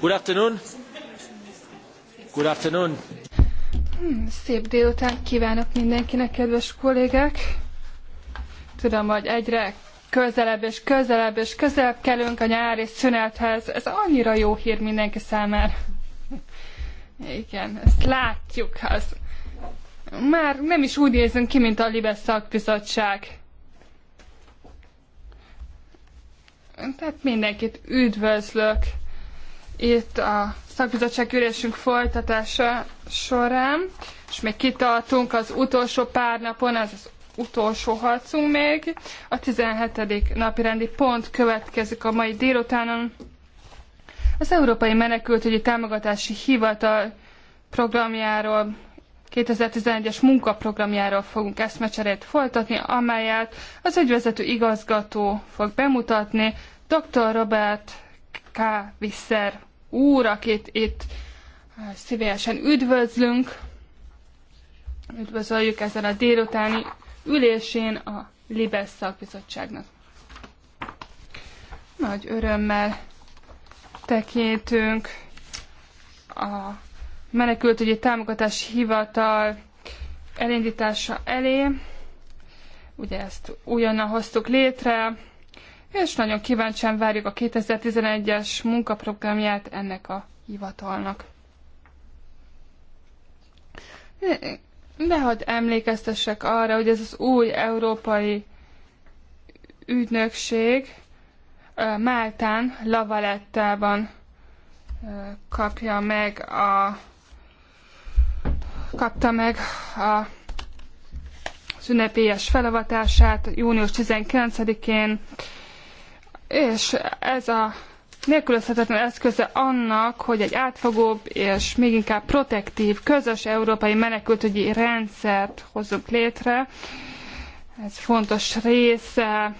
Good afternoon. Good afternoon. Hmm, szép délután kívánok mindenkinek, kedves kollégák! Tudom, hogy egyre közelebb és közelebb és közelebb kellünk a nyári szünethez. Ez annyira jó hír mindenki számára. Igen, ezt látjuk. Az. Már nem is úgy nézünk ki, mint a Libes szakbizottság. Tehát mindenkit üdvözlök itt a szakbizottság ülésünk folytatása során, és még kitartunk az utolsó pár napon, az az utolsó harcunk még. A 17. napirendi pont következik a mai délutánon. Az Európai Menekültügyi Támogatási Hivatal programjáról 2011-es munkaprogramjáról fogunk eszmecserét folytatni, amelyet az ügyvezető igazgató fog bemutatni, dr. Robert K. Visser úr, akit itt szívesen üdvözlünk. Üdvözöljük ezen a délutáni ülésén a Libes szakbizottságnak. Nagy örömmel tekintünk a menekültügyi támogatási hivatal elindítása elé. Ugye ezt újonnan hoztuk létre, és nagyon kíváncsian várjuk a 2011-es munkaprogramját ennek a hivatalnak. De hogy emlékeztessek arra, hogy ez az új európai ügynökség Máltán, Lavalettában kapja meg a kapta meg a az ünnepélyes felavatását június 19-én és ez a nélkülözhetetlen eszköze annak, hogy egy átfogóbb és még inkább protektív, közös európai menekültügyi rendszert hozzunk létre. Ez fontos része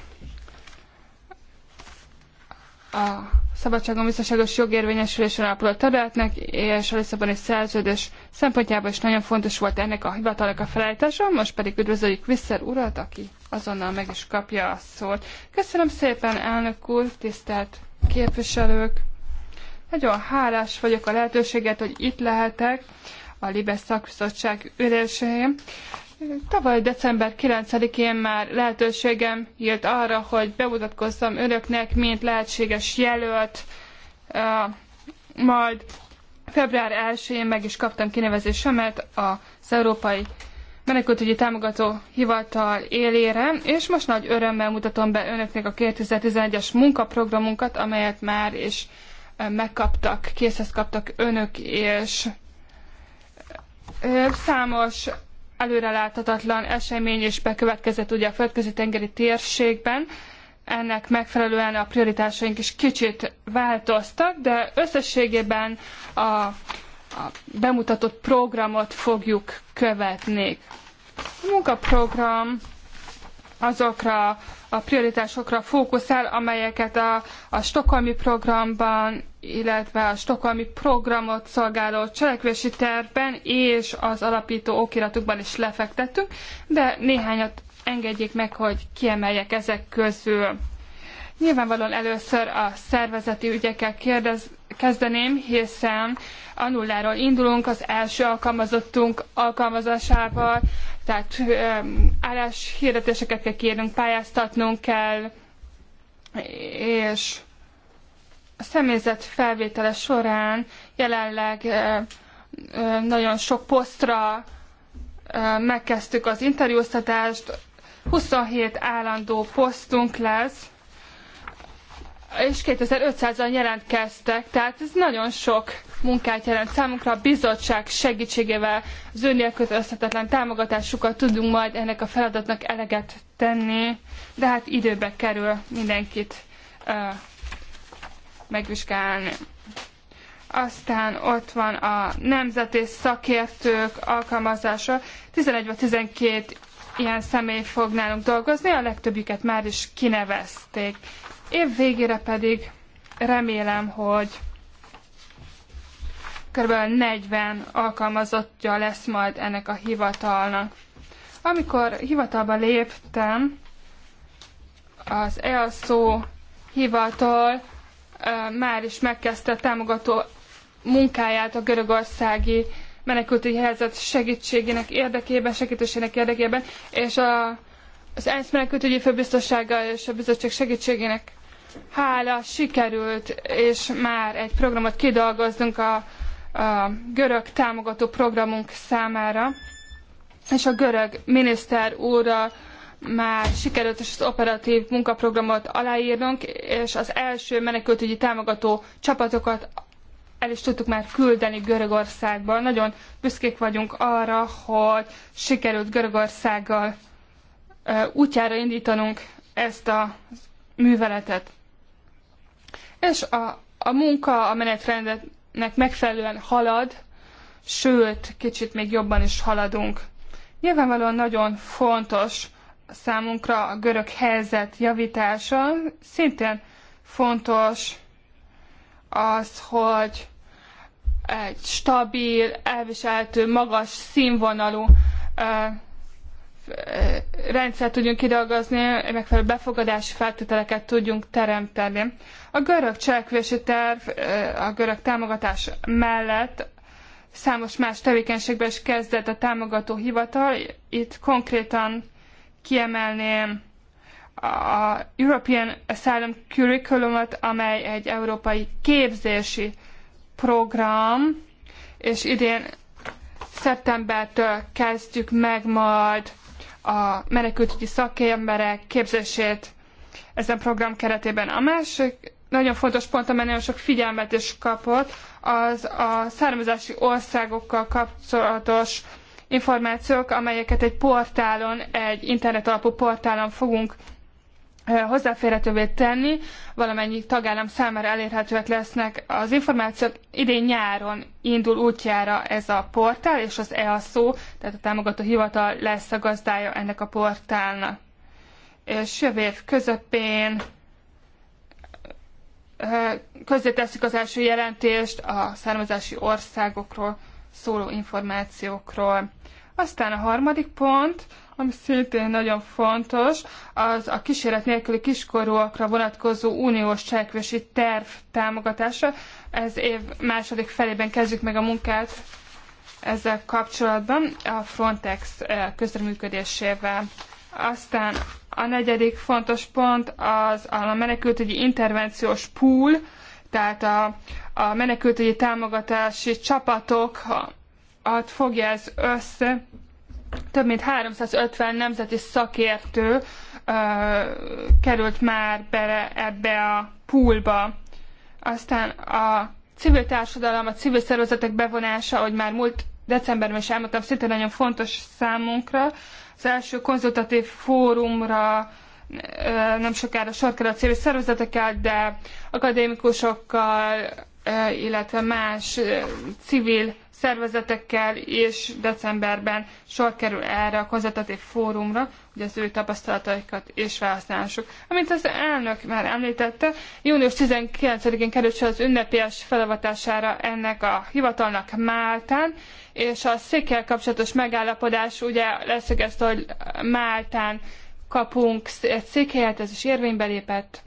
a szabadságon biztonságos jogérvényesülésen alapuló területnek, és a Lisszaboni szerződés szempontjából is nagyon fontos volt ennek a hivatalnak a felállítása, most pedig üdvözöljük Visszer urat, aki azonnal meg is kapja a szót. Köszönöm szépen, elnök úr, tisztelt képviselők! Nagyon hálás vagyok a lehetőséget, hogy itt lehetek a Libes szakbizottság ülésén. Tavaly december 9-én már lehetőségem jött arra, hogy bemutatkozzam önöknek, mint lehetséges jelölt, majd február 1-én meg is kaptam kinevezésemet az Európai menekültügyi támogató hivatal élére, és most nagy örömmel mutatom be önöknek a 2011-es munkaprogramunkat, amelyet már is megkaptak, készhez kaptak önök, és számos előreláthatatlan esemény is bekövetkezett ugye a földközi tengeri térségben. Ennek megfelelően a prioritásaink is kicsit változtak, de összességében a a bemutatott programot fogjuk követni. A munkaprogram azokra a prioritásokra fókuszál, amelyeket a, a stokholmi programban, illetve a stokholmi programot szolgáló cselekvési tervben és az alapító okiratukban is lefektettünk, de néhányat engedjék meg, hogy kiemeljek ezek közül. Nyilvánvalóan először a szervezeti ügyekkel kérdez, kezdeném, hiszen a nulláról indulunk az első alkalmazottunk alkalmazásával, tehát um, állás hirdetéseket kell kérnünk, pályáztatnunk kell, és a személyzet felvétele során jelenleg nagyon sok posztra megkezdtük az interjúztatást, 27 állandó posztunk lesz, és 2500-an jelentkeztek, tehát ez nagyon sok munkát jelent számunkra. A bizottság segítségével az önélkötözhetetlen támogatásukat tudunk majd ennek a feladatnak eleget tenni, de hát időbe kerül mindenkit uh, megvizsgálni. Aztán ott van a nemzeti szakértők alkalmazása. 11 vagy 12 ilyen személy fog nálunk dolgozni, a legtöbbjüket már is kinevezték. Év végére pedig remélem, hogy kb. 40 alkalmazottja lesz majd ennek a hivatalnak. Amikor hivatalba léptem, az EASZO hivatal már is megkezdte támogató munkáját a görögországi menekülti helyzet segítségének érdekében, segítésének érdekében, és a, az ENSZ menekültügyi főbiztossága és a bizottság segítségének hála sikerült, és már egy programot kidolgoznunk a, a görög támogató programunk számára, és a görög miniszter úrral már sikerült is az operatív munkaprogramot aláírnunk, és az első menekültügyi támogató csapatokat el is tudtuk már küldeni Görögországba. Nagyon büszkék vagyunk arra, hogy sikerült Görögországgal útjára indítanunk ezt a műveletet és a, a munka a menetrendnek megfelelően halad, sőt, kicsit még jobban is haladunk. Nyilvánvalóan nagyon fontos számunkra a görög helyzet javítása, szintén fontos az, hogy egy stabil, elviselhető, magas színvonalú rendszert tudjunk kidolgozni, megfelelő befogadási feltételeket tudjunk teremteni. A görög cselekvési terv a görög támogatás mellett számos más tevékenységbe is kezdett a támogató hivatal. Itt konkrétan kiemelném a European Asylum Curriculumot, amely egy európai képzési program, és idén szeptembertől kezdjük meg majd a menekültügyi szakemberek képzését ezen program keretében. A másik nagyon fontos pont, amely nagyon sok figyelmet is kapott, az a származási országokkal kapcsolatos információk, amelyeket egy portálon, egy internet alapú portálon fogunk hozzáférhetővé tenni, valamennyi tagállam számára elérhetőek lesznek az információk. Idén nyáron indul útjára ez a portál, és az EASZO, tehát a támogató hivatal lesz a gazdája ennek a portálnak. És jövő év közepén közzéteszik az első jelentést a származási országokról szóló információkról. Aztán a harmadik pont, ami szintén nagyon fontos, az a kíséret nélküli kiskorúakra vonatkozó uniós cselekvési terv támogatása. Ez év második felében kezdjük meg a munkát ezzel kapcsolatban, a Frontex közreműködésével. Aztán a negyedik fontos pont az a menekültügyi intervenciós pool, tehát a, a menekültügyi támogatási csapatokat fogja ez össze, több mint 350 nemzeti szakértő ö, került már bele ebbe a poolba. Aztán a civil társadalom, a civil szervezetek bevonása, hogy már múlt decemberben is elmondtam, szinte nagyon fontos számunkra. Az első konzultatív fórumra nem sokára sor kerül a civil szervezetekkel, de akadémikusokkal, illetve más civil szervezetekkel, és decemberben sor kerül erre a konzervatív fórumra, hogy az ő tapasztalataikat és felhasználásuk. Amint az elnök már említette, június 19-én került az ünnepélyes felavatására ennek a hivatalnak Máltán, és a székkel kapcsolatos megállapodás ugye leszögezte, hogy Máltán kapunk egy székhelyet, ez is érvénybe lépett.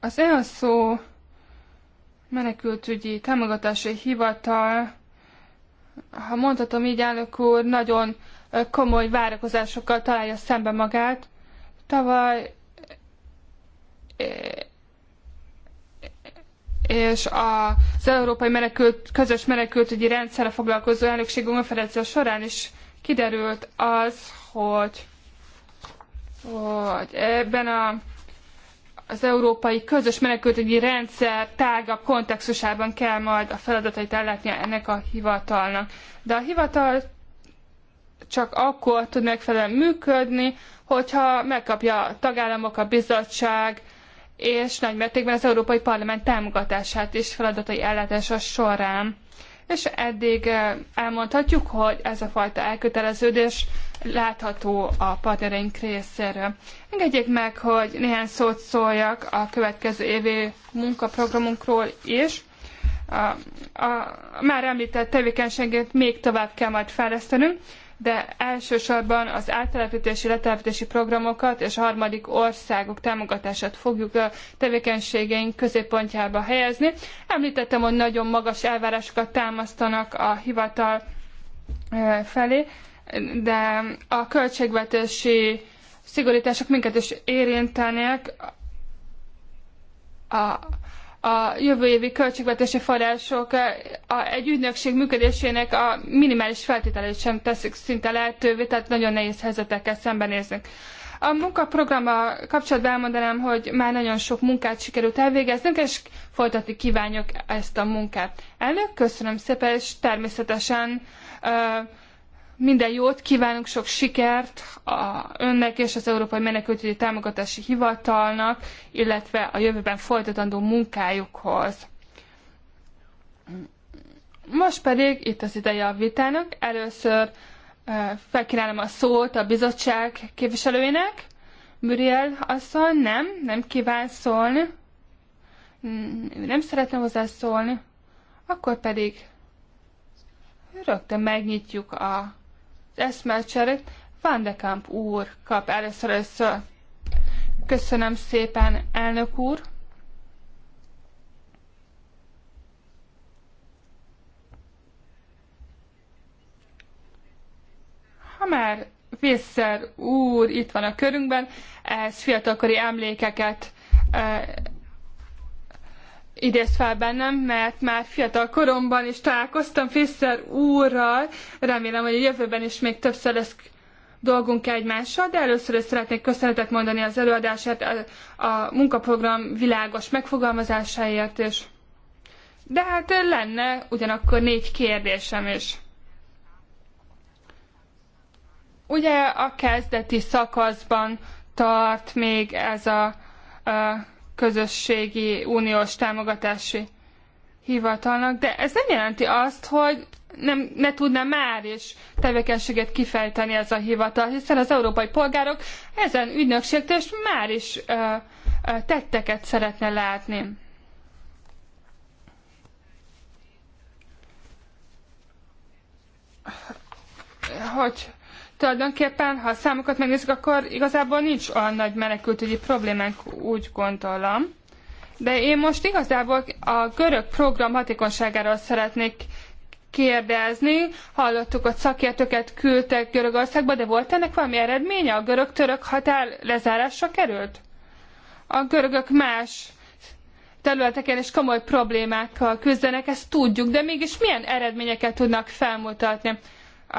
Az szó menekültügyi támogatási hivatal, ha mondhatom így, elnök úr, nagyon komoly várakozásokkal találja szembe magát. Tavaly és az Európai Menekült, Közös Menekültügyi Rendszerre foglalkozó elnökség konferencia során is kiderült az, hogy, hogy ebben a az európai közös menekültügyi rendszer tágabb kontextusában kell majd a feladatait ellátnia ennek a hivatalnak. De a hivatal csak akkor tud megfelelően működni, hogyha megkapja a tagállamok, a bizottság és nagymértékben az Európai Parlament támogatását is feladatai ellátása során és eddig eh, elmondhatjuk, hogy ez a fajta elköteleződés látható a partnereink részéről. Engedjék meg, hogy néhány szót szóljak a következő évi munkaprogramunkról is. A, a, a már említett tevékenységet még tovább kell majd fejlesztenünk, de elsősorban az áttelepítési, letelepítési programokat és a harmadik országok támogatását fogjuk a tevékenységeink középpontjába helyezni. Említettem, hogy nagyon magas elvárásokat támasztanak a hivatal felé, de a költségvetési szigorítások minket is érintenek. A, a jövő évi költségvetési források eh, a, egy ügynökség működésének a minimális feltételeit sem teszik szinte lehetővé, tehát nagyon nehéz helyzetekkel szembenéznek. A munkaprogrammal kapcsolatban elmondanám, hogy már nagyon sok munkát sikerült elvégeznünk, és folytatni kívánjuk ezt a munkát. Elnök, köszönöm szépen, és természetesen uh, minden jót kívánunk, sok sikert a önnek és az Európai Menekültügyi Támogatási Hivatalnak, illetve a jövőben folytatandó munkájukhoz. Most pedig itt az ideje a vitának. Először felkínálom a szót a bizottság képviselőjének. Muriel asszony, nem, nem kíván szólni. Nem szeretne hozzászólni. Akkor pedig rögtön megnyitjuk a eszmecserét. Van de Kamp úr kap először össze. Köszönöm szépen, elnök úr. Ha már Visszer úr itt van a körünkben, ez fiatalkori emlékeket eh, idéz fel bennem, mert már fiatal koromban is találkoztam Fischer úrral. Remélem, hogy a jövőben is még többször lesz dolgunk egymással, de először is szeretnék köszönetet mondani az előadását, a, a munkaprogram világos megfogalmazásáért is. De hát lenne ugyanakkor négy kérdésem is. Ugye a kezdeti szakaszban tart még ez a, a közösségi uniós támogatási hivatalnak, de ez nem jelenti azt, hogy nem, ne tudna már is tevékenységet kifejteni ez a hivatal, hiszen az európai polgárok ezen ügynökségtől is már is ö, ö, tetteket szeretne látni. Hogy tulajdonképpen, ha a számokat megnézzük, akkor igazából nincs olyan nagy menekültügyi problémánk, úgy gondolom. De én most igazából a görög program hatékonyságáról szeretnék kérdezni. Hallottuk, hogy szakértőket küldtek Görögországba, de volt ennek valami eredménye? A görög-török határ lezárásra került? A görögök más területeken is komoly problémákkal küzdenek, ezt tudjuk, de mégis milyen eredményeket tudnak felmutatni?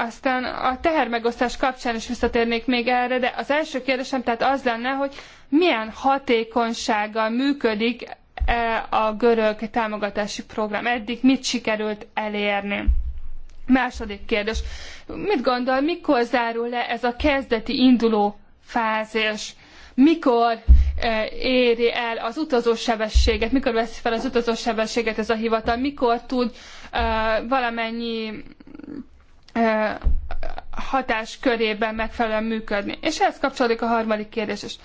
Aztán a tehermegosztás kapcsán is visszatérnék még erre, de az első kérdésem tehát az lenne, hogy milyen hatékonysággal működik e, a görög támogatási program? Eddig mit sikerült elérni? Második kérdés. Mit gondol, mikor zárul le ez a kezdeti induló fázis? Mikor e, éri el az utazósebességet, mikor veszi fel az utazósebességet ez a hivatal, mikor tud e, valamennyi hatáskörében megfelelően működni. És ehhez kapcsolódik a harmadik kérdés is.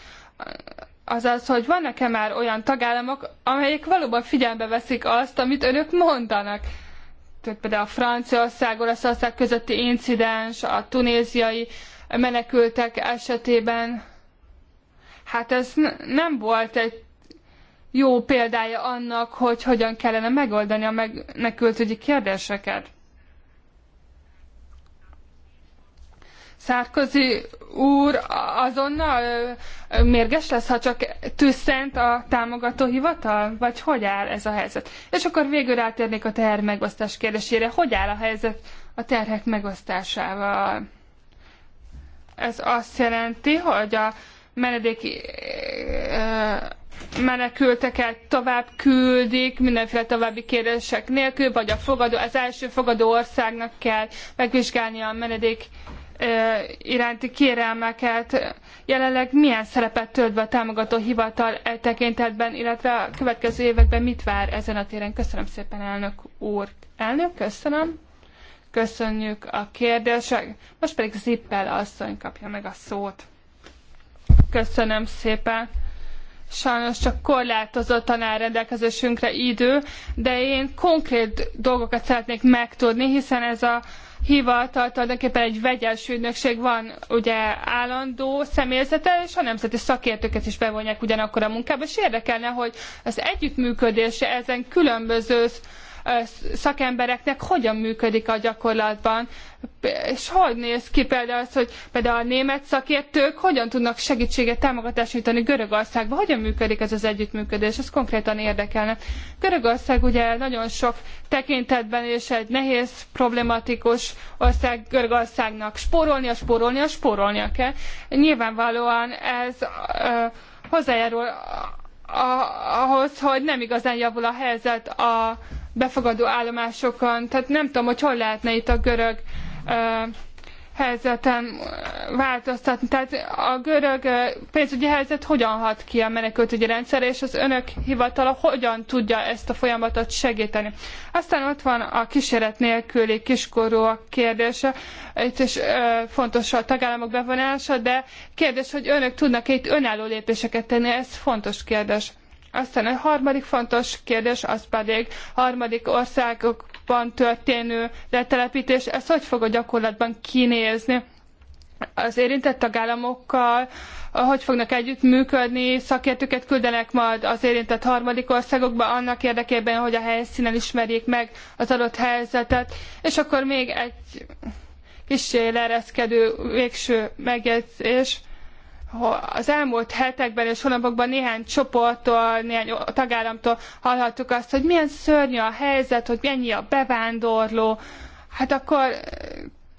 Azaz, hogy vannak-e már olyan tagállamok, amelyek valóban figyelembe veszik azt, amit önök mondanak. Tehát például a Franciaország, Olaszország közötti incidens, a tunéziai menekültek esetében. Hát ez nem volt egy jó példája annak, hogy hogyan kellene megoldani a menekültügyi kérdéseket. Szárközi úr azonnal mérges lesz, ha csak tűzszent a támogató hivatal? Vagy hogy áll ez a helyzet? És akkor végül rátérnék a teher megosztás kérdésére. Hogy áll a helyzet a terhek megosztásával? Ez azt jelenti, hogy a menedéki menekülteket tovább küldik, mindenféle további kérdések nélkül, vagy a fogadó, az első fogadó országnak kell megvizsgálni a menedék iránti kérelmeket. Jelenleg milyen szerepet tölt be a támogató hivatal e tekintetben, illetve a következő években mit vár ezen a téren? Köszönöm szépen, elnök úr. Elnök, köszönöm. Köszönjük a kérdések. Most pedig Zippel asszony kapja meg a szót. Köszönöm szépen sajnos csak korlátozottan áll rendelkezésünkre idő, de én konkrét dolgokat szeretnék megtudni, hiszen ez a hivatal tulajdonképpen egy vegyes ügynökség van ugye állandó személyzete, és a nemzeti szakértőket is bevonják ugyanakkor a munkába, és érdekelne, hogy az együttműködése ezen különböző szakembereknek hogyan működik a gyakorlatban, és hogy néz ki például az, hogy például a német szakértők hogyan tudnak segítséget, támogatást nyújtani Görögországban, hogyan működik ez az együttműködés, ez konkrétan érdekelne. Görögország ugye nagyon sok tekintetben és egy nehéz, problematikus ország Görögországnak spórolnia, spórolnia, spórolnia kell. Nyilvánvalóan ez hozzájárul ahhoz, hogy nem igazán javul a helyzet a befogadó állomásokon. Tehát nem tudom, hogy hol lehetne itt a görög ö, helyzeten változtatni. Tehát a görög pénzügyi helyzet hogyan hat ki a menekültügyi rendszerre, és az önök hivatala hogyan tudja ezt a folyamatot segíteni. Aztán ott van a kísérlet nélküli kiskorúak kérdése, itt is fontos a tagállamok bevonása, de kérdés, hogy önök tudnak -e itt önálló lépéseket tenni, ez fontos kérdés. Aztán a harmadik fontos kérdés az pedig harmadik országokban történő letelepítés. Ez hogy fog a gyakorlatban kinézni? az érintett tagállamokkal, hogy fognak együttműködni, szakértőket küldenek majd az érintett harmadik országokba annak érdekében, hogy a helyszínen ismerjék meg az adott helyzetet, és akkor még egy kicsi leereszkedő végső megjegyzés az elmúlt hetekben és hónapokban néhány csoporttól, néhány tagállamtól hallhattuk azt, hogy milyen szörnyű a helyzet, hogy mennyi a bevándorló, hát akkor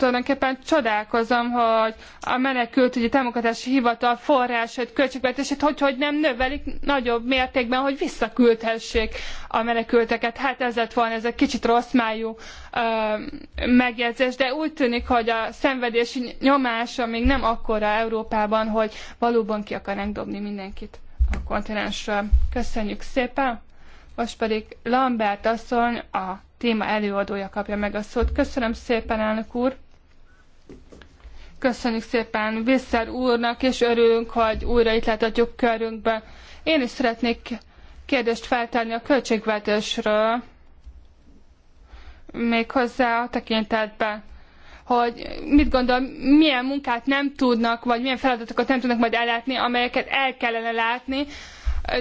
tulajdonképpen csodálkozom, hogy a menekültügyi támogatási hivatal forrásait, költségvetését hogy, hogy nem növelik nagyobb mértékben, hogy visszaküldhessék a menekülteket. Hát ez lett volna, ez egy kicsit rossz májú megjegyzés, de úgy tűnik, hogy a szenvedési nyomása még nem akkora Európában, hogy valóban ki akarnánk dobni mindenkit a kontinensről. Köszönjük szépen! Most pedig Lambert asszony, a téma előadója kapja meg a szót. Köszönöm szépen, elnök úr! Köszönjük szépen Visszer úrnak, és örülünk, hogy újra itt láthatjuk körünkbe. Én is szeretnék kérdést feltárni a költségvetésről, méghozzá a tekintetben, hogy mit gondol, milyen munkát nem tudnak, vagy milyen feladatokat nem tudnak majd ellátni, amelyeket el kellene látni,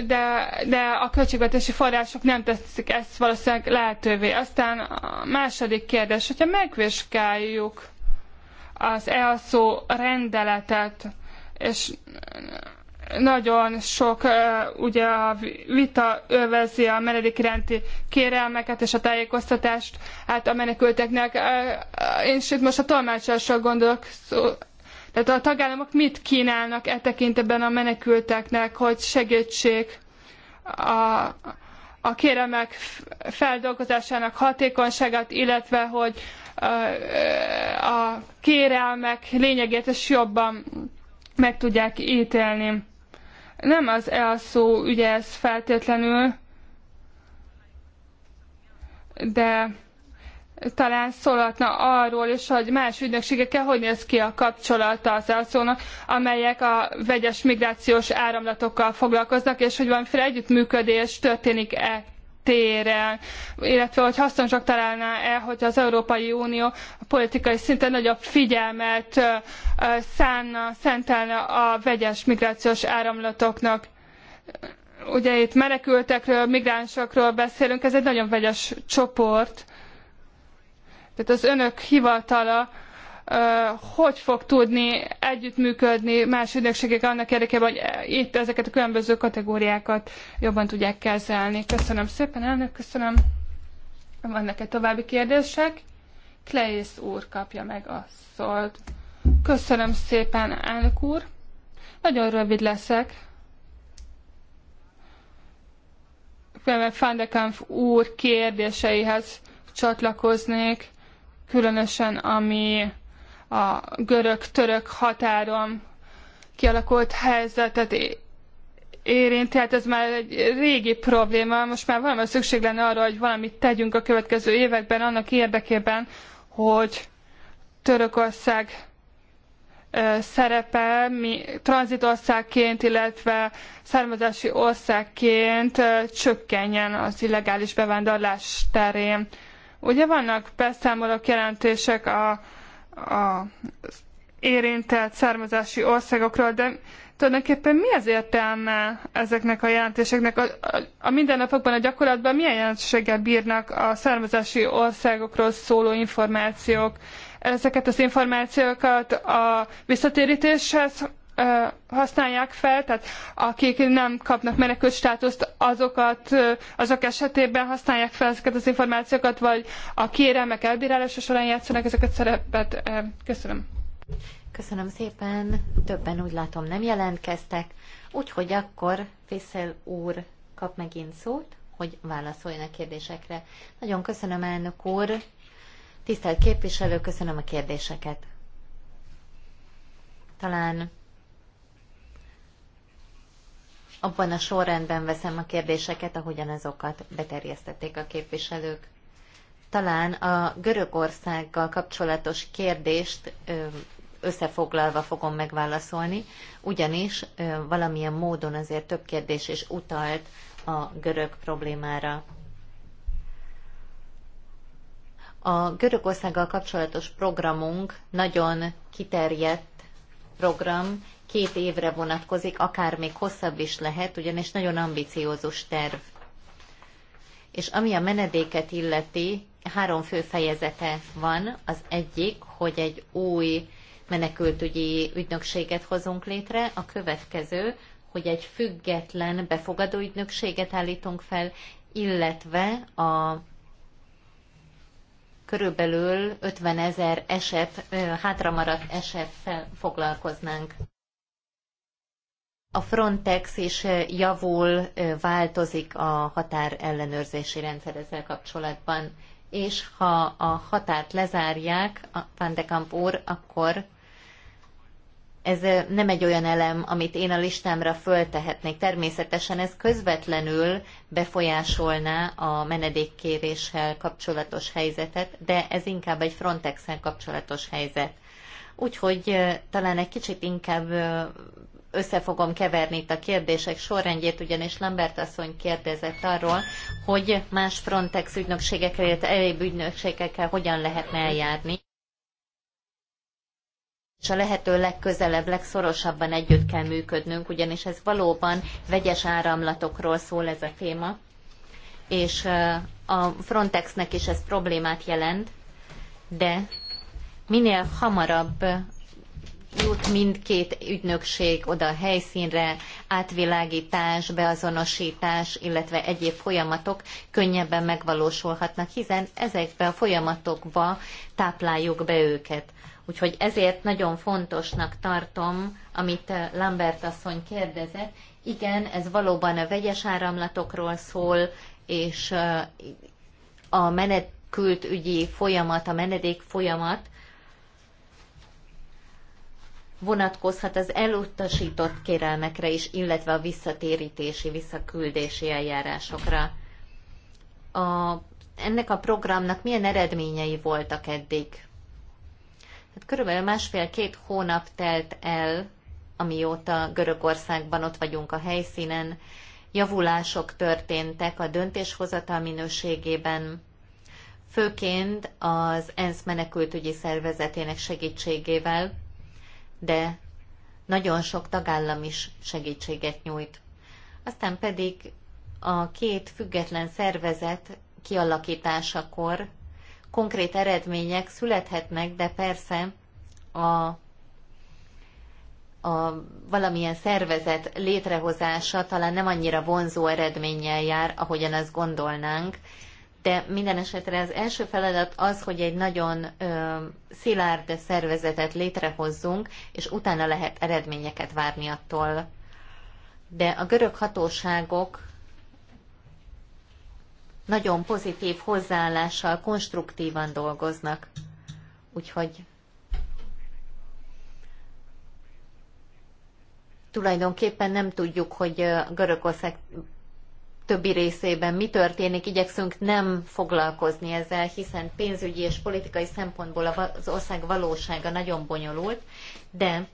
de, de a költségvetési források nem teszik ezt valószínűleg lehetővé. Aztán a második kérdés, hogyha megvizsgáljuk az EASZO rendeletet, és nagyon sok ugye a vita övezi a menedék iránti kérelmeket és a tájékoztatást hát a menekülteknek. Én is itt most a tolmácsásra gondolok, tehát a tagállamok mit kínálnak e tekintetben a menekülteknek, hogy segítsék a, a kérelmek feldolgozásának hatékonyságát, illetve hogy a, kérelmek lényegét is jobban meg tudják ítélni. Nem az elszó ügye ez feltétlenül, de talán szólhatna arról is, hogy más ügynökségekkel hogy néz ki a kapcsolata az elszónak, amelyek a vegyes migrációs áramlatokkal foglalkoznak, és hogy valamiféle együttműködés történik-e téren, illetve hogy hasznosak találná el, hogy az Európai Unió politikai szinten nagyobb figyelmet szánna, szentelne a vegyes migrációs áramlatoknak. Ugye itt menekültekről, migránsokról beszélünk, ez egy nagyon vegyes csoport. Tehát az önök hivatala hogy fog tudni együttműködni más ügynökségek annak érdekében, hogy itt ezeket a különböző kategóriákat jobban tudják kezelni. Köszönöm szépen, elnök, köszönöm. Vannak-e további kérdések? Kleész úr kapja meg a szót. Köszönöm szépen, elnök úr. Nagyon rövid leszek. Fandekamp úr kérdéseihez csatlakoznék, különösen ami a görög-török határon kialakult helyzetet érint, tehát ez már egy régi probléma, most már valami szükség lenne arra, hogy valamit tegyünk a következő években annak érdekében, hogy Törökország szerepe mi, tranzitországként, illetve származási országként csökkenjen az illegális bevándorlás terén. Ugye vannak beszámolók, jelentések a az érintett származási országokról, de tulajdonképpen mi az értelme ezeknek a jelentéseknek? A, a, a mindennapokban, a gyakorlatban milyen jelentőséggel bírnak a származási országokról szóló információk? Ezeket az információkat a visszatérítéshez használják fel, tehát akik nem kapnak menekült státuszt, azokat, azok esetében használják fel ezeket az információkat, vagy a kérelmek elbírálása során játszanak ezeket szerepet. Köszönöm. Köszönöm szépen. Többen úgy látom nem jelentkeztek, úgyhogy akkor Fészel úr kap megint szót, hogy válaszoljon a kérdésekre. Nagyon köszönöm, elnök úr. Tisztelt képviselő, köszönöm a kérdéseket. Talán abban a sorrendben veszem a kérdéseket, ahogyan azokat beterjesztették a képviselők. Talán a Görögországgal kapcsolatos kérdést összefoglalva fogom megválaszolni, ugyanis valamilyen módon azért több kérdés is utalt a görög problémára. A Görögországgal kapcsolatos programunk nagyon kiterjedt program, két évre vonatkozik, akár még hosszabb is lehet, ugyanis nagyon ambiciózus terv. És ami a menedéket illeti, három fő fejezete van. Az egyik, hogy egy új menekültügyi ügynökséget hozunk létre, a következő, hogy egy független befogadó ügynökséget állítunk fel, illetve a körülbelül 50 ezer eset, hátramaradt fel foglalkoznánk a Frontex is javul, változik a határ ellenőrzési rendszer ezzel kapcsolatban, és ha a határt lezárják, a Van de Kamp úr, akkor ez nem egy olyan elem, amit én a listámra föltehetnék. Természetesen ez közvetlenül befolyásolná a menedékkéréssel kapcsolatos helyzetet, de ez inkább egy frontex kapcsolatos helyzet. Úgyhogy talán egy kicsit inkább össze fogom keverni itt a kérdések sorrendjét, ugyanis Lambert asszony kérdezett arról, hogy más Frontex ügynökségekkel, illetve elébb ügynökségekkel hogyan lehetne eljárni és a lehető legközelebb, legszorosabban együtt kell működnünk, ugyanis ez valóban vegyes áramlatokról szól ez a téma, és a Frontexnek is ez problémát jelent, de minél hamarabb jut mindkét ügynökség oda a helyszínre, átvilágítás, beazonosítás, illetve egyéb folyamatok könnyebben megvalósulhatnak, hiszen ezekbe a folyamatokba tápláljuk be őket. Úgyhogy ezért nagyon fontosnak tartom, amit eh, Lambert asszony kérdezett. Igen, ez valóban a vegyes áramlatokról szól, és eh, a menetkült ügyi folyamat, a menedék folyamat vonatkozhat az elutasított kérelmekre is, illetve a visszatérítési, visszaküldési eljárásokra. A, ennek a programnak milyen eredményei voltak eddig? Hát körülbelül másfél-két hónap telt el, amióta Görögországban ott vagyunk a helyszínen, javulások történtek a döntéshozatal minőségében, főként az ENSZ menekültügyi szervezetének segítségével, de nagyon sok tagállam is segítséget nyújt. Aztán pedig a két független szervezet kialakításakor konkrét eredmények születhetnek, de persze a, a valamilyen szervezet létrehozása talán nem annyira vonzó eredménnyel jár, ahogyan azt gondolnánk, de minden esetre az első feladat az, hogy egy nagyon ö, szilárd szervezetet létrehozzunk, és utána lehet eredményeket várni attól. De a görög hatóságok nagyon pozitív hozzáállással, konstruktívan dolgoznak. Úgyhogy tulajdonképpen nem tudjuk, hogy Görögország többi részében mi történik, igyekszünk nem foglalkozni ezzel, hiszen pénzügyi és politikai szempontból az ország valósága nagyon bonyolult, de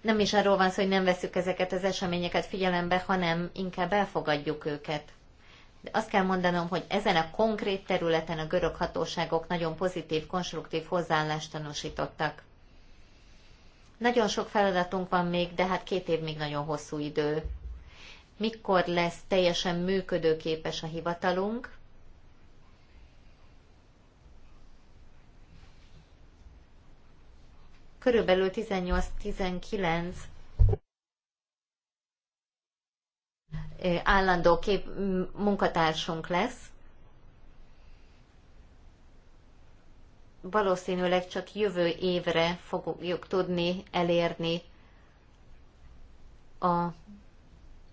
nem is arról van szó, hogy nem veszük ezeket az eseményeket figyelembe, hanem inkább elfogadjuk őket. De azt kell mondanom, hogy ezen a konkrét területen a görög hatóságok nagyon pozitív, konstruktív hozzáállást tanúsítottak. Nagyon sok feladatunk van még, de hát két év még nagyon hosszú idő mikor lesz teljesen működőképes a hivatalunk, körülbelül 18-19 állandó kép munkatársunk lesz. Valószínűleg csak jövő évre fogjuk tudni elérni a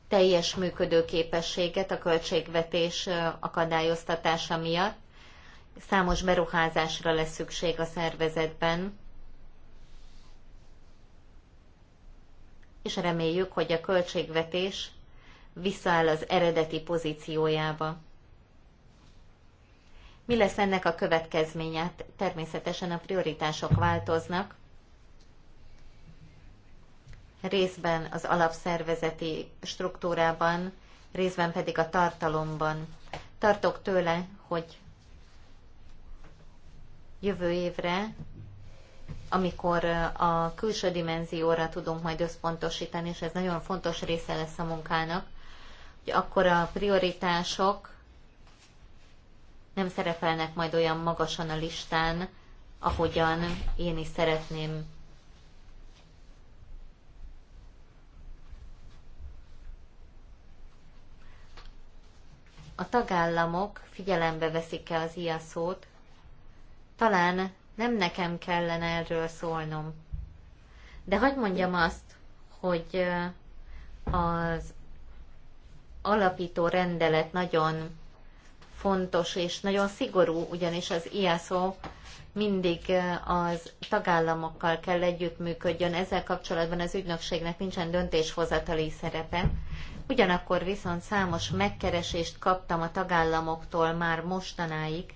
teljes működőképességet a költségvetés akadályoztatása miatt. Számos beruházásra lesz szükség a szervezetben, és reméljük, hogy a költségvetés visszaáll az eredeti pozíciójába. Mi lesz ennek a következménye? Hát természetesen a prioritások változnak, részben az alapszervezeti struktúrában, részben pedig a tartalomban. Tartok tőle, hogy jövő évre, amikor uh, a külső dimenzióra tudunk majd összpontosítani, és ez nagyon fontos része lesz a munkának, hogy akkor a prioritások nem szerepelnek majd olyan magasan a listán, ahogyan én is szeretném a tagállamok figyelembe veszik-e az iasz szót, talán nem nekem kellene erről szólnom. De hagyd mondjam azt, hogy az alapító rendelet nagyon fontos és nagyon szigorú, ugyanis az IASO mindig az tagállamokkal kell együttműködjön. Ezzel kapcsolatban az ügynökségnek nincsen döntéshozatali szerepe, Ugyanakkor viszont számos megkeresést kaptam a tagállamoktól már mostanáig.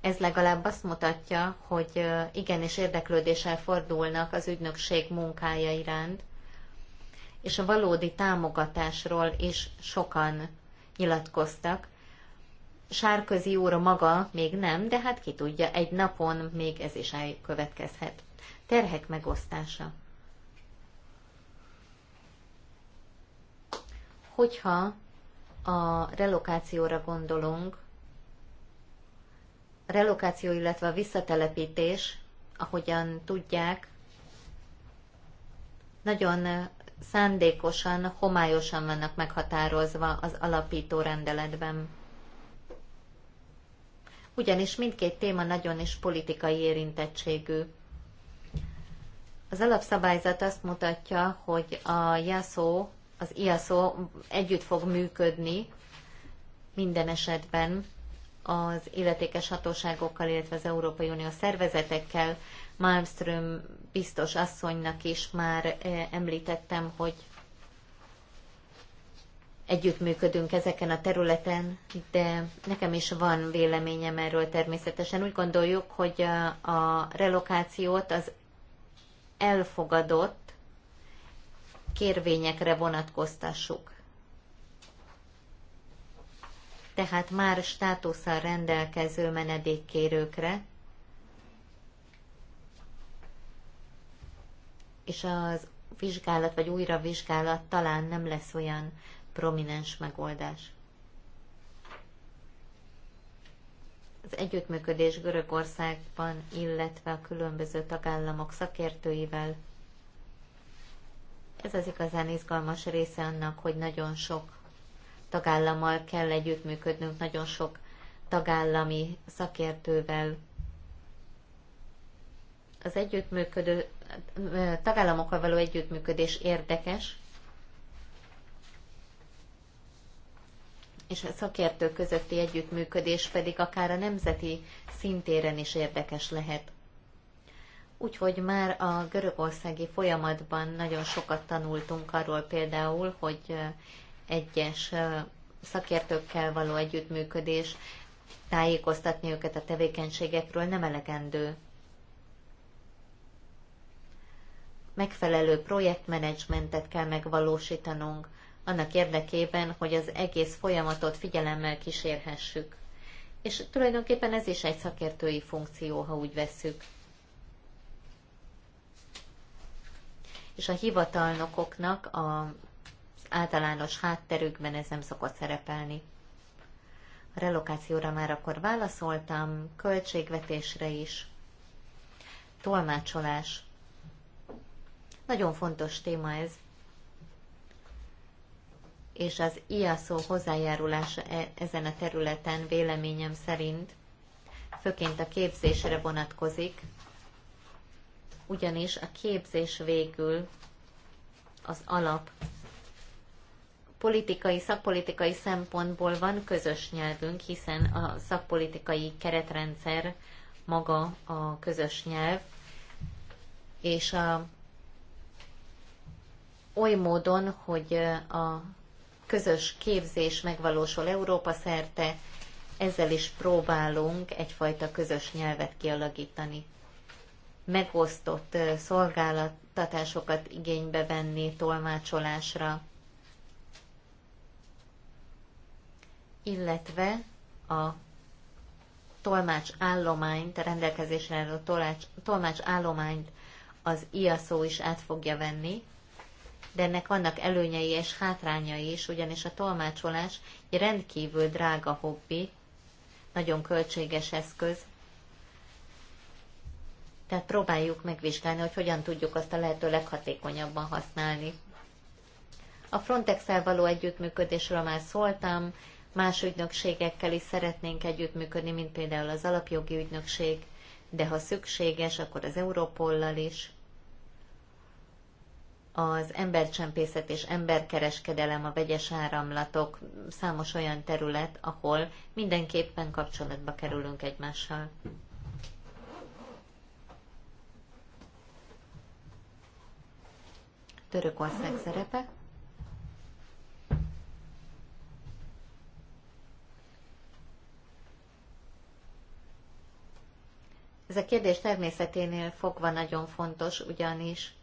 Ez legalább azt mutatja, hogy igenis érdeklődéssel fordulnak az ügynökség munkája iránt, és a valódi támogatásról is sokan nyilatkoztak. Sárközi úr maga még nem, de hát ki tudja, egy napon még ez is elkövetkezhet. Terhek megosztása. Hogyha a relokációra gondolunk, a relokáció, illetve a visszatelepítés, ahogyan tudják, nagyon szándékosan, homályosan vannak meghatározva az alapító rendeletben. Ugyanis mindkét téma nagyon is politikai érintettségű. Az alapszabályzat azt mutatja, hogy a jászó az IASZO együtt fog működni minden esetben az illetékes hatóságokkal, illetve az Európai Unió szervezetekkel. Malmström biztos asszonynak is már eh, említettem, hogy együttműködünk ezeken a területen, de nekem is van véleményem erről természetesen. Úgy gondoljuk, hogy eh, a relokációt az elfogadott kérvényekre vonatkoztassuk. Tehát már státusszal rendelkező menedékkérőkre, és az vizsgálat vagy újravizsgálat talán nem lesz olyan prominens megoldás. Az együttműködés Görögországban, illetve a különböző tagállamok szakértőivel ez az igazán izgalmas része annak, hogy nagyon sok tagállammal kell együttműködnünk, nagyon sok tagállami szakértővel. Az együttműködő tagállamokkal való együttműködés érdekes, és a szakértő közötti együttműködés pedig akár a nemzeti szintéren is érdekes lehet. Úgyhogy már a görögországi folyamatban nagyon sokat tanultunk arról például, hogy egyes szakértőkkel való együttműködés, tájékoztatni őket a tevékenységekről nem elegendő. Megfelelő projektmenedzsmentet kell megvalósítanunk, annak érdekében, hogy az egész folyamatot figyelemmel kísérhessük. És tulajdonképpen ez is egy szakértői funkció, ha úgy vesszük. és a hivatalnokoknak a általános hátterükben ez nem szokott szerepelni. A relokációra már akkor válaszoltam, költségvetésre is. Tolmácsolás. Nagyon fontos téma ez. És az IASZO hozzájárulása e, ezen a területen véleményem szerint főként a képzésre vonatkozik, ugyanis a képzés végül az alap. Politikai, szakpolitikai szempontból van közös nyelvünk, hiszen a szakpolitikai keretrendszer maga a közös nyelv, és a, oly módon, hogy a közös képzés megvalósul Európa szerte, ezzel is próbálunk egyfajta közös nyelvet kialakítani megosztott szolgáltatásokat igénybe venni tolmácsolásra, illetve a tolmács állományt, a rendelkezésre álló tolmács, állományt az IASZO is át fogja venni, de ennek vannak előnyei és hátrányai is, ugyanis a tolmácsolás egy rendkívül drága hobbi, nagyon költséges eszköz, tehát próbáljuk megvizsgálni, hogy hogyan tudjuk azt a lehető leghatékonyabban használni. A Frontex-el való együttműködésről már szóltam, más ügynökségekkel is szeretnénk együttműködni, mint például az alapjogi ügynökség, de ha szükséges, akkor az Európollal is. Az embercsempészet és emberkereskedelem, a vegyes áramlatok számos olyan terület, ahol mindenképpen kapcsolatba kerülünk egymással. Törökország szerepe. Ez a kérdés természeténél fogva nagyon fontos, ugyanis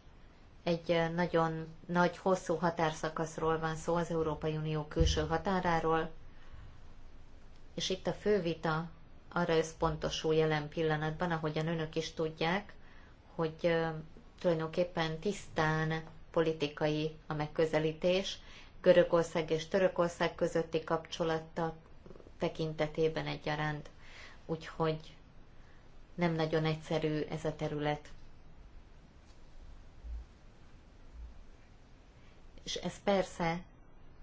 egy nagyon nagy, hosszú határszakaszról van szó az Európai Unió külső határáról, és itt a fő vita arra összpontosul jelen pillanatban, ahogyan önök is tudják, hogy tulajdonképpen tisztán politikai a megközelítés. Görögország és Törökország közötti kapcsolata tekintetében egyaránt. Úgyhogy nem nagyon egyszerű ez a terület. És ez persze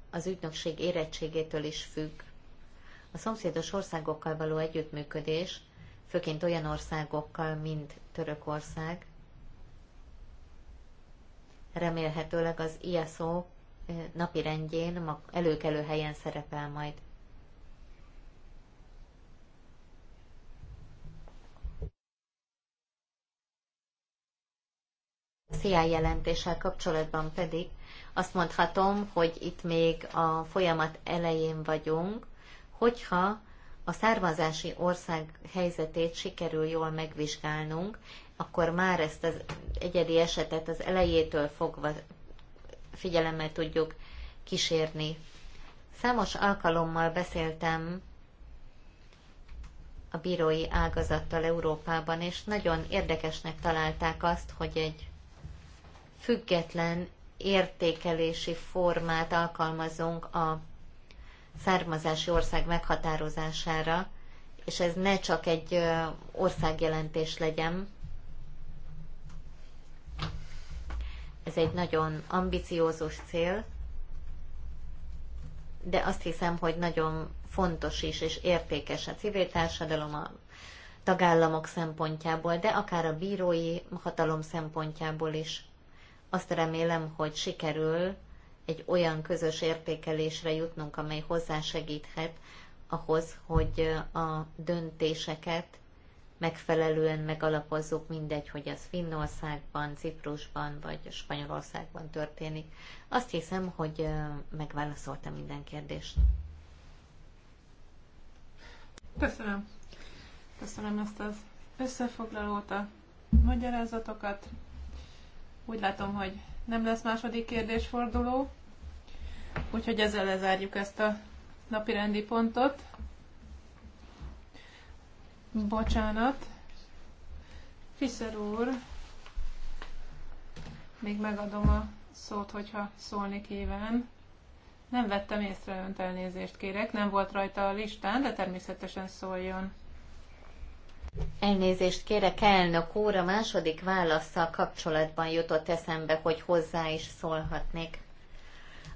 az ügynökség érettségétől is függ. A szomszédos országokkal való együttműködés, főként olyan országokkal, mint Törökország, remélhetőleg az ISO eh, napi rendjén előkelő helyen szerepel majd. A CIA jelentéssel kapcsolatban pedig azt mondhatom, hogy itt még a folyamat elején vagyunk, hogyha a származási ország helyzetét sikerül jól megvizsgálnunk, akkor már ezt az egyedi esetet az elejétől fogva figyelemmel tudjuk kísérni. Számos alkalommal beszéltem a bírói ágazattal Európában, és nagyon érdekesnek találták azt, hogy egy független értékelési formát alkalmazunk a származási ország meghatározására, és ez ne csak egy országjelentés legyen, Ez egy nagyon ambiciózus cél, de azt hiszem, hogy nagyon fontos is és értékes a civil társadalom, a tagállamok szempontjából, de akár a bírói hatalom szempontjából is. Azt remélem, hogy sikerül egy olyan közös értékelésre jutnunk, amely hozzásegíthet ahhoz, hogy a döntéseket megfelelően megalapozzuk, mindegy, hogy az Finnországban, Ciprusban vagy Spanyolországban történik. Azt hiszem, hogy megválaszoltam minden kérdést. Köszönöm. Köszönöm ezt az összefoglalót, a magyarázatokat. Úgy látom, hogy nem lesz második kérdésforduló, úgyhogy ezzel lezárjuk ezt a napirendi pontot. Bocsánat. Fiszer úr, még megadom a szót, hogyha szólni kíván. Nem vettem észre önt elnézést kérek, nem volt rajta a listán, de természetesen szóljon. Elnézést kérek, elnök úr, a második válaszsal kapcsolatban jutott eszembe, hogy hozzá is szólhatnék.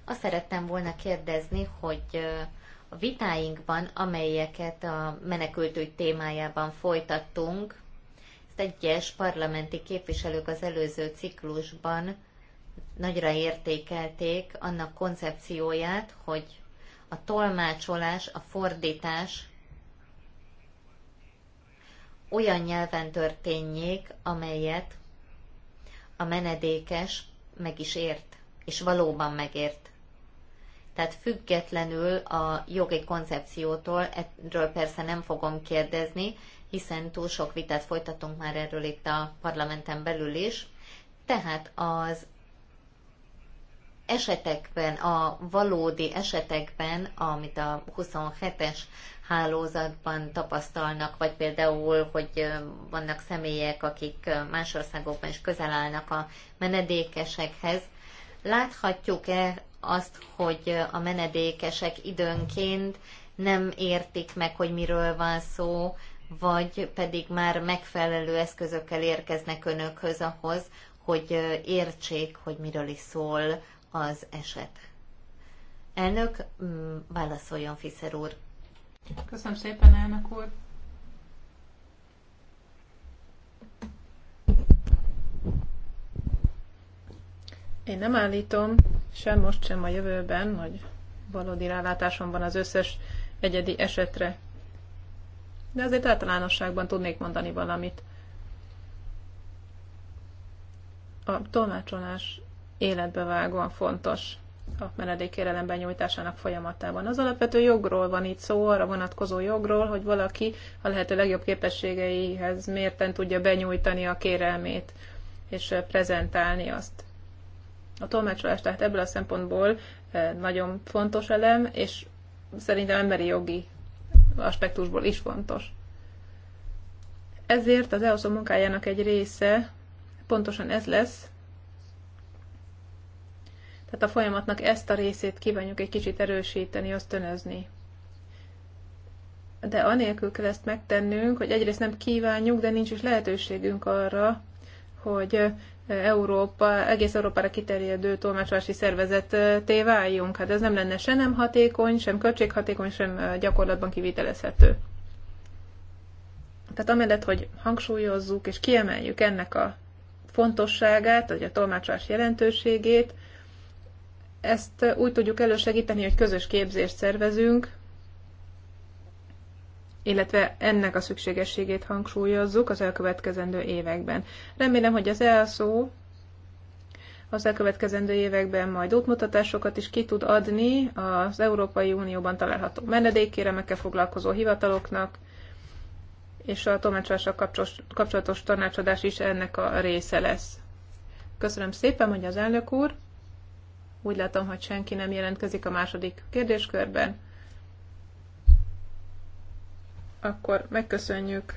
Azt szerettem volna kérdezni, hogy a vitáinkban, amelyeket a menekültügy témájában folytattunk, ezt egyes parlamenti képviselők az előző ciklusban nagyra értékelték annak koncepcióját, hogy a tolmácsolás, a fordítás olyan nyelven történjék, amelyet a menedékes meg is ért, és valóban megért. Tehát függetlenül a jogi koncepciótól, erről persze nem fogom kérdezni, hiszen túl sok vitát folytatunk már erről itt a parlamenten belül is. Tehát az esetekben, a valódi esetekben, amit a 27-es hálózatban tapasztalnak, vagy például, hogy vannak személyek, akik más országokban is közel állnak a menedékesekhez, láthatjuk-e azt, hogy a menedékesek időnként nem értik meg, hogy miről van szó, vagy pedig már megfelelő eszközökkel érkeznek önökhöz ahhoz, hogy értsék, hogy miről is szól az eset. Elnök, válaszoljon, Fiszer úr. Köszönöm szépen, elnök úr. Én nem állítom, sem most, sem a jövőben, hogy valódi rálátásom van az összes egyedi esetre. De azért általánosságban tudnék mondani valamit. A tolmácsolás életbe vágóan fontos a menedékérelemben nyújtásának folyamatában. Az alapvető jogról van itt szó, arra vonatkozó jogról, hogy valaki a lehető legjobb képességeihez mérten tudja benyújtani a kérelmét és prezentálni azt. A tolmácsolás tehát ebből a szempontból eh, nagyon fontos elem, és szerintem emberi jogi aspektusból is fontos. Ezért az EOSZO munkájának egy része pontosan ez lesz, tehát a folyamatnak ezt a részét kívánjuk egy kicsit erősíteni, ösztönözni. De anélkül kell ezt megtennünk, hogy egyrészt nem kívánjuk, de nincs is lehetőségünk arra, hogy Európa, egész Európára kiterjedő tolmácsolási szervezetté váljunk. Hát ez nem lenne se nem hatékony, sem költséghatékony, sem gyakorlatban kivitelezhető. Tehát amellett, hogy hangsúlyozzuk és kiemeljük ennek a fontosságát, vagy a tolmácsolás jelentőségét, ezt úgy tudjuk elősegíteni, hogy közös képzést szervezünk, illetve ennek a szükségességét hangsúlyozzuk az elkövetkezendő években. Remélem, hogy az elszó az elkövetkezendő években majd útmutatásokat is ki tud adni az Európai Unióban található menedékkéremekkel foglalkozó hivataloknak, és a tolmácsolással kapcsolatos, kapcsolatos tanácsadás is ennek a része lesz. Köszönöm szépen, hogy az elnök úr. Úgy látom, hogy senki nem jelentkezik a második kérdéskörben akkor megköszönjük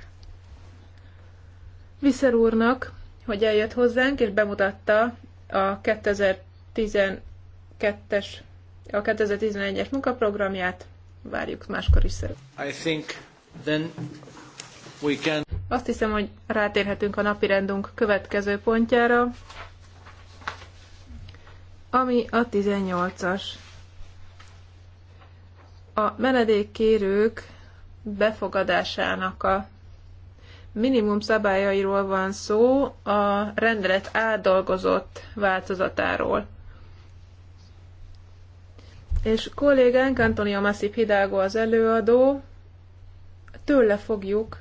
Viszer úrnak, hogy eljött hozzánk, és bemutatta a 2012-es, a 2011-es munkaprogramját. Várjuk máskor is I think then we can... Azt hiszem, hogy rátérhetünk a rendünk következő pontjára, ami a 18-as. A menedékkérők befogadásának a minimum szabályairól van szó, a rendelet átdolgozott változatáról. És kollégánk Antonio Massip Hidalgo az előadó, tőle fogjuk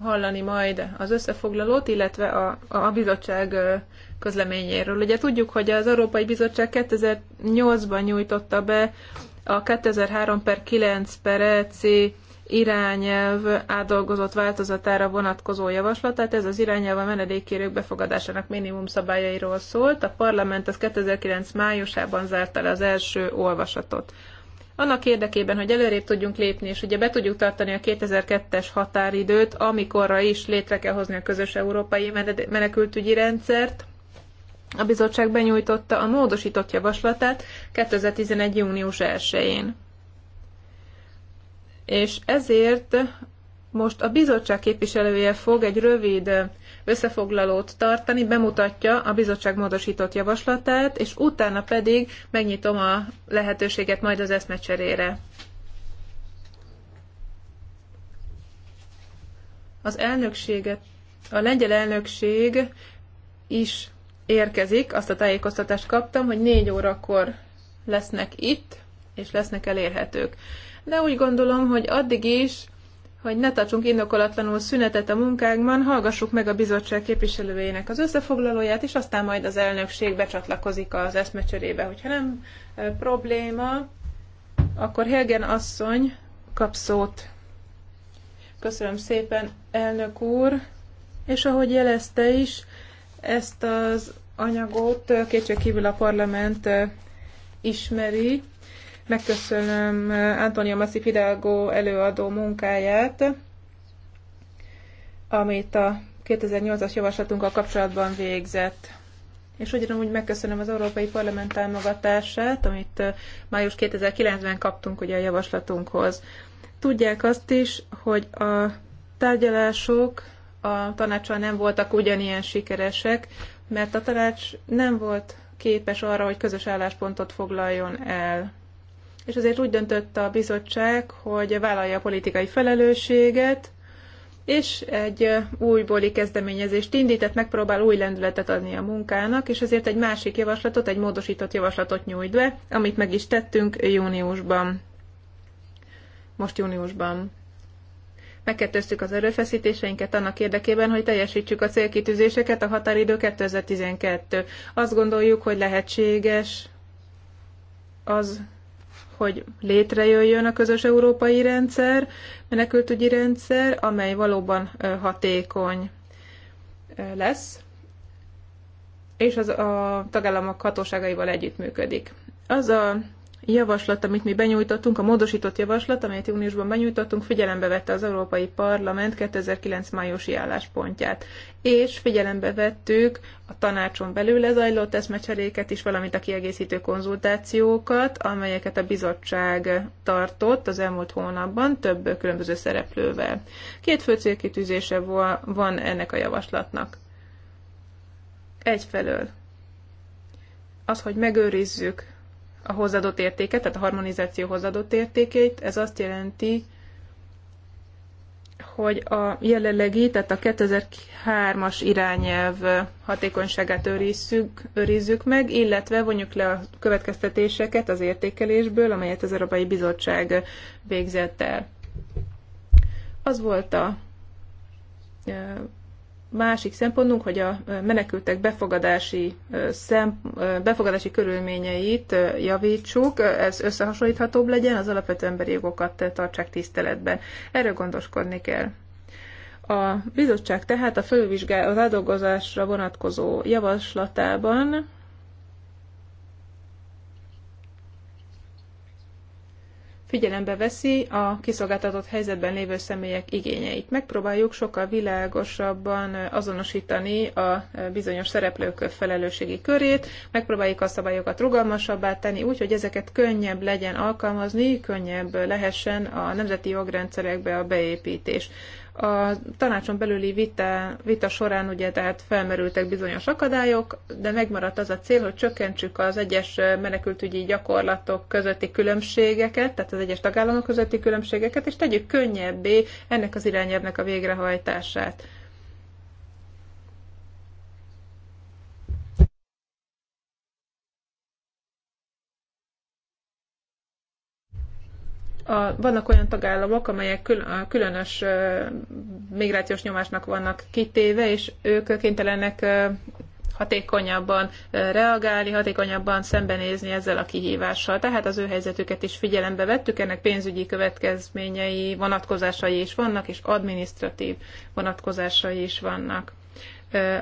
hallani majd az összefoglalót, illetve a, a bizottság közleményéről. Ugye tudjuk, hogy az Európai Bizottság 2008-ban nyújtotta be a 2003 per 9 per EC irányelv átdolgozott változatára vonatkozó javaslat, tehát ez az irányelv a menedékkérők befogadásának minimum szabályairól szólt. A parlament az 2009 májusában zárta le az első olvasatot. Annak érdekében, hogy előrébb tudjunk lépni, és ugye be tudjuk tartani a 2002-es határidőt, amikorra is létre kell hozni a közös európai menekültügyi rendszert, a bizottság benyújtotta a módosított javaslatát 2011. június 1-én. És ezért most a bizottság képviselője fog egy rövid összefoglalót tartani, bemutatja a bizottság módosított javaslatát, és utána pedig megnyitom a lehetőséget majd az eszmecserére. Az elnökséget, a lengyel elnökség is érkezik, azt a tájékoztatást kaptam, hogy négy órakor lesznek itt, és lesznek elérhetők. De úgy gondolom, hogy addig is, hogy ne tartsunk indokolatlanul szünetet a munkánkban, hallgassuk meg a bizottság képviselőjének az összefoglalóját, és aztán majd az elnökség becsatlakozik az eszmecserébe. Hogyha nem e, probléma, akkor Helgen asszony kap szót. Köszönöm szépen, elnök úr! És ahogy jelezte is, ezt az anyagot kívül a parlament ismeri. Megköszönöm Antonia Massi Fidalgo előadó munkáját, amit a 2008-as javaslatunkkal kapcsolatban végzett. És ugyanúgy megköszönöm az Európai Parlament támogatását, amit május 2009-ben kaptunk ugye a javaslatunkhoz. Tudják azt is, hogy a tárgyalások a tanácsal nem voltak ugyanilyen sikeresek, mert a tanács nem volt képes arra, hogy közös álláspontot foglaljon el. És azért úgy döntött a bizottság, hogy vállalja a politikai felelősséget, és egy újbóli kezdeményezést indített, megpróbál új lendületet adni a munkának, és ezért egy másik javaslatot, egy módosított javaslatot nyújt be, amit meg is tettünk júniusban. Most júniusban megkettőztük az erőfeszítéseinket annak érdekében, hogy teljesítsük a célkitűzéseket, a határidő 2012. Azt gondoljuk, hogy lehetséges az, hogy létrejöjjön a közös európai rendszer, menekültügyi rendszer, amely valóban hatékony lesz, és az a tagállamok hatóságaival együttműködik. Az a javaslat, amit mi benyújtottunk, a módosított javaslat, amelyet júniusban benyújtottunk, figyelembe vette az Európai Parlament 2009 májusi álláspontját. És figyelembe vettük a tanácson belül lezajlott eszmecseréket is, valamint a kiegészítő konzultációkat, amelyeket a bizottság tartott az elmúlt hónapban több különböző szereplővel. Két fő célkitűzése van ennek a javaslatnak. Egyfelől az, hogy megőrizzük a hozzáadott értéket, tehát a harmonizáció hozzáadott értékét. Ez azt jelenti, hogy a jelenlegi, tehát a 2003-as irányelv hatékonyságát őrizzük, őrizzük meg, illetve vonjuk le a következtetéseket az értékelésből, amelyet az Európai Bizottság végzett el. Az volt a másik szempontunk, hogy a menekültek befogadási, szem, befogadási körülményeit javítsuk, ez összehasonlíthatóbb legyen, az alapvető emberi jogokat tartsák tiszteletben. Erről gondoskodni kell. A bizottság tehát a fölvizsgálat, az átdolgozásra vonatkozó javaslatában figyelembe veszi a kiszolgáltatott helyzetben lévő személyek igényeit. Megpróbáljuk sokkal világosabban azonosítani a bizonyos szereplők felelősségi körét, megpróbáljuk a szabályokat rugalmasabbá tenni, úgy, hogy ezeket könnyebb legyen alkalmazni, könnyebb lehessen a nemzeti jogrendszerekbe a beépítés. A tanácson belüli vita, vita során ugye tehát felmerültek bizonyos akadályok, de megmaradt az a cél, hogy csökkentsük az egyes menekültügyi gyakorlatok közötti különbségeket, tehát az egyes tagállamok közötti különbségeket, és tegyük könnyebbé ennek az irányelvnek a végrehajtását. a, vannak olyan tagállamok, amelyek kül, a különös ö, migrációs nyomásnak vannak kitéve, és ők kénytelenek ö, hatékonyabban ö, reagálni, hatékonyabban szembenézni ezzel a kihívással. Tehát az ő helyzetüket is figyelembe vettük, ennek pénzügyi következményei, vonatkozásai is vannak, és administratív vonatkozásai is vannak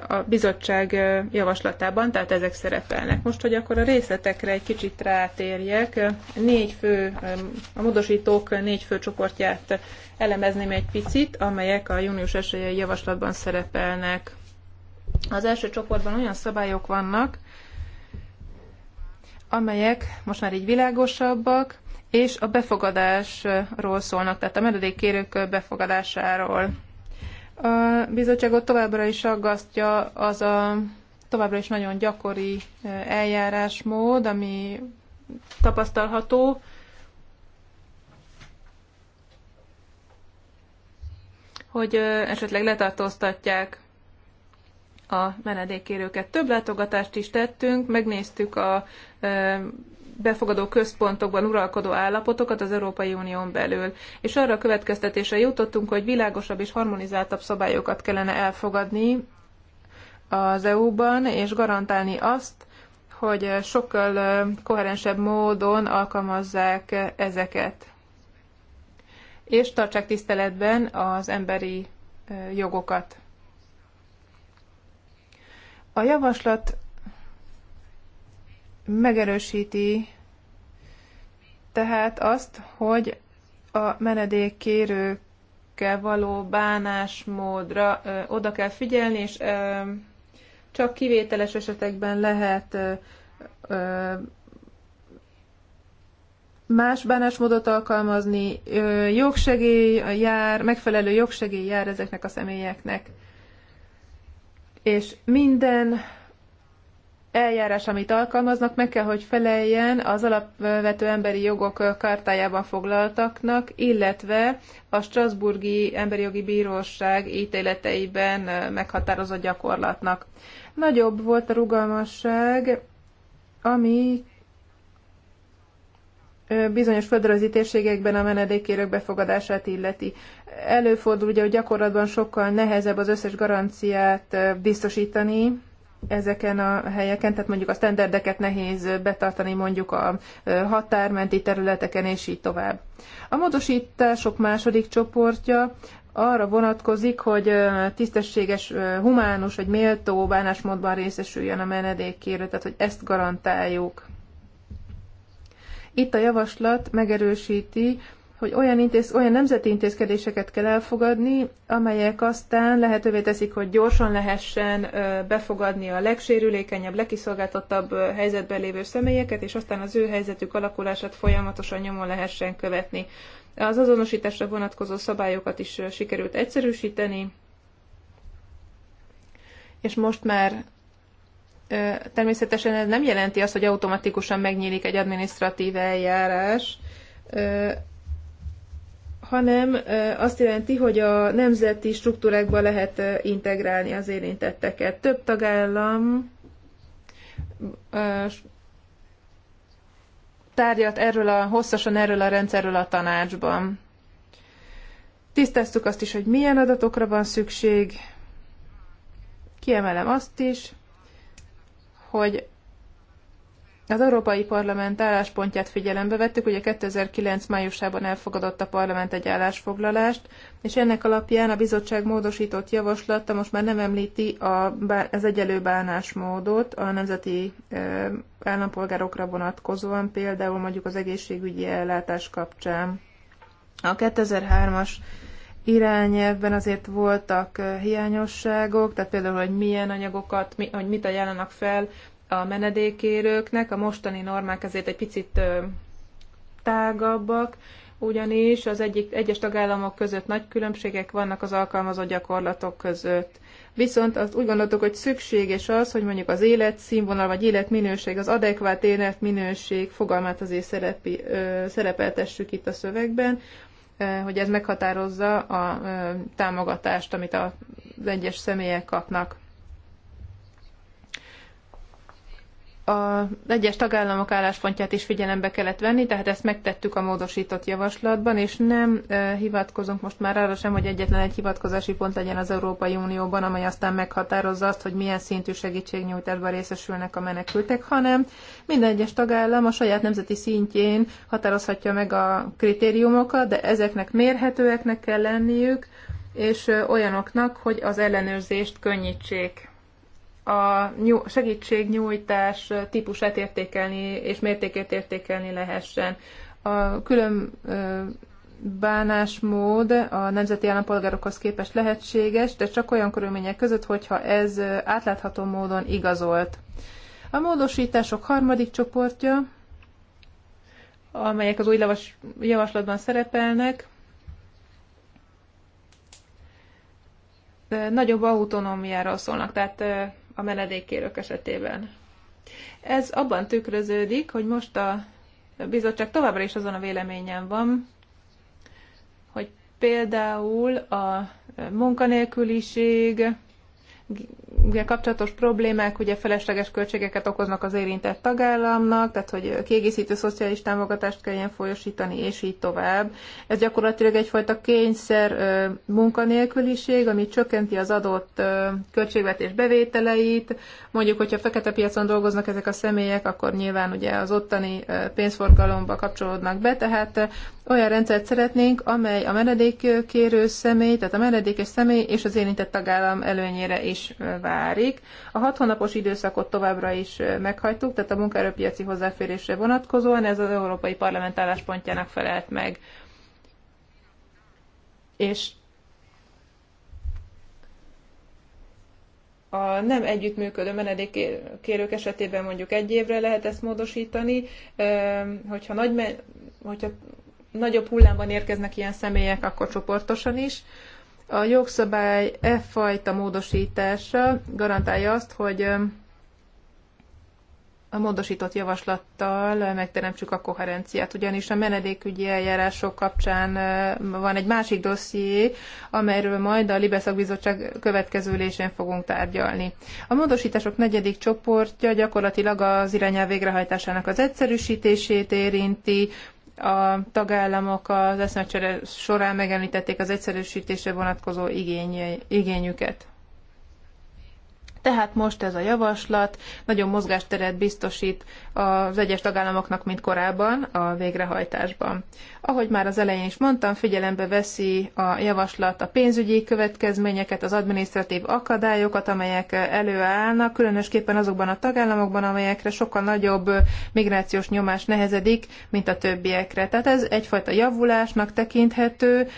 a bizottság javaslatában, tehát ezek szerepelnek. Most, hogy akkor a részletekre egy kicsit rátérjek, négy fő, a módosítók négy fő csoportját elemezném egy picit, amelyek a június esélyei javaslatban szerepelnek. Az első csoportban olyan szabályok vannak, amelyek most már így világosabbak, és a befogadásról szólnak, tehát a menedékkérők befogadásáról a bizottságot továbbra is aggasztja az a továbbra is nagyon gyakori eljárásmód, ami tapasztalható. hogy esetleg letartóztatják a menedékkérőket. Több látogatást is tettünk, megnéztük a befogadó központokban uralkodó állapotokat az Európai Unión belül. És arra a következtetésre jutottunk, hogy világosabb és harmonizáltabb szabályokat kellene elfogadni az EU-ban, és garantálni azt, hogy sokkal koherensebb módon alkalmazzák ezeket. És tartsák tiszteletben az emberi jogokat. A javaslat megerősíti tehát azt, hogy a menedékkérőkkel való bánásmódra ö, oda kell figyelni, és ö, csak kivételes esetekben lehet ö, ö, más bánásmódot alkalmazni, ö, jogsegély jár, megfelelő jogsegély jár ezeknek a személyeknek. És minden eljárás, amit alkalmaznak, meg kell, hogy feleljen az alapvető emberi jogok kartájában foglaltaknak, illetve a Strasburgi Emberi Jogi Bíróság ítéleteiben meghatározott gyakorlatnak. Nagyobb volt a rugalmasság, ami bizonyos földrajzi térségekben a menedékkérők befogadását illeti. Előfordul ugye, hogy gyakorlatban sokkal nehezebb az összes garanciát biztosítani, ezeken a helyeken, tehát mondjuk a standardeket nehéz betartani mondjuk a határmenti területeken, és így tovább. A módosítások második csoportja arra vonatkozik, hogy tisztességes, humánus vagy méltó bánásmódban részesüljön a menedékkérő, tehát hogy ezt garantáljuk. Itt a javaslat megerősíti hogy olyan, intéz, olyan nemzeti intézkedéseket kell elfogadni, amelyek aztán lehetővé teszik, hogy gyorsan lehessen befogadni a legsérülékenyebb, legkiszolgáltatabb helyzetben lévő személyeket, és aztán az ő helyzetük alakulását folyamatosan nyomon lehessen követni. Az azonosításra vonatkozó szabályokat is sikerült egyszerűsíteni, és most már természetesen ez nem jelenti azt, hogy automatikusan megnyílik egy administratív eljárás, hanem azt jelenti, hogy a nemzeti struktúrákba lehet integrálni az érintetteket. Több tagállam tárgyat erről a, hosszasan erről a rendszerről a tanácsban. Tisztáztuk azt is, hogy milyen adatokra van szükség. Kiemelem azt is, hogy az Európai Parlament álláspontját figyelembe vettük, ugye 2009. májusában elfogadott a parlament egy állásfoglalást, és ennek alapján a bizottság módosított javaslata most már nem említi a, az egyelő bánásmódot a nemzeti állampolgárokra vonatkozóan, például mondjuk az egészségügyi ellátás kapcsán. A 2003-as irányelvben azért voltak hiányosságok, tehát például, hogy milyen anyagokat, mi, hogy mit ajánlanak fel a menedékérőknek. A mostani normák azért egy picit tágabbak, ugyanis az egyik, egyes tagállamok között nagy különbségek vannak az alkalmazott gyakorlatok között. Viszont azt úgy gondoltuk, hogy szükséges az, hogy mondjuk az életszínvonal vagy életminőség, az adekvát életminőség fogalmát azért szerepi, ö, szerepeltessük itt a szövegben, ö, hogy ez meghatározza a ö, támogatást, amit az egyes személyek kapnak. az egyes tagállamok álláspontját is figyelembe kellett venni, tehát ezt megtettük a módosított javaslatban, és nem hivatkozunk most már arra sem, hogy egyetlen egy hivatkozási pont legyen az Európai Unióban, amely aztán meghatározza azt, hogy milyen szintű segítségnyújtásban részesülnek a menekültek, hanem minden egyes tagállam a saját nemzeti szintjén határozhatja meg a kritériumokat, de ezeknek mérhetőeknek kell lenniük, és olyanoknak, hogy az ellenőrzést könnyítsék a segítségnyújtás típusát értékelni és mértékét értékelni lehessen. A külön bánásmód a nemzeti állampolgárokhoz képest lehetséges, de csak olyan körülmények között, hogyha ez átlátható módon igazolt. A módosítások harmadik csoportja, amelyek az új javaslatban szerepelnek, nagyobb autonómiáról szólnak, tehát a menedékkérők esetében. Ez abban tükröződik, hogy most a bizottság továbbra is azon a véleményen van, hogy például a munkanélküliség, ugye kapcsolatos problémák ugye felesleges költségeket okoznak az érintett tagállamnak, tehát hogy kiegészítő szociális támogatást kelljen folyosítani, és így tovább. Ez gyakorlatilag egyfajta kényszer munkanélküliség, ami csökkenti az adott költségvetés bevételeit. Mondjuk, hogyha fekete piacon dolgoznak ezek a személyek, akkor nyilván ugye az ottani pénzforgalomba kapcsolódnak be, tehát olyan rendszert szeretnénk, amely a menedékkérő személy, tehát a menedékes személy és az érintett tagállam előnyére is is várik. A hat hónapos időszakot továbbra is meghagytuk, tehát a munkaerőpiaci hozzáférésre vonatkozóan ez az Európai Parlament álláspontjának felelt meg. És a nem együttműködő menedékkérők esetében mondjuk egy évre lehet ezt módosítani, hogyha, nagy, hogyha nagyobb hullámban érkeznek ilyen személyek, akkor csoportosan is. A jogszabály e fajta módosítása garantálja azt, hogy a módosított javaslattal megteremtsük a koherenciát, ugyanis a menedékügyi eljárások kapcsán van egy másik dosszié, amelyről majd a Libeszak Bizottság következő ülésén fogunk tárgyalni. A módosítások negyedik csoportja gyakorlatilag az irányelv végrehajtásának az egyszerűsítését érinti, a tagállamok az eszmecsere során megemlítették az egyszerűsítésre vonatkozó igény, igényüket. Tehát most ez a javaslat nagyon mozgásteret biztosít az egyes tagállamoknak, mint korábban a végrehajtásban. Ahogy már az elején is mondtam, figyelembe veszi a javaslat a pénzügyi következményeket, az administratív akadályokat, amelyek előállnak, különösképpen azokban a tagállamokban, amelyekre sokkal nagyobb migrációs nyomás nehezedik, mint a többiekre. Tehát ez egyfajta javulásnak tekinthető,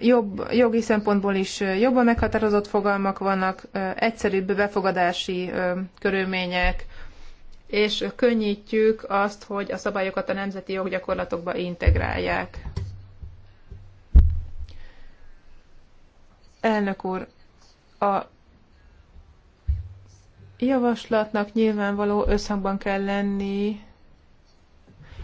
jobb, jogi szempontból is jobban meghatározott fogalmak vannak, egyszerűbb befogadási körülmények, és könnyítjük azt, hogy a szabályokat a nemzeti joggyakorlatokba integrálják. Elnök úr, a javaslatnak nyilvánvaló összhangban kell lenni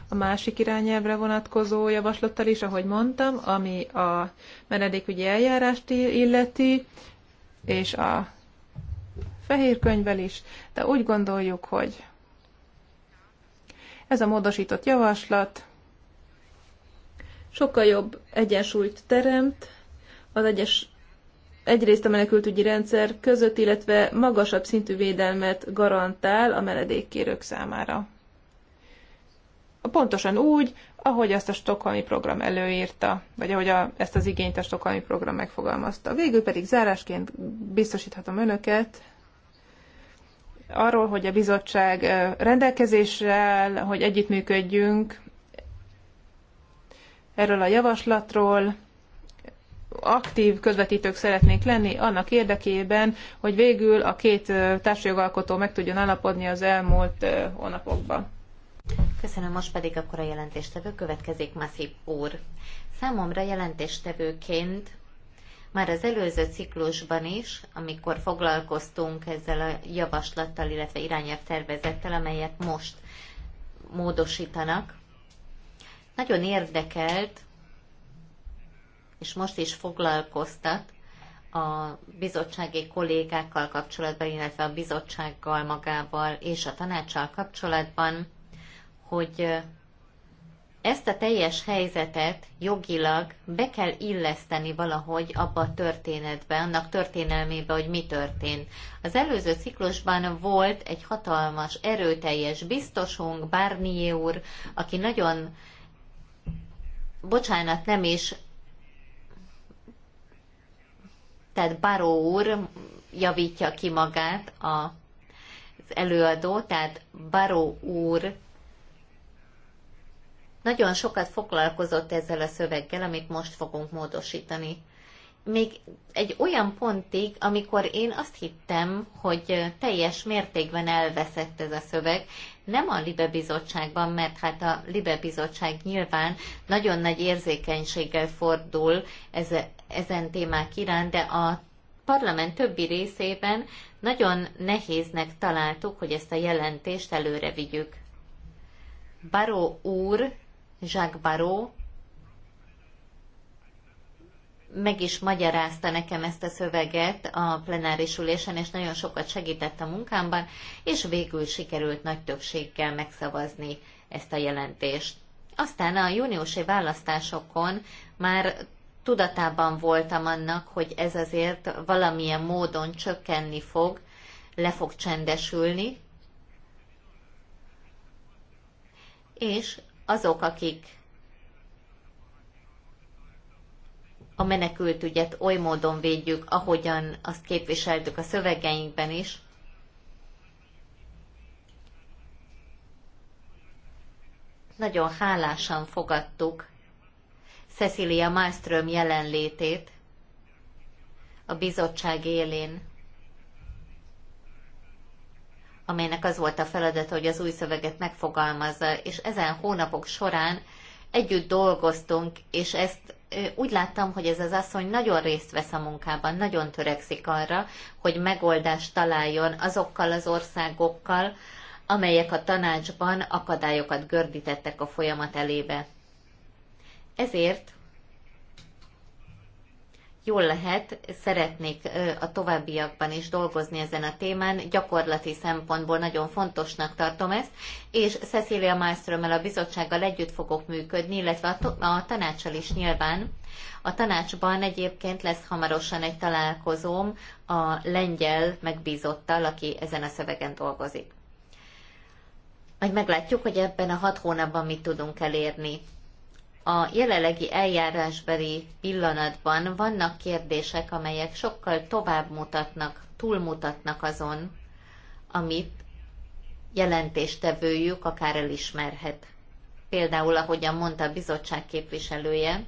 a másik irányelvre vonatkozó javaslattal is, ahogy mondtam, ami a menedékügyi eljárást illeti, és a fehér könyvvel is, de úgy gondoljuk, hogy ez a módosított javaslat sokkal jobb egyensúlyt teremt az egyes egyrészt a menekültügyi rendszer között, illetve magasabb szintű védelmet garantál a menedékkérők számára pontosan úgy, ahogy ezt a stokholmi program előírta, vagy ahogy a, ezt az igényt a stokholmi program megfogalmazta. Végül pedig zárásként biztosíthatom önöket arról, hogy a bizottság rendelkezéssel, hogy együttműködjünk erről a javaslatról, aktív közvetítők szeretnék lenni annak érdekében, hogy végül a két társjogalkotó meg tudjon állapodni az elmúlt hónapokban. Köszönöm, most pedig akkor a jelentéstevő következik, Masszív úr. Számomra jelentéstevőként már az előző ciklusban is, amikor foglalkoztunk ezzel a javaslattal, illetve irányelv tervezettel, amelyet most módosítanak, nagyon érdekelt, és most is foglalkoztat a bizottsági kollégákkal kapcsolatban, illetve a bizottsággal magával és a tanácssal kapcsolatban hogy ezt a teljes helyzetet jogilag be kell illeszteni valahogy abba a történetbe, annak történelmébe, hogy mi történt. Az előző ciklusban volt egy hatalmas, erőteljes biztosunk, Barnier úr, aki nagyon, bocsánat, nem is, tehát Baró úr javítja ki magát a, az előadó, tehát Baró úr nagyon sokat foglalkozott ezzel a szöveggel, amit most fogunk módosítani. Még egy olyan pontig, amikor én azt hittem, hogy teljes mértékben elveszett ez a szöveg, nem a Libe Bizottságban, mert hát a Libe Bizottság nyilván nagyon nagy érzékenységgel fordul ez ezen témák iránt, de a parlament többi részében nagyon nehéznek találtuk, hogy ezt a jelentést előre vigyük. Baró úr Jacques Barrault meg is magyarázta nekem ezt a szöveget a plenáris ülésen, és nagyon sokat segített a munkámban, és végül sikerült nagy többséggel megszavazni ezt a jelentést. Aztán a júniusi választásokon már tudatában voltam annak, hogy ez azért valamilyen módon csökkenni fog, le fog csendesülni, és azok, akik a menekült ügyet oly módon védjük, ahogyan azt képviseltük a szövegeinkben is, nagyon hálásan fogadtuk Cecilia Malmström jelenlétét a bizottság élén, amelynek az volt a feladata, hogy az új szöveget megfogalmazza, és ezen hónapok során együtt dolgoztunk, és ezt úgy láttam, hogy ez az asszony nagyon részt vesz a munkában, nagyon törekszik arra, hogy megoldást találjon azokkal az országokkal, amelyek a tanácsban akadályokat gördítettek a folyamat elébe. Ezért jól lehet, szeretnék a továbbiakban is dolgozni ezen a témán, gyakorlati szempontból nagyon fontosnak tartom ezt, és Cecilia Malmströmmel a bizottsággal együtt fogok működni, illetve a, a tanácssal is nyilván. A tanácsban egyébként lesz hamarosan egy találkozóm a lengyel megbízottal, aki ezen a szövegen dolgozik. Majd meglátjuk, hogy ebben a hat hónapban mit tudunk elérni a jelenlegi eljárásbeli pillanatban vannak kérdések, amelyek sokkal tovább mutatnak, túlmutatnak azon, amit jelentéstevőjük akár elismerhet. Például, ahogyan mondta a bizottság képviselője,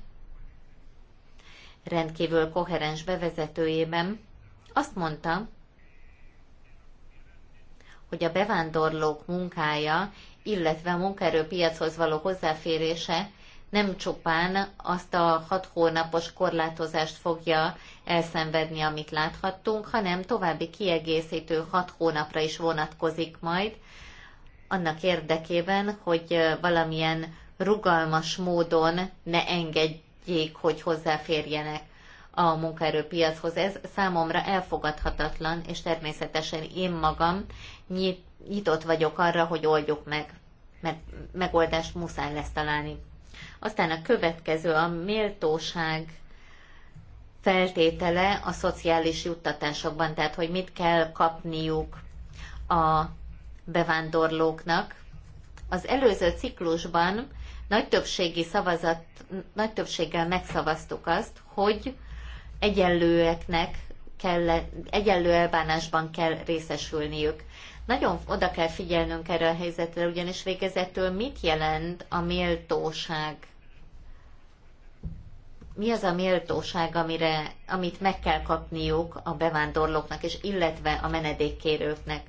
rendkívül koherens bevezetőjében, azt mondta, hogy a bevándorlók munkája, illetve a munkaerőpiachoz való hozzáférése nem csupán azt a hat hónapos korlátozást fogja elszenvedni, amit láthattunk, hanem további kiegészítő hat hónapra is vonatkozik majd, annak érdekében, hogy valamilyen rugalmas módon ne engedjék, hogy hozzáférjenek a munkaerőpiachoz. Ez számomra elfogadhatatlan, és természetesen én magam nyitott vagyok arra, hogy oldjuk meg, mert megoldást muszáj lesz találni. Aztán a következő a méltóság feltétele a szociális juttatásokban, tehát hogy mit kell kapniuk a bevándorlóknak. Az előző ciklusban nagy többségi szavazat, nagy többséggel megszavaztuk azt, hogy egyenlőeknek kell, egyenlő elbánásban kell részesülniük. Nagyon oda kell figyelnünk erre a helyzetre, ugyanis végezetül mit jelent a méltóság? Mi az a méltóság, amire, amit meg kell kapniuk a bevándorlóknak, és illetve a menedékkérőknek?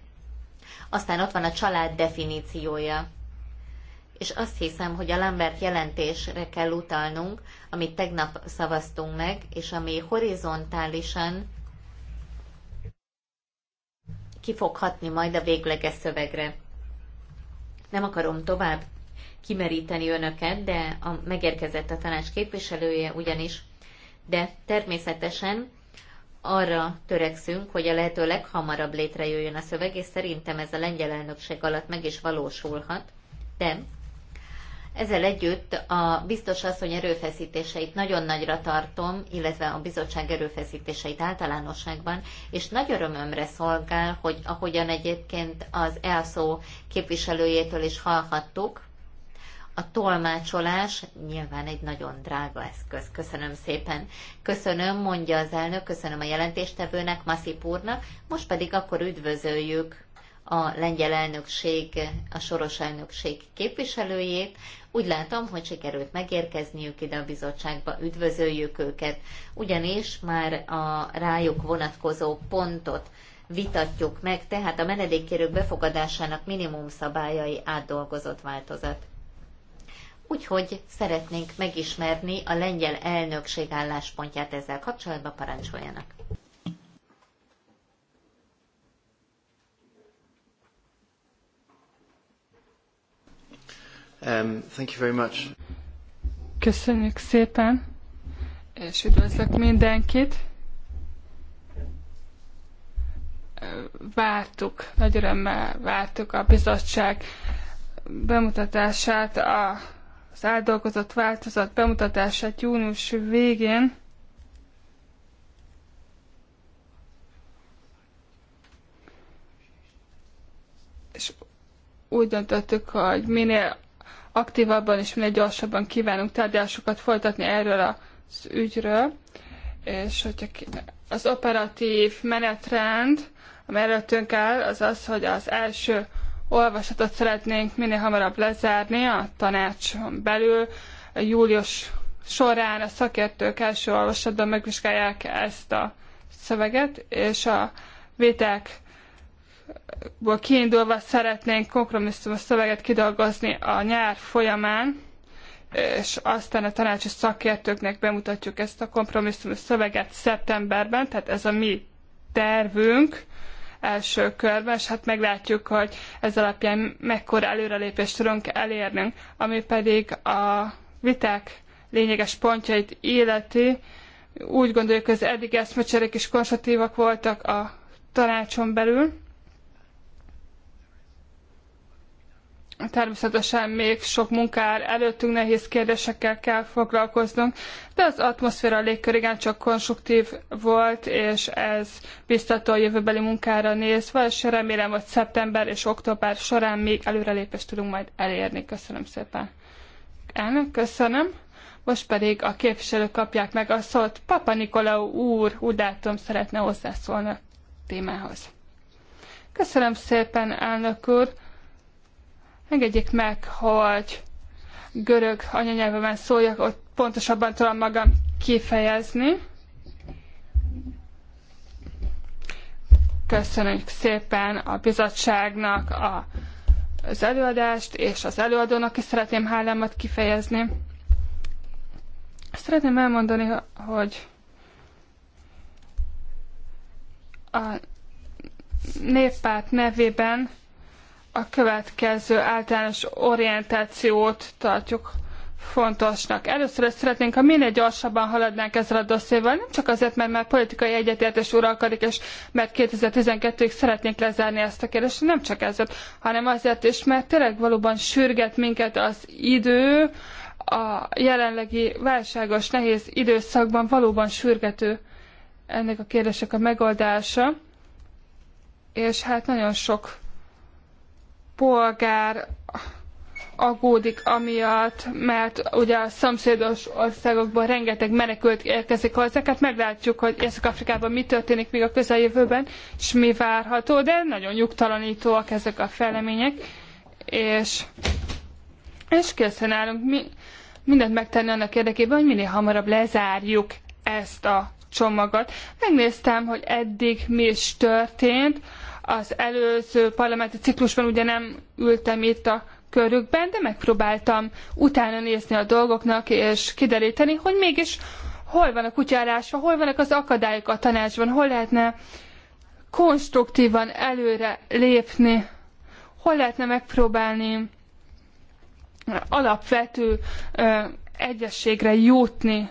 Aztán ott van a család definíciója. És azt hiszem, hogy a Lambert jelentésre kell utalnunk, amit tegnap szavaztunk meg, és ami horizontálisan Kifoghatni majd a végleges szövegre. Nem akarom tovább kimeríteni önöket, de a, megérkezett a tanács képviselője ugyanis, de természetesen arra törekszünk, hogy a lehető leghamarabb létrejöjjön a szöveg, és szerintem ez a lengyel elnökség alatt meg is valósulhat, de ezzel együtt a biztos asszony erőfeszítéseit nagyon nagyra tartom, illetve a bizottság erőfeszítéseit általánosságban, és nagy örömömre szolgál, hogy ahogyan egyébként az ELSZÓ képviselőjétől is hallhattuk, a tolmácsolás nyilván egy nagyon drága eszköz. Köszönöm szépen. Köszönöm, mondja az elnök, köszönöm a jelentéstevőnek, Maszip úrnak, most pedig akkor üdvözöljük a lengyel elnökség, a soros elnökség képviselőjét, úgy látom, hogy sikerült megérkezniük ide a bizottságba, üdvözöljük őket, ugyanis már a rájuk vonatkozó pontot vitatjuk meg, tehát a menedékkérők befogadásának minimum szabályai átdolgozott változat. Úgyhogy szeretnénk megismerni a lengyel elnökség álláspontját ezzel kapcsolatban, parancsoljanak! Um, thank you very much. Köszönjük szépen, és üdvözlök mindenkit. Vártuk, nagy örömmel vártuk a bizottság bemutatását, a, az átdolgozott változat bemutatását június végén. És úgy döntöttük, hogy minél aktívabban és minél gyorsabban kívánunk tárgyalásokat folytatni erről az ügyről, és hogyha az operatív menetrend, ami előttünk áll, az az, hogy az első olvasatot szeretnénk minél hamarabb lezárni a tanácson belül. Július során a szakértők első olvasatban megvizsgálják ezt a szöveget, és a vétek kiindulva szeretnénk kompromisszumos szöveget kidolgozni a nyár folyamán, és aztán a tanácsi szakértőknek bemutatjuk ezt a kompromisszumos szöveget szeptemberben, tehát ez a mi tervünk első körben, és hát meglátjuk, hogy ez alapján mekkora előrelépést tudunk elérni, ami pedig a viták lényeges pontjait illeti. Úgy gondoljuk, hogy az eddig eszmecserék is konstruktívak voltak a tanácson belül, Természetesen még sok munkár előttünk nehéz kérdésekkel kell foglalkoznunk, de az atmoszféra a légkör igencsak konstruktív volt, és ez biztató a jövőbeli munkára nézve, és remélem, hogy szeptember és október során még előrelépést tudunk majd elérni. Köszönöm szépen. Elnök, köszönöm. Most pedig a képviselők kapják meg a szót. Papa Nikolau úr, úgy látom, szeretne hozzászólni a témához. Köszönöm szépen, elnök úr. Engedjék meg, hogy görög anyanyelvemen szóljak, ott pontosabban tudom magam kifejezni. Köszönjük szépen a bizottságnak a, az előadást, és az előadónak is szeretném hálámat kifejezni. Szeretném elmondani, hogy a néppárt nevében a következő általános orientációt tartjuk fontosnak. Először is szeretnénk, ha minél gyorsabban haladnánk ezzel a dosszéval, nem csak azért, mert már politikai egyetértés uralkodik, és mert 2012-ig szeretnénk lezárni ezt a kérdést, nem csak ezért, hanem azért is, mert tényleg valóban sürget minket az idő, a jelenlegi válságos, nehéz időszakban valóban sürgető ennek a kérdések a megoldása, és hát nagyon sok polgár aggódik amiatt, mert ugye a szomszédos országokból rengeteg menekült érkezik hozzánk, hát meglátjuk, hogy Észak-Afrikában mi történik még a közeljövőben, és mi várható, de nagyon nyugtalanítóak ezek a fejlemények, és, és készen állunk mi, mindent megtenni annak érdekében, hogy minél hamarabb lezárjuk ezt a csomagot. Megnéztem, hogy eddig mi is történt, az előző parlamenti ciklusban ugye nem ültem itt a körükben, de megpróbáltam utána nézni a dolgoknak, és kideríteni, hogy mégis hol van a kutyárásva, hol vannak az akadályok a tanácsban, hol lehetne konstruktívan előre lépni, hol lehetne megpróbálni alapvető ö, egyességre jutni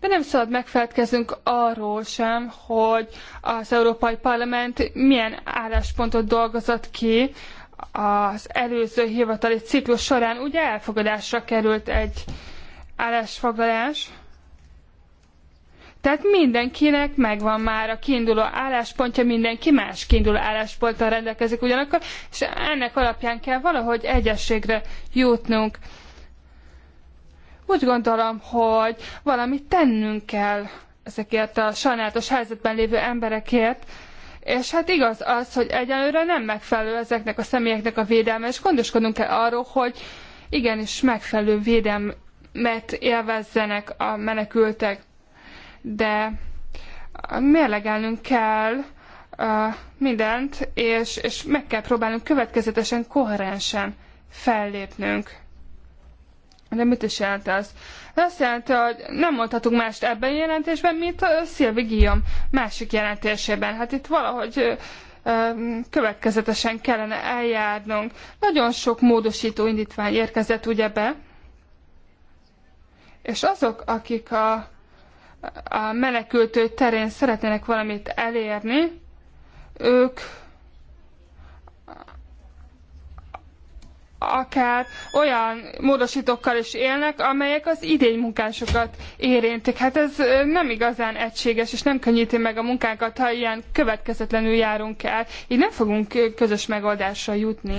de nem szabad megfelelkeznünk arról sem, hogy az Európai Parlament milyen álláspontot dolgozott ki az előző hivatali ciklus során. Ugye elfogadásra került egy állásfoglalás, tehát mindenkinek megvan már a kiinduló álláspontja, mindenki más kiinduló állásponttal rendelkezik ugyanakkor, és ennek alapján kell valahogy egyességre jutnunk. Úgy gondolom, hogy valamit tennünk kell ezekért a sajnálatos helyzetben lévő emberekért, és hát igaz az, hogy egyelőre nem megfelelő ezeknek a személyeknek a védelme, és gondoskodnunk kell arról, hogy igenis megfelelő védelmet élvezzenek a menekültek. De mérlegelnünk kell uh, mindent, és, és meg kell próbálnunk következetesen, koherensen fellépnünk. De mit is jelent ez? Azt jelenti, hogy nem mondhatunk mást ebben a jelentésben, mint a Szilvi Guillaume másik jelentésében. Hát itt valahogy következetesen kellene eljárnunk. Nagyon sok módosító indítvány érkezett ugye be, és azok, akik a, a menekültő terén szeretnének valamit elérni, ők akár olyan módosítókkal is élnek, amelyek az idénymunkásokat érintik. Hát ez nem igazán egységes, és nem könnyíti meg a munkánkat, ha ilyen következetlenül járunk el. Így nem fogunk közös megoldásra jutni.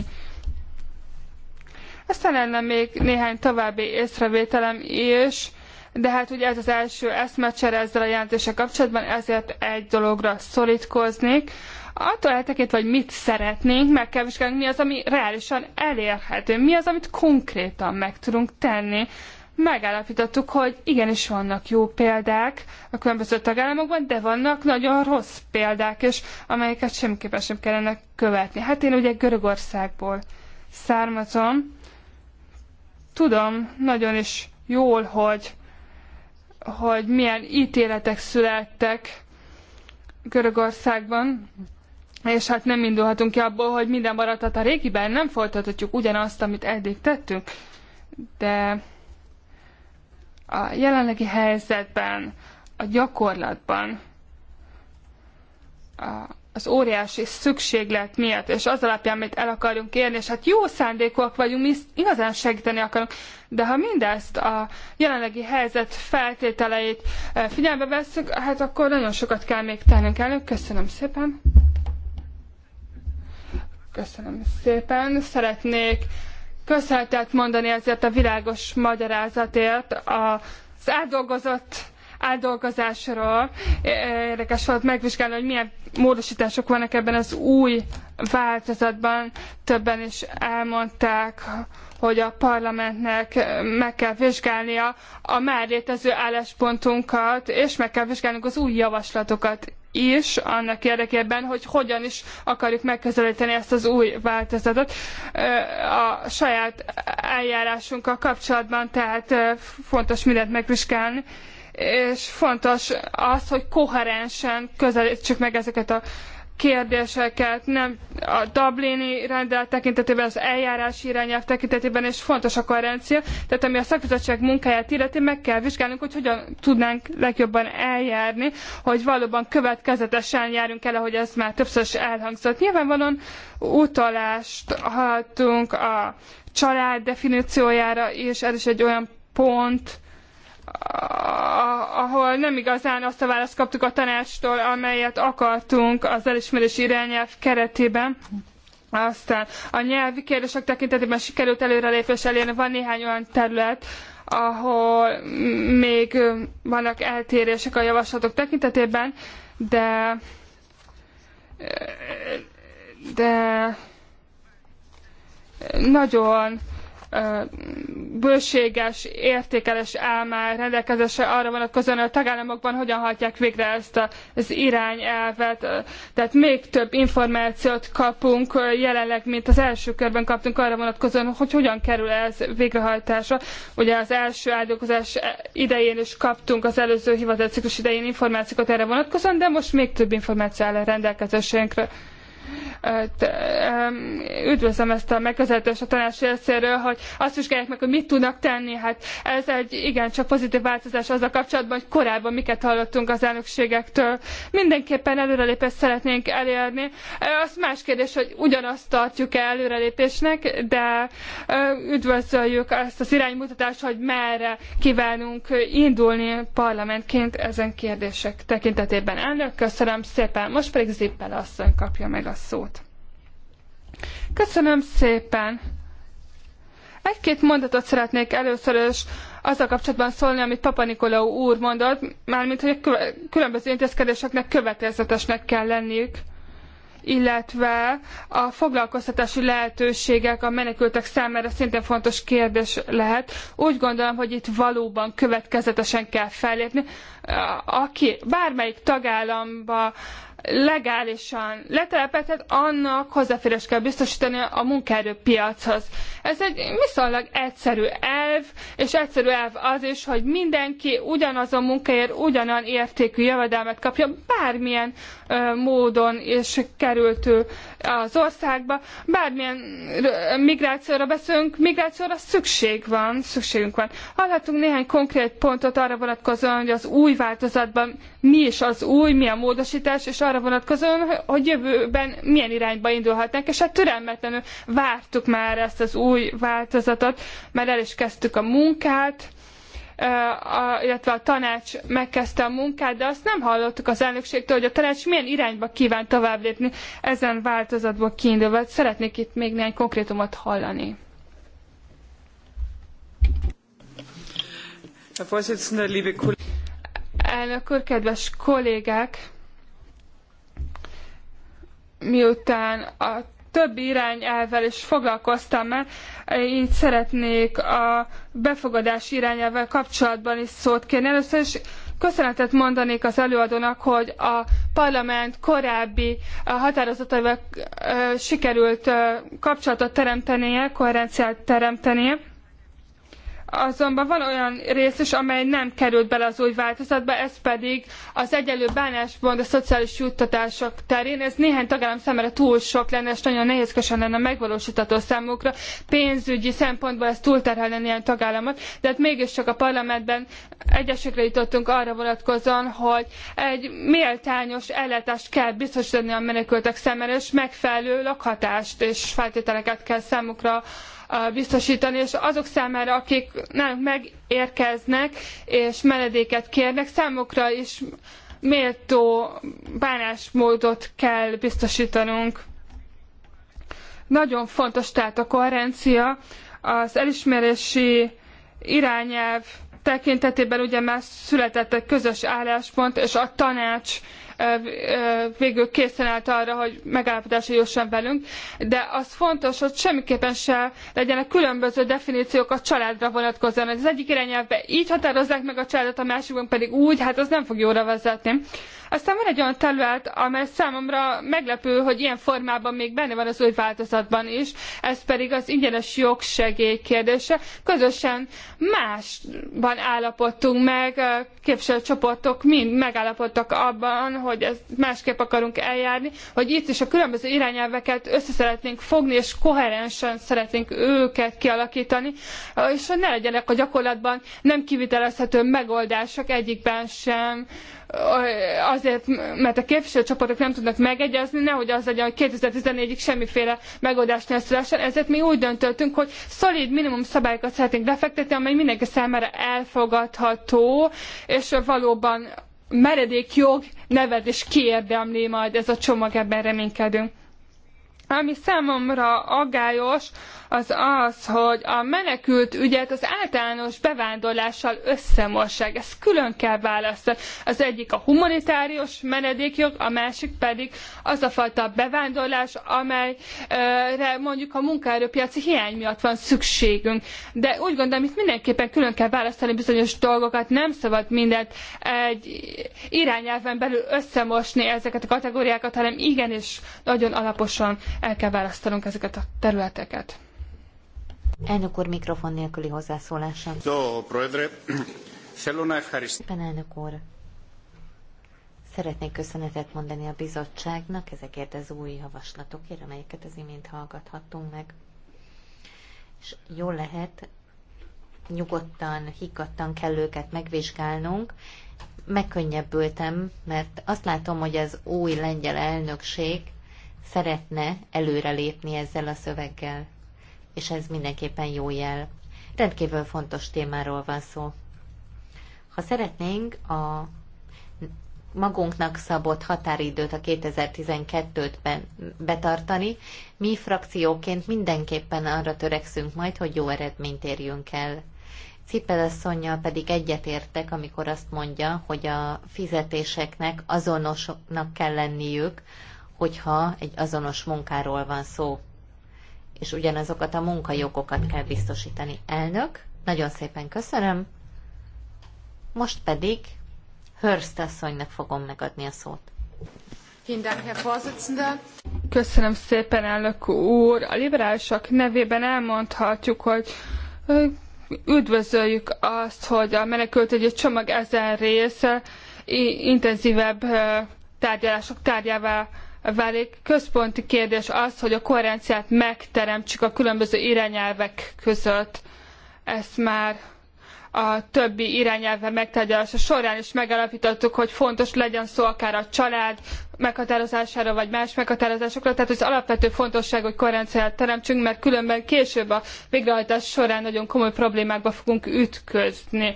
Aztán lenne még néhány további észrevételem is, de hát ugye ez az első eszmecsere ezzel a jelentése kapcsolatban, ezért egy dologra szorítkoznék, attól eltekintve, hogy mit szeretnénk, meg kell vizsgálni, mi az, ami reálisan elérhető, mi az, amit konkrétan meg tudunk tenni. Megállapítottuk, hogy igenis vannak jó példák a különböző tagállamokban, de vannak nagyon rossz példák is, amelyeket semmiképpen sem kellene követni. Hát én ugye Görögországból származom, tudom nagyon is jól, hogy, hogy milyen ítéletek születtek Görögországban, és hát nem indulhatunk ki abból, hogy minden maradhat a régiben, nem folytathatjuk ugyanazt, amit eddig tettünk. De a jelenlegi helyzetben, a gyakorlatban, a, az óriási szükséglet miatt, és az alapján, amit el akarunk érni, és hát jó szándékok vagyunk, mi igazán segíteni akarunk, de ha mindezt a jelenlegi helyzet feltételeit eh, figyelembe vesszük, hát akkor nagyon sokat kell még tennünk elő. Köszönöm szépen! Köszönöm szépen. Szeretnék köszönetet mondani ezért a világos magyarázatért az átdolgozott átdolgozásról. Érdekes volt megvizsgálni, hogy milyen módosítások vannak ebben az új változatban. Többen is elmondták, hogy a parlamentnek meg kell vizsgálnia a már létező álláspontunkat, és meg kell vizsgálnunk az új javaslatokat is annak érdekében, hogy hogyan is akarjuk megközelíteni ezt az új változatot. A saját eljárásunkkal kapcsolatban tehát fontos mindent megvizsgálni, és fontos az, hogy koherensen közelítsük meg ezeket a kérdéseket, nem a Dublini rendelet tekintetében, az eljárási irányelv tekintetében, és fontos a koherencia. Tehát ami a szakbizottság munkáját illeti, meg kell vizsgálnunk, hogy hogyan tudnánk legjobban eljárni, hogy valóban következetesen járunk el, ahogy ez már többször is elhangzott. Nyilvánvalóan utalást hallottunk a család definíciójára, és ez is egy olyan pont, ahol nem igazán azt a választ kaptuk a tanácstól, amelyet akartunk az elismerés irányelv keretében. Aztán a nyelvi kérdések tekintetében sikerült előrelépés elérni. Van néhány olyan terület, ahol még vannak eltérések a javaslatok tekintetében, de de nagyon bőséges, értékelés áll már rendelkezésre arra vonatkozóan, hogy a tagállamokban hogyan hajtják végre ezt az irányelvet. Tehát még több információt kapunk jelenleg, mint az első körben kaptunk arra vonatkozóan, hogy hogyan kerül ez végrehajtásra. Ugye az első áldolgozás idején is kaptunk az előző hivatalciklus idején információkat erre vonatkozóan, de most még több információ áll a rendelkezésünkre üdvözlöm ezt a megközelítést a tanács részéről, hogy azt vizsgálják meg, hogy mit tudnak tenni. Hát ez egy igencsak pozitív változás azzal kapcsolatban, hogy korábban miket hallottunk az elnökségektől. Mindenképpen előrelépést szeretnénk elérni. Az más kérdés, hogy ugyanazt tartjuk-e előrelépésnek, de üdvözöljük ezt az iránymutatást, hogy merre kívánunk indulni parlamentként ezen kérdések tekintetében. Elnök, köszönöm szépen. Most pedig Zippel asszony kapja meg a szót. Köszönöm szépen! Egy-két mondatot szeretnék először is azzal kapcsolatban szólni, amit Papa Nikolaou úr mondott, mármint, hogy a különböző intézkedéseknek következetesnek kell lenniük illetve a foglalkoztatási lehetőségek a menekültek számára szintén fontos kérdés lehet. Úgy gondolom, hogy itt valóban következetesen kell fellépni. Aki bármelyik tagállamba legálisan letelepedhet, annak hozzáférés kell biztosítani a munkaerőpiachoz. Ez egy viszonylag egyszerű elv, és egyszerű elv az is, hogy mindenki ugyanazon munkáért ugyanan értékű jövedelmet kapja, bármilyen ö, módon és került az országba. Bármilyen migrációra beszélünk, migrációra szükség van, szükségünk van. Hallhatunk néhány konkrét pontot arra vonatkozóan, hogy az új változatban mi is az új, mi a módosítás, és arra vonatkozóan, hogy jövőben milyen irányba indulhatnánk, és hát türelmetlenül vártuk már ezt az új változatot, mert el is kezdtük a munkát, a, illetve a tanács megkezdte a munkát, de azt nem hallottuk az elnökségtől, hogy a tanács milyen irányba kíván tovább lépni ezen változatból kiindulva. Szeretnék itt még néhány konkrétumot hallani. Elnök úr, kedves kollégák! Miután a több irányelvvel is foglalkoztam már, így szeretnék a befogadás irányelvvel kapcsolatban is szót kérni. Először is köszönetet mondanék az előadónak, hogy a parlament korábbi határozataival sikerült kapcsolatot teremtenie, koherenciát teremtenie Azonban van olyan rész is, amely nem került bele az új változatba, ez pedig az egyenlő bánásmód a szociális juttatások terén. Ez néhány tagállam számára túl sok lenne, és nagyon nehézkesen lenne megvalósítható számukra. Pénzügyi szempontból ez túlterhelne néhány tagállamot, de hát mégiscsak a parlamentben egyesekre jutottunk arra vonatkozóan, hogy egy méltányos ellátást kell biztosítani a menekültek számára, és megfelelő lakhatást és feltételeket kell számukra biztosítani, és azok számára, akik nálunk megérkeznek, és menedéket kérnek, számukra is méltó bánásmódot kell biztosítanunk. Nagyon fontos tehát a koherencia, az elismerési irányelv tekintetében ugye már született egy közös álláspont, és a tanács végül készen állt arra, hogy megállapodásra jusson velünk, de az fontos, hogy semmiképpen se legyenek különböző definíciók a családra vonatkozóan. Az egyik irányelvben így határozzák meg a családot, a másikban pedig úgy, hát az nem fog jóra vezetni. Aztán van egy olyan terület, amely számomra meglepő, hogy ilyen formában még benne van az új változatban is, ez pedig az ingyenes jogsegély kérdése. Közösen másban állapodtunk meg, képviselőcsoportok mind megállapodtak abban, hogy hogy ezt másképp akarunk eljárni, hogy itt is a különböző irányelveket össze szeretnénk fogni, és koherensen szeretnénk őket kialakítani, és hogy ne legyenek a gyakorlatban nem kivitelezhető megoldások egyikben sem, azért, mert a képviselőcsoportok nem tudnak megegyezni, nehogy az legyen, hogy 2014-ig semmiféle megoldást ne szülessen, ezért mi úgy döntöttünk, hogy szolid minimum szabályokat szeretnénk befektetni, amely mindenki számára elfogadható, és valóban meredék jog, nevet is kiérdemli majd ez a csomag, ebben reménykedünk. Ami számomra aggályos, az az, hogy a menekült ügyet az általános bevándorlással összemossák. Ezt külön kell választani. Az egyik a humanitárius menedékjog, a másik pedig az a fajta bevándorlás, amelyre mondjuk a munkaerőpiaci hiány miatt van szükségünk. De úgy gondolom, itt mindenképpen külön kell választani bizonyos dolgokat, nem szabad mindent egy irányelven belül összemosni ezeket a kategóriákat, hanem igenis nagyon alaposan el kell választanunk ezeket a területeket. Elnök úr mikrofon nélküli hozzászólása. Szépen elnök úr. Szeretnék köszönetet mondani a bizottságnak ezekért az új javaslatokért, amelyeket az imént hallgathattunk meg. És jól lehet, nyugodtan, higgadtan kell őket megvizsgálnunk. Megkönnyebbültem, mert azt látom, hogy az új lengyel elnökség szeretne előrelépni ezzel a szöveggel, és ez mindenképpen jó jel. Rendkívül fontos témáról van szó. Ha szeretnénk a magunknak szabott határidőt, a 2012-t betartani, mi frakcióként mindenképpen arra törekszünk majd, hogy jó eredményt érjünk el. Cipelasszonynal pedig egyetértek, amikor azt mondja, hogy a fizetéseknek azonosnak kell lenniük hogyha egy azonos munkáról van szó, és ugyanazokat a munkajogokat kell biztosítani. Elnök, nagyon szépen köszönöm. Most pedig Hörst asszonynak fogom megadni a szót. Köszönöm szépen, elnök úr. A liberálisok nevében elmondhatjuk, hogy üdvözöljük azt, hogy a egy csomag ezen része intenzívebb tárgyalások tárgyává válik. Központi kérdés az, hogy a koherenciát megteremtsük a különböző irányelvek között. Ezt már a többi irányelve megtárgyalása során is megállapítottuk, hogy fontos legyen szó akár a család meghatározásáról vagy más meghatározásokról. Tehát az alapvető fontosság, hogy koherenciát teremtsünk, mert különben később a végrehajtás során nagyon komoly problémákba fogunk ütközni.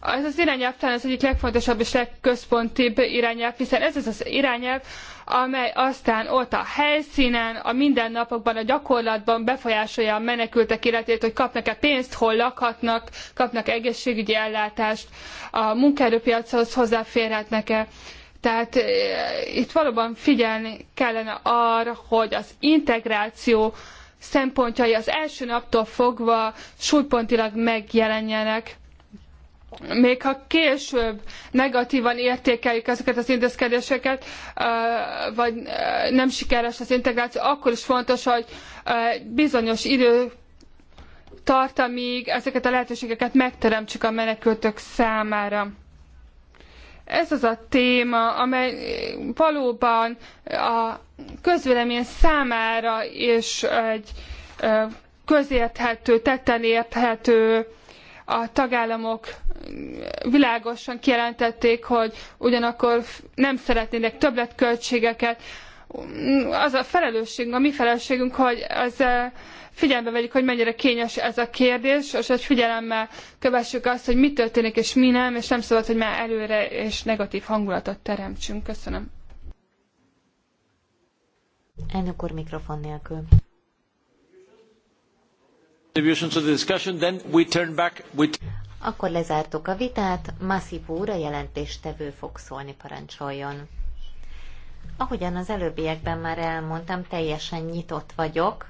Ez az irányelv talán az egyik legfontosabb és legközpontibb irányelv, hiszen ez az az irányelv, amely aztán ott a helyszínen, a mindennapokban, a gyakorlatban befolyásolja a menekültek életét, hogy kapnak-e pénzt, hol lakhatnak, kapnak -e egészségügyi ellátást, a munkaerőpiachoz hozzáférhetnek-e. Tehát eh, itt valóban figyelni kellene arra, hogy az integráció szempontjai az első naptól fogva súlypontilag megjelenjenek még ha később negatívan értékeljük ezeket az intézkedéseket, vagy nem sikeres az integráció, akkor is fontos, hogy bizonyos idő tart, amíg ezeket a lehetőségeket megteremtsük a menekültök számára. Ez az a téma, amely valóban a közvélemény számára is egy közérthető, tetten érthető a tagállamok világosan kijelentették, hogy ugyanakkor nem szeretnének többletköltségeket. Az a felelősségünk, a mi felelősségünk, hogy az figyelembe vegyük, hogy mennyire kényes ez a kérdés, és hogy figyelemmel kövessük azt, hogy mi történik és mi nem, és nem szabad, hogy már előre és negatív hangulatot teremtsünk. Köszönöm. Elnök úr mikrofon nélkül. Akkor lezártuk a vitát, Masip úr a jelentéstevő fog szólni, parancsoljon. Ahogyan az előbbiekben már elmondtam, teljesen nyitott vagyok,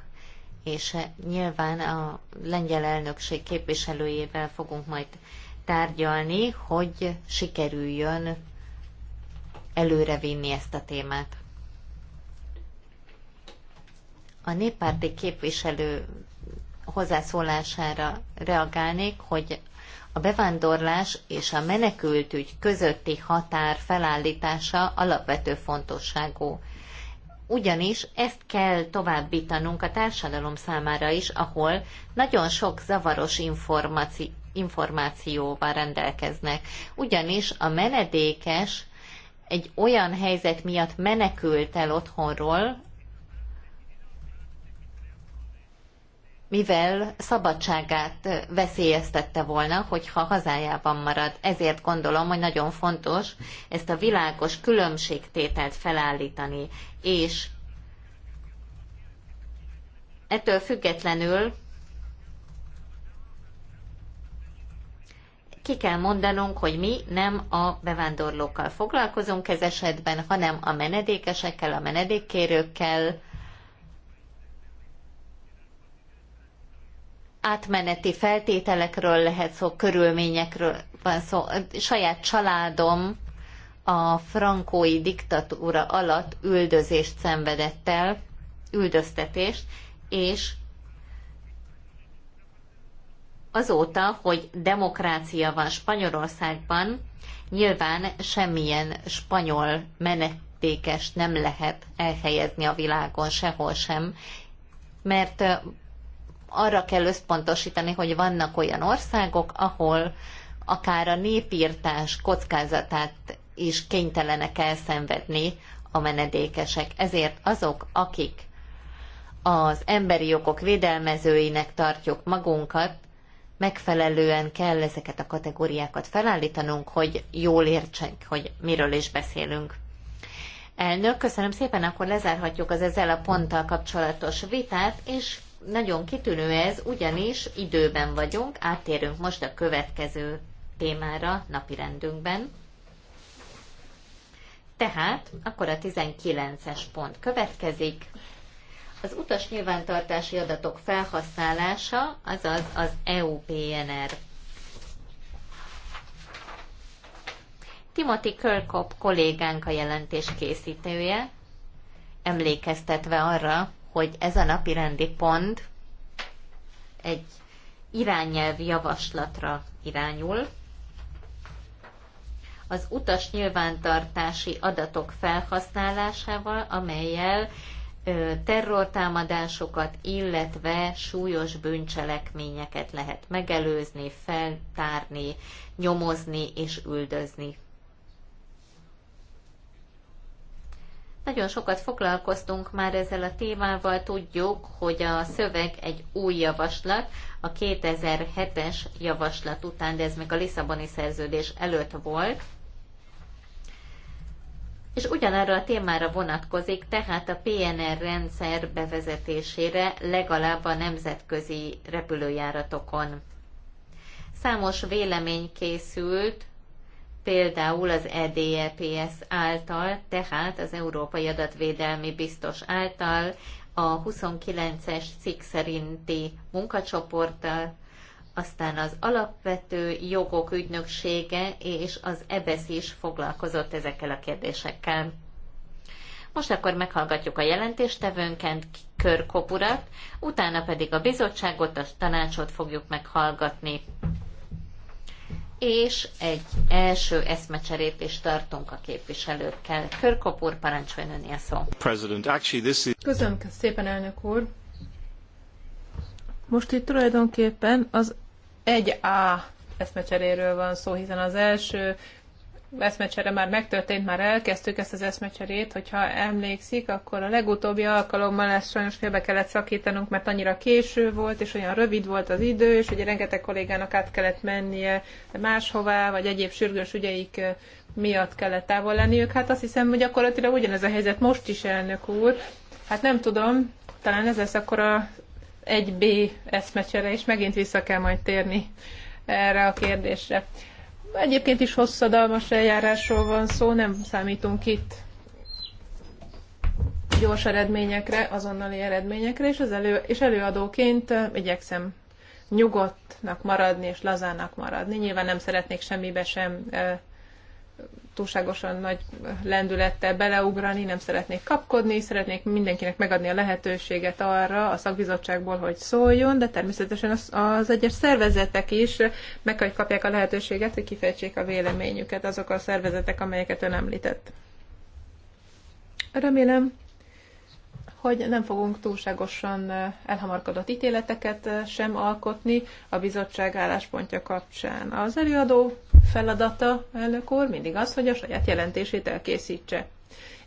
és nyilván a lengyel elnökség képviselőjével fogunk majd tárgyalni, hogy sikerüljön előrevinni ezt a témát. A néppárti képviselő hozzászólására reagálnék, hogy a bevándorlás és a menekültügy közötti határ felállítása alapvető fontosságú. Ugyanis ezt kell továbbítanunk a társadalom számára is, ahol nagyon sok zavaros információ információval rendelkeznek. Ugyanis a menedékes egy olyan helyzet miatt menekült el otthonról, mivel szabadságát veszélyeztette volna, hogyha hazájában marad. Ezért gondolom, hogy nagyon fontos ezt a világos különbségtételt felállítani, és ettől függetlenül ki kell mondanunk, hogy mi nem a bevándorlókkal foglalkozunk ez esetben, hanem a menedékesekkel, a menedékkérőkkel, átmeneti feltételekről lehet szó, körülményekről van szó. A saját családom a frankói diktatúra alatt üldözést szenvedett el, üldöztetést, és azóta, hogy demokrácia van Spanyolországban, nyilván semmilyen spanyol menedékes nem lehet elhelyezni a világon sehol sem, mert arra kell összpontosítani, hogy vannak olyan országok, ahol akár a népírtás kockázatát is kénytelenek elszenvedni a menedékesek. Ezért azok, akik az emberi jogok védelmezőinek tartjuk magunkat, megfelelően kell ezeket a kategóriákat felállítanunk, hogy jól értsenk, hogy miről is beszélünk. Elnök, köszönöm szépen, akkor lezárhatjuk az ezzel a ponttal kapcsolatos vitát, és nagyon kitűnő ez, ugyanis időben vagyunk, áttérünk most a következő témára napirendünkben. Tehát akkor a 19-es pont következik. Az utas nyilvántartási adatok felhasználása, azaz az EU-PNR. Timothy Kirkop kollégánk a jelentés készítője, emlékeztetve arra, hogy ez a napi rendi pont egy irányelv javaslatra irányul. Az utas nyilvántartási adatok felhasználásával, amelyel terrortámadásokat, illetve súlyos bűncselekményeket lehet megelőzni, feltárni, nyomozni és üldözni. Nagyon sokat foglalkoztunk már ezzel a témával, tudjuk, hogy a szöveg egy új javaslat, a 2007-es javaslat után, de ez még a Lisszaboni szerződés előtt volt, és ugyanarra a témára vonatkozik, tehát a PNR rendszer bevezetésére legalább a nemzetközi repülőjáratokon. Számos vélemény készült például az EDEPS által, tehát az Európai Adatvédelmi Biztos által, a 29-es cikk szerinti munkacsoporttal, aztán az alapvető jogok ügynöksége és az EBESZ is foglalkozott ezekkel a kérdésekkel. Most akkor meghallgatjuk a jelentéstevőnként körkopurat, utána pedig a bizottságot, a tanácsot fogjuk meghallgatni és egy első eszmecserét is tartunk a képviselőkkel. Körkop úr, parancsoljon önnél szó. President, actually this is... Köszönöm szépen, elnök úr. Most itt tulajdonképpen az 1A eszmecseréről van szó, hiszen az első eszmecsere már megtörtént, már elkezdtük ezt az eszmecserét, hogyha emlékszik, akkor a legutóbbi alkalommal ezt sajnos félbe kellett szakítanunk, mert annyira késő volt, és olyan rövid volt az idő, és ugye rengeteg kollégának át kellett mennie máshová, vagy egyéb sürgős ügyeik eh, miatt kellett távol lenniük. Hát azt hiszem, hogy gyakorlatilag ugyanez a helyzet most is, elnök úr. Hát nem tudom, talán ez lesz akkor a 1B eszmecsere, és megint vissza kell majd térni erre a kérdésre. Egyébként is hosszadalmas eljárásról van szó, nem számítunk itt gyors eredményekre, azonnali eredményekre, és, az elő, és előadóként igyekszem nyugodtnak maradni és lazának maradni. Nyilván nem szeretnék semmibe sem túlságosan nagy lendülettel beleugrani, nem szeretnék kapkodni, szeretnék mindenkinek megadni a lehetőséget arra a szakbizottságból, hogy szóljon, de természetesen az, az egyes szervezetek is meg hogy kapják a lehetőséget, hogy kifejtsék a véleményüket azok a szervezetek, amelyeket ön említett. Remélem, hogy nem fogunk túlságosan elhamarkodott ítéleteket sem alkotni a bizottság álláspontja kapcsán. Az előadó feladata, elnök úr, mindig az, hogy a saját jelentését elkészítse.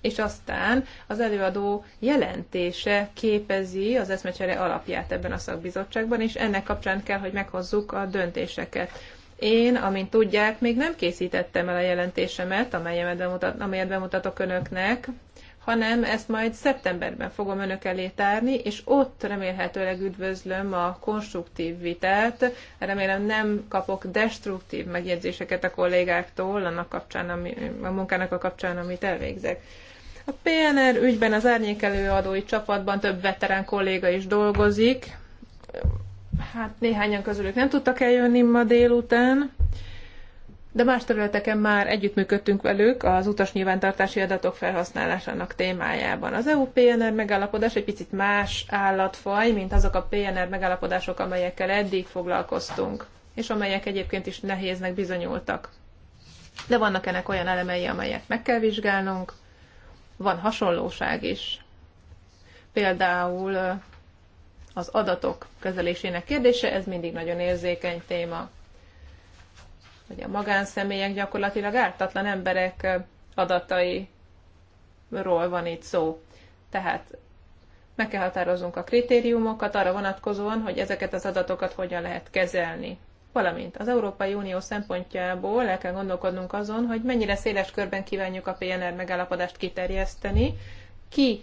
És aztán az előadó jelentése képezi az eszmecsere alapját ebben a szakbizottságban, és ennek kapcsán kell, hogy meghozzuk a döntéseket. Én, amint tudják, még nem készítettem el a jelentésemet, amelyet, bemutatok önöknek hanem ezt majd szeptemberben fogom önök elé tárni, és ott remélhetőleg üdvözlöm a konstruktív vitát. Remélem nem kapok destruktív megjegyzéseket a kollégáktól annak kapcsán, ami, a munkának a kapcsán, amit elvégzek. A PNR ügyben az árnyékelőadói csapatban több veterán kolléga is dolgozik. Hát néhányan közülük nem tudtak eljönni ma délután, de más területeken már együttműködtünk velük az utas nyilvántartási adatok felhasználásának témájában. Az EU-PNR megállapodás egy picit más állatfaj, mint azok a PNR megállapodások, amelyekkel eddig foglalkoztunk, és amelyek egyébként is nehéznek bizonyultak. De vannak ennek olyan elemei, amelyet meg kell vizsgálnunk, van hasonlóság is. Például az adatok kezelésének kérdése, ez mindig nagyon érzékeny téma hogy a magánszemélyek gyakorlatilag ártatlan emberek adatairól van itt szó. Tehát meg kell határozunk a kritériumokat arra vonatkozóan, hogy ezeket az adatokat hogyan lehet kezelni. Valamint az Európai Unió szempontjából el kell gondolkodnunk azon, hogy mennyire széles körben kívánjuk a PNR megállapodást kiterjeszteni, ki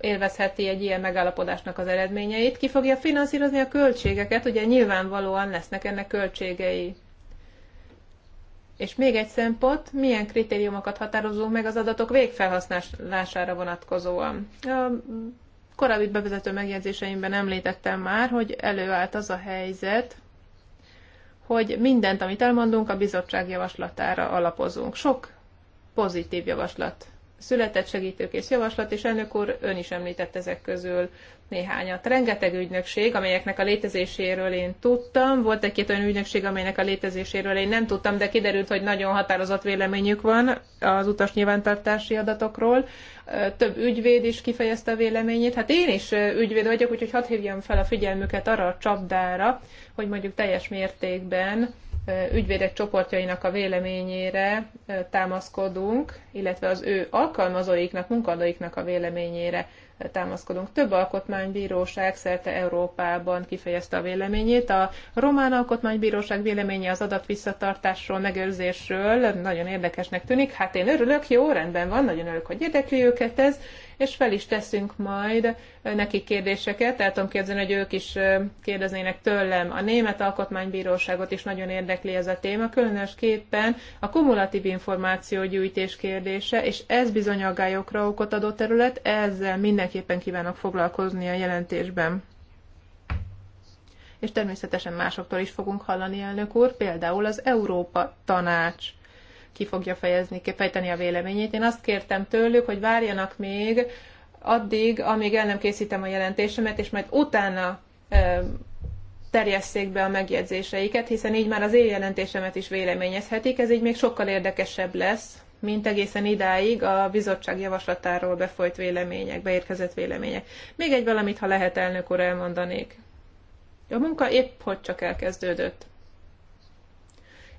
élvezheti egy ilyen megállapodásnak az eredményeit, ki fogja finanszírozni a költségeket, ugye nyilvánvalóan lesznek ennek költségei. És még egy szempont, milyen kritériumokat határozunk meg az adatok végfelhasználására vonatkozóan. A korábbi bevezető megjegyzéseimben említettem már, hogy előállt az a helyzet, hogy mindent, amit elmondunk, a bizottság javaslatára alapozunk. Sok pozitív javaslat született segítőkész javaslat, és elnök úr ön is említett ezek közül néhányat. Rengeteg ügynökség, amelyeknek a létezéséről én tudtam, volt egy-két olyan ügynökség, amelynek a létezéséről én nem tudtam, de kiderült, hogy nagyon határozott véleményük van az utas nyilvántartási adatokról. Több ügyvéd is kifejezte a véleményét. Hát én is ügyvéd vagyok, úgyhogy hadd hívjam fel a figyelmüket arra a csapdára, hogy mondjuk teljes mértékben ügyvédek csoportjainak a véleményére támaszkodunk, illetve az ő alkalmazóiknak, munkadóiknak a véleményére támaszkodunk. Több alkotmánybíróság szerte Európában kifejezte a véleményét. A román alkotmánybíróság véleménye az adat visszatartásról, megőrzésről nagyon érdekesnek tűnik. Hát én örülök, jó, rendben van, nagyon örülök, hogy érdekli őket ez, és fel is teszünk majd nekik kérdéseket, el tudom képzelni, hogy ők is kérdeznének tőlem. A Német Alkotmánybíróságot is nagyon érdekli ez a téma, különösképpen a kumulatív információgyűjtés kérdése, és ez bizony aggályokra okot adó terület, ezzel mindenképpen kívánok foglalkozni a jelentésben és természetesen másoktól is fogunk hallani, elnök úr, például az Európa Tanács ki fogja fejezni, fejteni a véleményét. Én azt kértem tőlük, hogy várjanak még addig, amíg el nem készítem a jelentésemet, és majd utána terjesszék be a megjegyzéseiket, hiszen így már az én jelentésemet is véleményezhetik, ez így még sokkal érdekesebb lesz, mint egészen idáig a bizottság javaslatáról befolyt vélemények, beérkezett vélemények. Még egy valamit, ha lehet elnök úr, elmondanék. A munka épp hogy csak elkezdődött.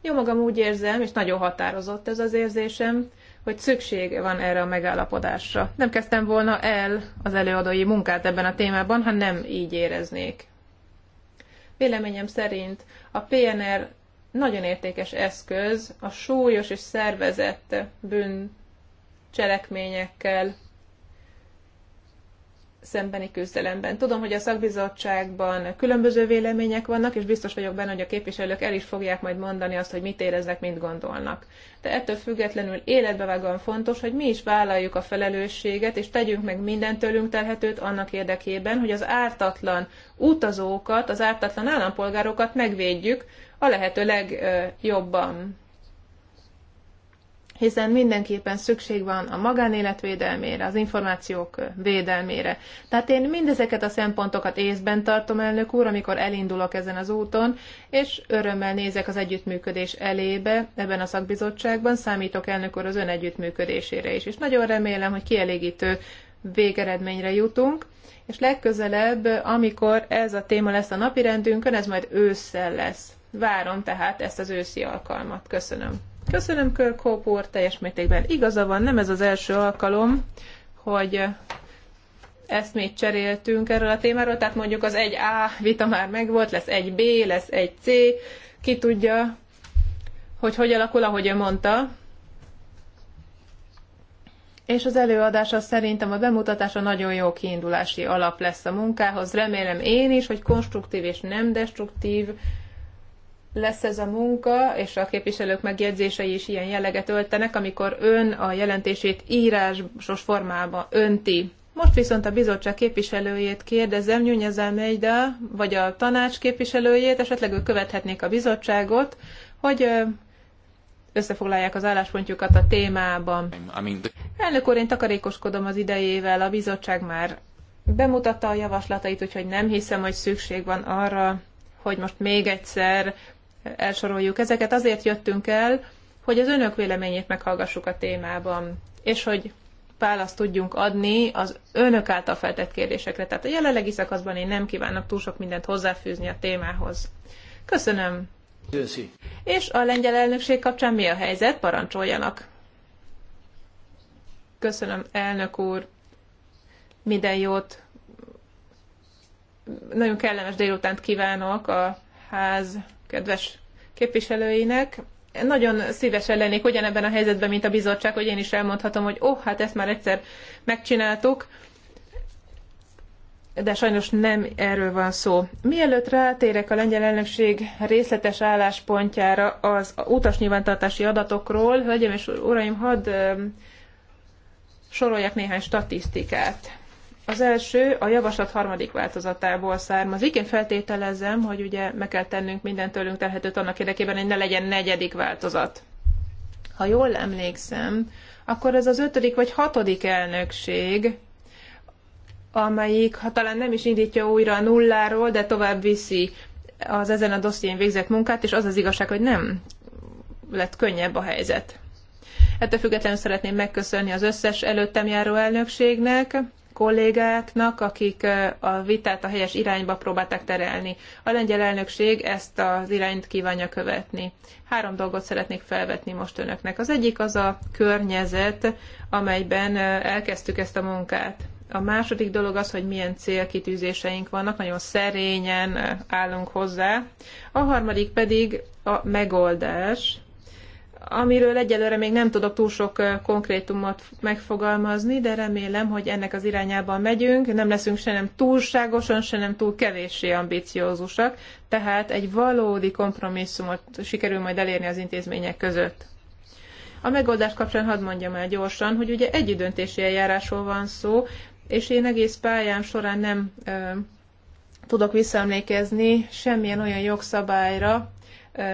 Jó magam úgy érzem, és nagyon határozott ez az érzésem, hogy szükség van erre a megállapodásra. Nem kezdtem volna el az előadói munkát ebben a témában, ha nem így éreznék. Véleményem szerint a PNR nagyon értékes eszköz a súlyos és szervezett bűncselekményekkel szembeni küzdelemben. Tudom, hogy a szakbizottságban különböző vélemények vannak, és biztos vagyok benne, hogy a képviselők el is fogják majd mondani azt, hogy mit éreznek, mit gondolnak. De ettől függetlenül életbevágóan fontos, hogy mi is vállaljuk a felelősséget, és tegyünk meg minden tőlünk telhetőt annak érdekében, hogy az ártatlan utazókat, az ártatlan állampolgárokat megvédjük a lehető legjobban hiszen mindenképpen szükség van a magánélet védelmére, az információk védelmére. Tehát én mindezeket a szempontokat észben tartom, elnök úr, amikor elindulok ezen az úton, és örömmel nézek az együttműködés elébe ebben a szakbizottságban, számítok elnök úr az ön együttműködésére is, és nagyon remélem, hogy kielégítő végeredményre jutunk, és legközelebb, amikor ez a téma lesz a napirendünkön, ez majd ősszel lesz. Várom tehát ezt az őszi alkalmat. Köszönöm. Köszönöm, Kirk Hope úr, teljes mértékben igaza van, nem ez az első alkalom, hogy ezt még cseréltünk erről a témáról, tehát mondjuk az egy a vita már megvolt, lesz egy b lesz egy c ki tudja, hogy hogy alakul, ahogy ő mondta. És az előadása szerintem a bemutatása nagyon jó kiindulási alap lesz a munkához. Remélem én is, hogy konstruktív és nem destruktív lesz ez a munka, és a képviselők megjegyzései is ilyen jelleget öltenek, amikor ön a jelentését írásos formába önti. Most viszont a bizottság képviselőjét kérdezem, Nyújnyez Almeida, vagy a tanács képviselőjét, esetleg ők követhetnék a bizottságot, hogy összefoglalják az álláspontjukat a témában. Elnök úr, én takarékoskodom az idejével, a bizottság már bemutatta a javaslatait, úgyhogy nem hiszem, hogy szükség van arra, hogy most még egyszer elsoroljuk ezeket. Azért jöttünk el, hogy az önök véleményét meghallgassuk a témában, és hogy választ tudjunk adni az önök által feltett kérdésekre. Tehát a jelenlegi szakaszban én nem kívánok túl sok mindent hozzáfűzni a témához. Köszönöm. Köszi. És a lengyel elnökség kapcsán mi a helyzet? Parancsoljanak. Köszönöm, elnök úr. Minden jót. Nagyon kellemes délutánt kívánok a ház kedves képviselőinek. Nagyon szívesen lennék ugyanebben a helyzetben, mint a bizottság, hogy én is elmondhatom, hogy ó, oh, hát ezt már egyszer megcsináltuk, de sajnos nem erről van szó. Mielőtt rátérek a lengyel elnökség részletes álláspontjára az utas nyilvántartási adatokról, hölgyeim és uraim, hadd soroljak néhány statisztikát. Az első a javaslat harmadik változatából származik. Én feltételezem, hogy ugye meg kell tennünk minden tőlünk telhetőt annak érdekében, hogy ne legyen negyedik változat. Ha jól emlékszem, akkor ez az ötödik vagy hatodik elnökség, amelyik ha talán nem is indítja újra a nulláról, de tovább viszi az ezen a dosszién végzett munkát, és az az igazság, hogy nem lett könnyebb a helyzet. Ettől függetlenül szeretném megköszönni az összes előttem járó elnökségnek, kollégáknak, akik a vitát a helyes irányba próbáltak terelni. A lengyel elnökség ezt az irányt kívánja követni. Három dolgot szeretnék felvetni most önöknek. Az egyik az a környezet, amelyben elkezdtük ezt a munkát. A második dolog az, hogy milyen célkitűzéseink vannak, nagyon szerényen állunk hozzá. A harmadik pedig a megoldás, amiről egyelőre még nem tudok túl sok konkrétumot megfogalmazni, de remélem, hogy ennek az irányában megyünk, nem leszünk se nem túlságosan, se nem túl kevéssé ambiciózusak, tehát egy valódi kompromisszumot sikerül majd elérni az intézmények között. A megoldás kapcsán hadd mondjam el gyorsan, hogy ugye döntési eljárásról van szó, és én egész pályám során nem ö, tudok visszaemlékezni semmilyen olyan jogszabályra,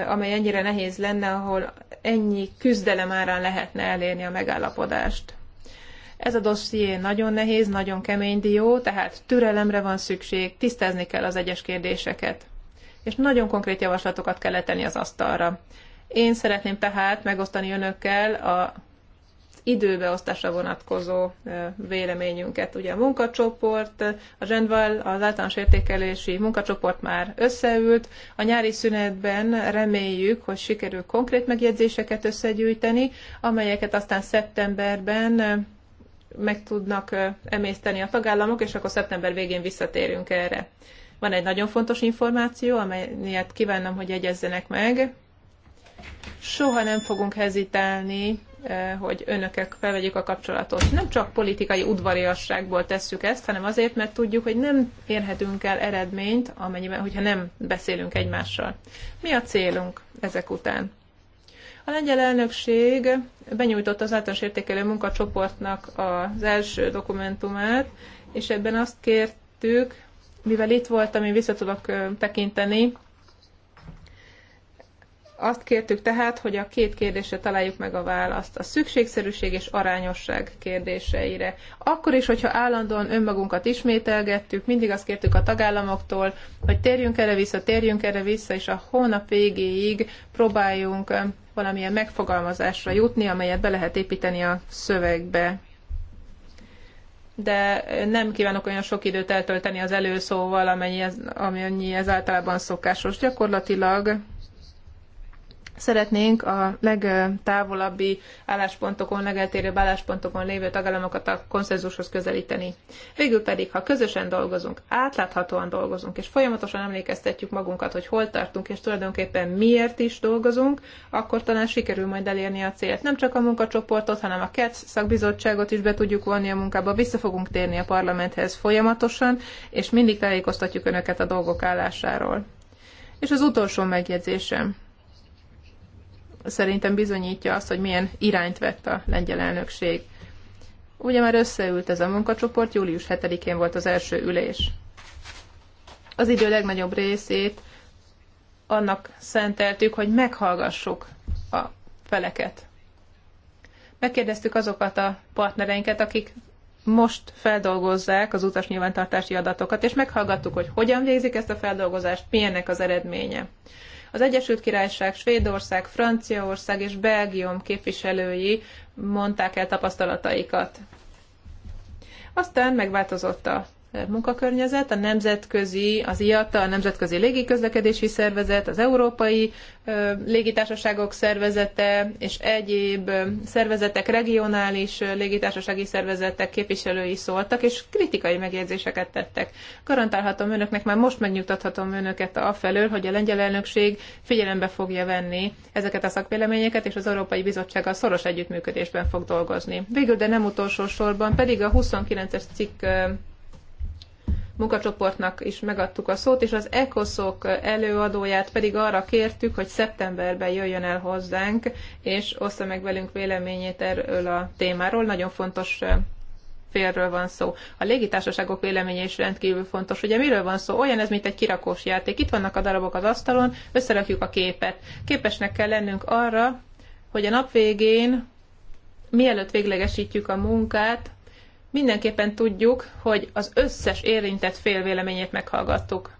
amely ennyire nehéz lenne, ahol ennyi küzdelem árán lehetne elérni a megállapodást. Ez a dosszié nagyon nehéz, nagyon kemény dió, tehát türelemre van szükség, tisztázni kell az egyes kérdéseket. És nagyon konkrét javaslatokat kell letenni az asztalra. Én szeretném tehát megosztani önökkel a időbeosztásra vonatkozó véleményünket. Ugye a munkacsoport, a Zsendval, az általános értékelési munkacsoport már összeült. A nyári szünetben reméljük, hogy sikerül konkrét megjegyzéseket összegyűjteni, amelyeket aztán szeptemberben meg tudnak emészteni a tagállamok, és akkor szeptember végén visszatérünk erre. Van egy nagyon fontos információ, amelyet kívánom, hogy jegyezzenek meg. Soha nem fogunk hezitálni Eh, hogy önökkel felvegyük a kapcsolatot. Nem csak politikai udvariasságból tesszük ezt, hanem azért, mert tudjuk, hogy nem érhetünk el eredményt, amennyiben, hogyha nem beszélünk egymással. Mi a célunk ezek után? A lengyel elnökség benyújtott az általános értékelő munkacsoportnak az első dokumentumát, és ebben azt kértük, mivel itt voltam, én vissza tudok eh, tekinteni azt kértük tehát, hogy a két kérdésre találjuk meg a választ, a szükségszerűség és arányosság kérdéseire. Akkor is, hogyha állandóan önmagunkat ismételgettük, mindig azt kértük a tagállamoktól, hogy térjünk erre vissza, térjünk erre vissza, és a hónap végéig próbáljunk valamilyen megfogalmazásra jutni, amelyet be lehet építeni a szövegbe de nem kívánok olyan sok időt eltölteni az előszóval, amennyi ez, amennyi ez általában szokásos. Gyakorlatilag Szeretnénk a legtávolabbi álláspontokon, legeltérőbb álláspontokon lévő tagállamokat a konszenzushoz közelíteni. Végül pedig, ha közösen dolgozunk, átláthatóan dolgozunk, és folyamatosan emlékeztetjük magunkat, hogy hol tartunk, és tulajdonképpen miért is dolgozunk, akkor talán sikerül majd elérni a célt. Nem csak a munkacsoportot, hanem a KETS szakbizottságot is be tudjuk vonni a munkába, vissza fogunk térni a parlamenthez folyamatosan, és mindig tájékoztatjuk önöket a dolgok állásáról. És az utolsó megjegyzésem szerintem bizonyítja azt, hogy milyen irányt vett a lengyel elnökség. Ugye már összeült ez a munkacsoport, július 7-én volt az első ülés. Az idő legnagyobb részét annak szenteltük, hogy meghallgassuk a feleket. Megkérdeztük azokat a partnereinket, akik most feldolgozzák az utas nyilvántartási adatokat, és meghallgattuk, hogy hogyan végzik ezt a feldolgozást, milyennek az eredménye. Az Egyesült Királyság, Svédország, Franciaország és Belgium képviselői mondták el tapasztalataikat. Aztán megváltozott a munkakörnyezet, a nemzetközi, az IATA, a Nemzetközi Légiközlekedési Szervezet, az Európai Légitársaságok Szervezete és egyéb szervezetek, regionális légitársasági szervezetek képviselői szóltak, és kritikai megjegyzéseket tettek. Garantálhatom önöknek, már most megnyugtathatom önöket felől, hogy a lengyel elnökség figyelembe fogja venni ezeket a szakvéleményeket, és az Európai Bizottsággal szoros együttműködésben fog dolgozni. Végül, de nem utolsó sorban pedig a 29-es cikk munkacsoportnak is megadtuk a szót, és az ECOSZOK előadóját pedig arra kértük, hogy szeptemberben jöjjön el hozzánk, és ossza meg velünk véleményét erről a témáról. Nagyon fontos félről van szó. A légitársaságok véleménye is rendkívül fontos. Ugye miről van szó? Olyan ez, mint egy kirakós játék. Itt vannak a darabok az asztalon, összerakjuk a képet. Képesnek kell lennünk arra, hogy a nap végén, mielőtt véglegesítjük a munkát, mindenképpen tudjuk, hogy az összes érintett fél véleményét meghallgattuk.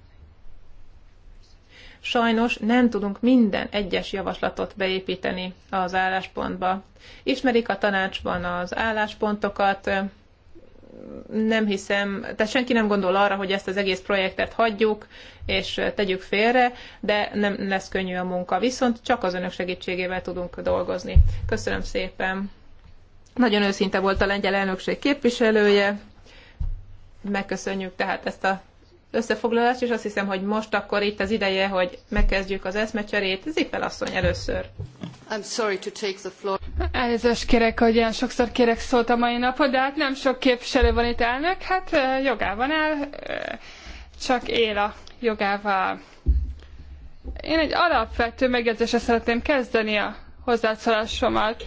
Sajnos nem tudunk minden egyes javaslatot beépíteni az álláspontba. Ismerik a tanácsban az álláspontokat, nem hiszem, tehát senki nem gondol arra, hogy ezt az egész projektet hagyjuk, és tegyük félre, de nem lesz könnyű a munka. Viszont csak az önök segítségével tudunk dolgozni. Köszönöm szépen! Nagyon őszinte volt a lengyel elnökség képviselője. Megköszönjük tehát ezt a összefoglalást, és azt hiszem, hogy most akkor itt az ideje, hogy megkezdjük az eszmecserét. Zippel asszony először. I'm sorry to take the floor. Elnézést kérek, hogy ilyen sokszor kérek szót a mai napon, de hát nem sok képviselő van itt elnök, hát jogában el, csak él a jogával. Én egy alapvető megjegyzésre szeretném kezdeni a hozzászólásomat.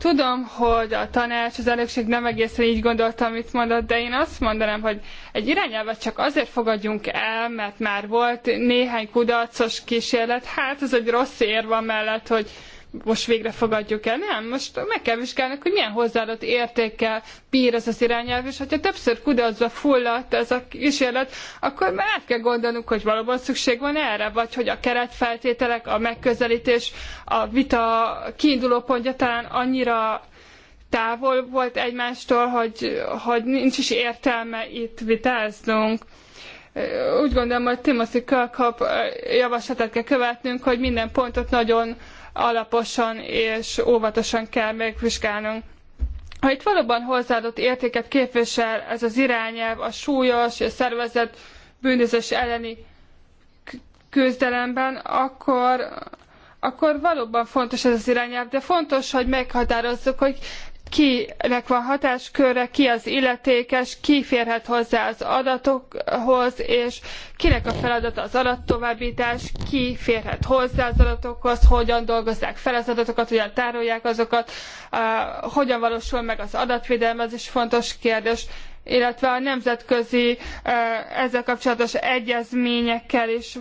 Tudom, hogy a tanács, az elnökség nem egészen így gondolta, amit mondott, de én azt mondanám, hogy egy irányelvet csak azért fogadjunk el, mert már volt néhány kudarcos kísérlet. Hát ez egy rossz érva mellett, hogy most végre fogadjuk el. Nem, most meg kell vizsgálni, hogy milyen hozzáadott értékkel bír ez az irányelv, és hogyha többször kudarcba fulladt ez a kísérlet, akkor már át kell gondolnunk, hogy valóban szükség van erre, vagy hogy a keretfeltételek, a megközelítés, a vita kiinduló pontja talán annyira távol volt egymástól, hogy, hogy nincs is értelme itt vitáznunk úgy gondolom, hogy Timothy Kirkhope javaslatát kell követnünk, hogy minden pontot nagyon alaposan és óvatosan kell megvizsgálnunk. Ha itt valóban hozzáadott értéket képvisel ez az irányelv a súlyos és szervezett bűnözés elleni küzdelemben, akkor, akkor valóban fontos ez az irányelv, de fontos, hogy meghatározzuk, hogy kinek van hatásköre, ki az illetékes, ki férhet hozzá az adatokhoz, és kinek a feladata az adattovábbítás, ki férhet hozzá az adatokhoz, hogyan dolgozzák fel az adatokat, hogyan tárolják azokat, hogyan valósul meg az adatvédelme, ez is fontos kérdés illetve a nemzetközi ezzel kapcsolatos egyezményekkel is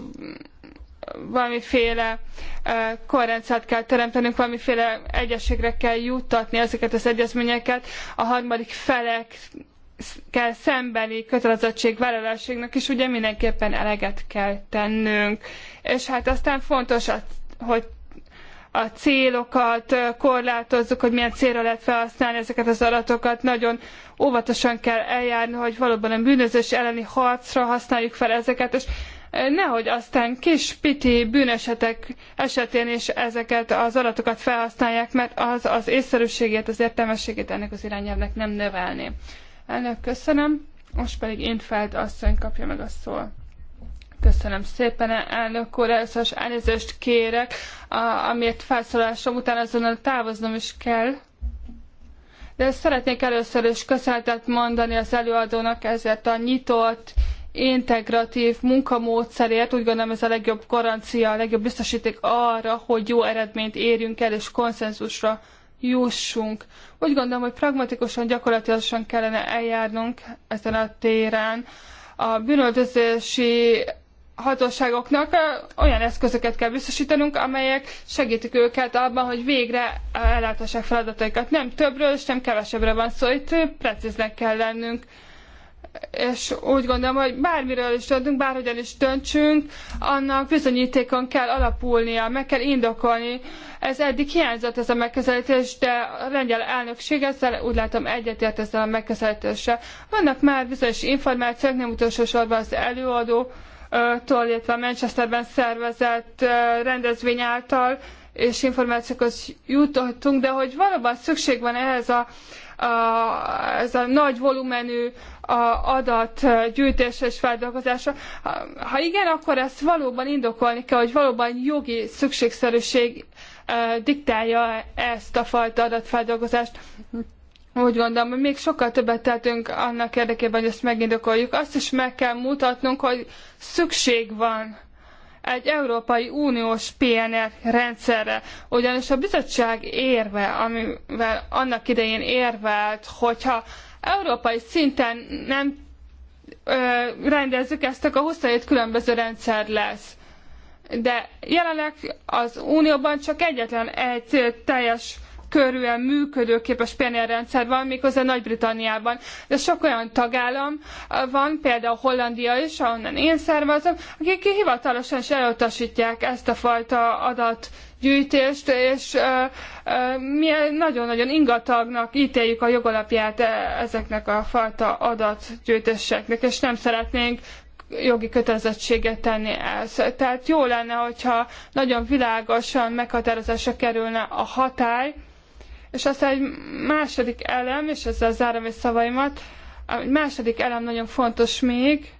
valamiféle korrendszert kell teremtenünk, valamiféle egyességre kell juttatni ezeket az egyezményeket a harmadik felek kell szembeni kötelezettségvállalásainknak is ugye mindenképpen eleget kell tennünk. És hát aztán fontos, hogy a célokat korlátozzuk, hogy milyen célra lehet felhasználni ezeket az adatokat. Nagyon óvatosan kell eljárni, hogy valóban a bűnözés elleni harcra használjuk fel ezeket, és nehogy aztán kis piti bűnesetek esetén is ezeket az adatokat felhasználják, mert az az észszerűségét, az értelmességét ennek az irányelvnek nem növelni. Elnök, köszönöm. Most pedig Infeld asszony kapja meg a szót. Köszönöm szépen, elnök úr, először is elnézést kérek, a, amiért felszólásom után azonnal távoznom is kell. De szeretnék először is köszönetet mondani az előadónak ezért a nyitott integratív munkamódszerért, úgy gondolom ez a legjobb garancia, a legjobb biztosíték arra, hogy jó eredményt érjünk el, és konszenzusra jussunk. Úgy gondolom, hogy pragmatikusan, gyakorlatilag kellene eljárnunk ezen a téren. A bűnöldözési hatóságoknak olyan eszközöket kell biztosítanunk, amelyek segítik őket abban, hogy végre ellátassák feladataikat. Nem többről és nem kevesebbre van szó, itt precíznek kell lennünk és úgy gondolom, hogy bármiről is döntünk, bárhogyan is döntsünk, annak bizonyítékon kell alapulnia, meg kell indokolni. Ez eddig hiányzott ez a megközelítés, de a lengyel elnökség ezzel úgy látom egyetért ezzel a megközelítéssel. Vannak már bizonyos információk, nem utolsó sorban az előadó, illetve a Manchesterben szervezett rendezvény által, és információkhoz jutottunk, de hogy valóban szükség van ehhez a a, ez a nagy volumenű adatgyűjtése és feldolgozása. Ha igen, akkor ezt valóban indokolni kell, hogy valóban jogi szükségszerűség diktálja ezt a fajta adatfeldolgozást. Úgy gondolom, hogy még sokkal többet tehetünk annak érdekében, hogy ezt megindokoljuk. Azt is meg kell mutatnunk, hogy szükség van egy Európai Uniós PNR rendszerre. Ugyanis a bizottság érve, amivel annak idején érvelt, hogyha európai szinten nem ö, rendezzük ezt, akkor 27 különböző rendszer lesz. De jelenleg az Unióban csak egyetlen egy teljes körűen működőképes pénzrendszer van, méghozzá Nagy-Britanniában. De sok olyan tagállam van, például Hollandia is, ahonnan én származom, akik hivatalosan is elutasítják ezt a fajta adat gyűjtést, és mi nagyon-nagyon ingatagnak ítéljük a jogalapját e, ezeknek a fajta adatgyűjtéseknek, és nem szeretnénk jogi kötelezettséget tenni ez. Tehát jó lenne, hogyha nagyon világosan meghatározásra kerülne a hatály, és aztán egy második elem, és ezzel zárom egy szavaimat, egy második elem nagyon fontos még,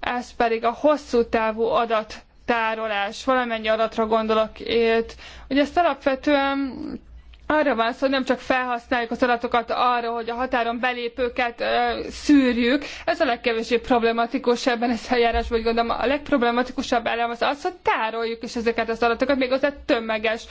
ez pedig a hosszú távú adattárolás, valamennyi adatra gondolok itt. Ugye ezt alapvetően arra van szó, hogy nem csak felhasználjuk az adatokat arra, hogy a határon belépőket ö, szűrjük. Ez a legkevésbé problematikus ebben az eljárásban, úgy gondolom. A legproblematikusabb elem az az, hogy tároljuk is ezeket az adatokat, még méghozzá tömeges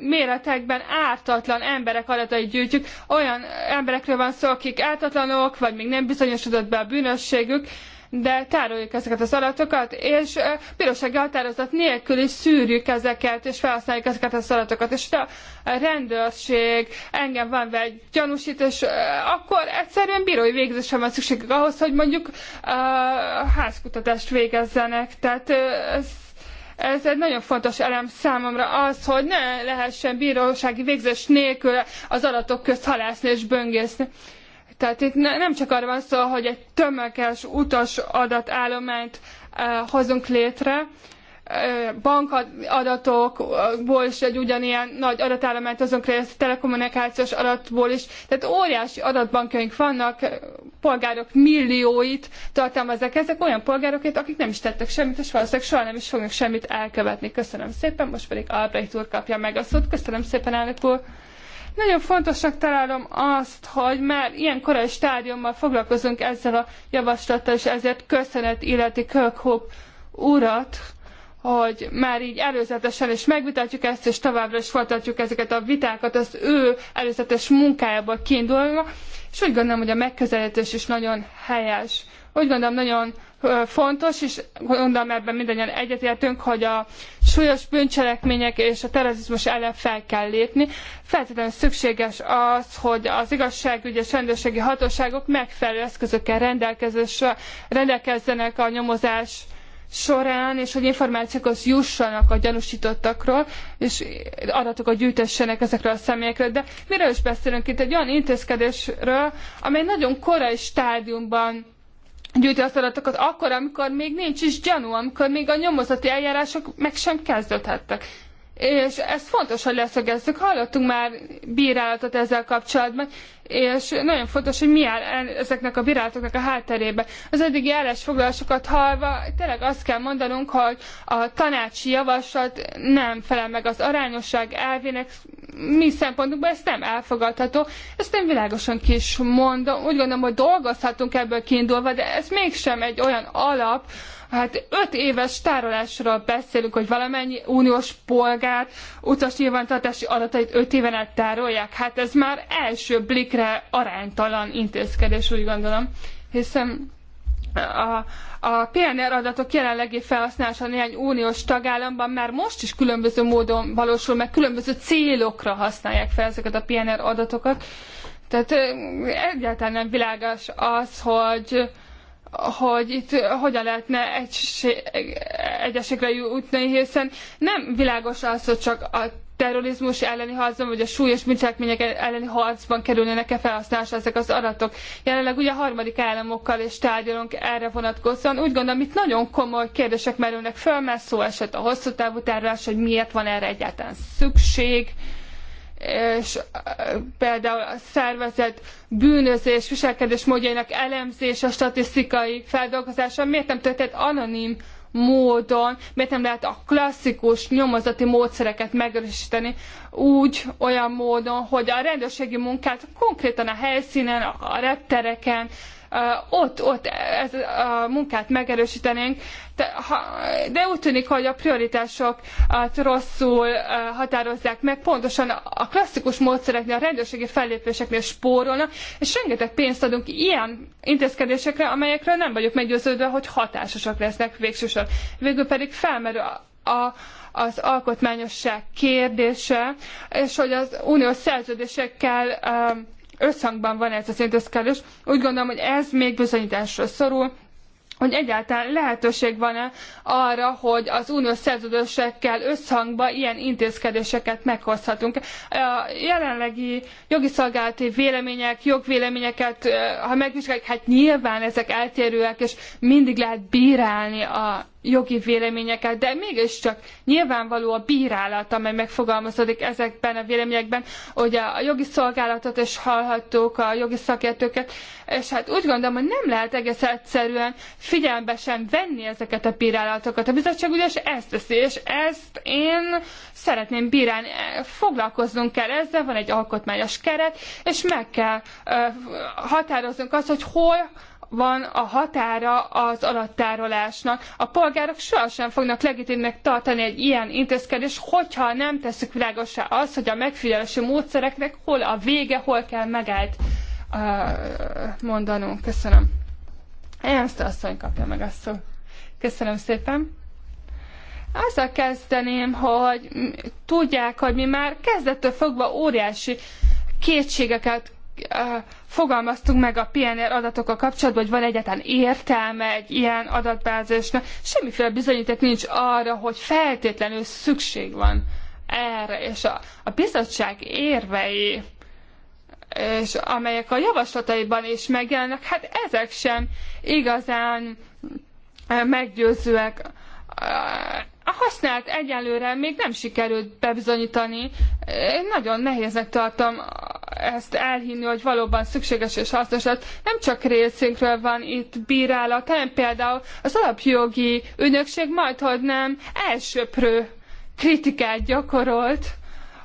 méretekben ártatlan emberek adatait gyűjtjük. Olyan emberekről van szó, akik ártatlanok, vagy még nem bizonyosodott be a bűnösségük, de tároljuk ezeket az adatokat, és bírósági határozat nélkül is szűrjük ezeket, és felhasználjuk ezeket az adatokat. És a rendőrség engem van egy gyanúsít, és akkor egyszerűen bírói végzésre van szükségük ahhoz, hogy mondjuk házkutatást végezzenek. Tehát ez ez egy nagyon fontos elem számomra az, hogy ne lehessen bírósági végzés nélkül az adatok közt halászni és böngészni. Tehát itt ne, nem csak arra van szó, hogy egy tömeges utas adatállományt e, hozunk létre, bankadatokból is egy ugyanilyen nagy adatállományt azon keresztül telekommunikációs adatból is. Tehát óriási adatbankjaink vannak, polgárok millióit tartalmaznak ezek, olyan polgárokét, akik nem is tettek semmit, és valószínűleg soha nem is fognak semmit elkövetni. Köszönöm szépen, most pedig Albrecht úr kapja meg a szót. Köszönöm szépen, elnök úr. Nagyon fontosnak találom azt, hogy már ilyen korai stádiummal foglalkozunk ezzel a javaslattal, és ezért köszönet illeti Kirkhope urat, hogy már így előzetesen is megvitatjuk ezt, és továbbra is folytatjuk ezeket a vitákat az ő előzetes munkájából kiindulva, és úgy gondolom, hogy a megközelítés is nagyon helyes. Úgy gondolom, nagyon fontos, és gondolom ebben mindannyian egyetértünk, hogy a súlyos bűncselekmények és a terrorizmus ellen fel kell lépni. Feltétlenül szükséges az, hogy az igazságügyi és rendőrségi hatóságok megfelelő eszközökkel rendelkezzenek a nyomozás során, és hogy az jussanak a gyanúsítottakról, és adatokat gyűjtessenek ezekről a személyekről. De miről is beszélünk itt? Egy olyan intézkedésről, amely nagyon korai stádiumban gyűjti az adatokat, akkor, amikor még nincs is gyanú, amikor még a nyomozati eljárások meg sem kezdődhettek és ezt fontos, hogy leszögezzük. Hallottunk már bírálatot ezzel kapcsolatban, és nagyon fontos, hogy mi áll ezeknek a bírálatoknak a hátterébe. Az eddigi állásfoglalásokat hallva tényleg azt kell mondanunk, hogy a tanácsi javaslat nem felel meg az arányosság elvének, mi szempontunkban ez nem elfogadható. Ezt nem világosan ki is mondom. Úgy gondolom, hogy dolgozhatunk ebből kiindulva, de ez mégsem egy olyan alap, Hát öt éves tárolásról beszélünk, hogy valamennyi uniós polgár utas nyilvántartási adatait öt éven át tárolják. Hát ez már első blikre aránytalan intézkedés, úgy gondolom. Hiszen a, a PNR adatok jelenlegi felhasználása néhány uniós tagállamban már most is különböző módon valósul meg, különböző célokra használják fel ezeket a PNR adatokat. Tehát egyáltalán nem világos az, hogy, hogy itt hogyan lehetne egység, egyesekre jutni, hiszen nem világos az, hogy csak a terrorizmus elleni harcban, vagy a súlyos bűncselekmények elleni harcban kerülnének-e felhasználásra ezek az adatok. Jelenleg ugye a harmadik államokkal és tárgyalunk erre vonatkozóan. Úgy gondolom, itt nagyon komoly kérdések merülnek föl, mert szó esett a hosszú távú tárgyalás, hogy miért van erre egyáltalán szükség és például a szervezet bűnözés, viselkedés módjainak elemzése, a statisztikai feldolgozása miért nem történt anonim módon, miért nem lehet a klasszikus nyomozati módszereket megerősíteni úgy, olyan módon, hogy a rendőrségi munkát konkrétan a helyszínen, a reptereken, ott, ott ez a munkát megerősítenénk, de, ha, de úgy tűnik, hogy a prioritásokat rosszul határozzák meg, pontosan a klasszikus módszereknél, a rendőrségi fellépéseknél spórolnak, és rengeteg pénzt adunk ilyen intézkedésekre, amelyekről nem vagyok meggyőződve, hogy hatásosak lesznek végsősorban. Végül pedig felmerül a, a az alkotmányosság kérdése, és hogy az uniós szerződésekkel um, összhangban van ez az intézkedés. Úgy gondolom, hogy ez még bizonyításra szorul, hogy egyáltalán lehetőség van-e arra, hogy az uniós szerződésekkel összhangba ilyen intézkedéseket meghozhatunk. A jelenlegi jogi szolgálati vélemények, jogvéleményeket, eh, ha megvizsgáljuk, hát nyilván ezek eltérőek, és mindig lehet bírálni a jogi véleményeket, de mégiscsak nyilvánvaló a bírálat, amely megfogalmazódik ezekben a véleményekben, hogy a jogi szolgálatot is hallhattuk, a jogi szakértőket, és hát úgy gondolom, hogy nem lehet egész egyszerűen figyelembe sem venni ezeket a bírálatokat. A bizottság ugyanis ezt teszi, és ezt én szeretném bírálni. Foglalkoznunk kell ezzel, van egy alkotmányos keret, és meg kell határoznunk azt, hogy hol van a határa az alattárolásnak. A polgárok sohasem fognak legitimnek tartani egy ilyen intézkedést, hogyha nem tesszük világosá azt, hogy a megfigyelési módszereknek hol a vége, hol kell megállt uh, mondanunk. Köszönöm. Ernst asszony kapja meg a szót. Köszönöm szépen. Azzal kezdeném, hogy tudják, hogy mi már kezdettől fogva óriási kétségeket fogalmaztunk meg a PNR adatokkal kapcsolatban, hogy van egyáltalán értelme egy ilyen adatbázisnak. Semmiféle bizonyíték nincs arra, hogy feltétlenül szükség van erre, és a, a bizottság érvei, és amelyek a javaslataiban is megjelennek, hát ezek sem igazán meggyőzőek a használt egyelőre még nem sikerült bebizonyítani. Én nagyon nehéznek tartom ezt elhinni, hogy valóban szükséges és hasznos. Nem csak részünkről van itt bírálat, hanem például az alapjogi ügynökség majd, hogy nem elsőprő kritikát gyakorolt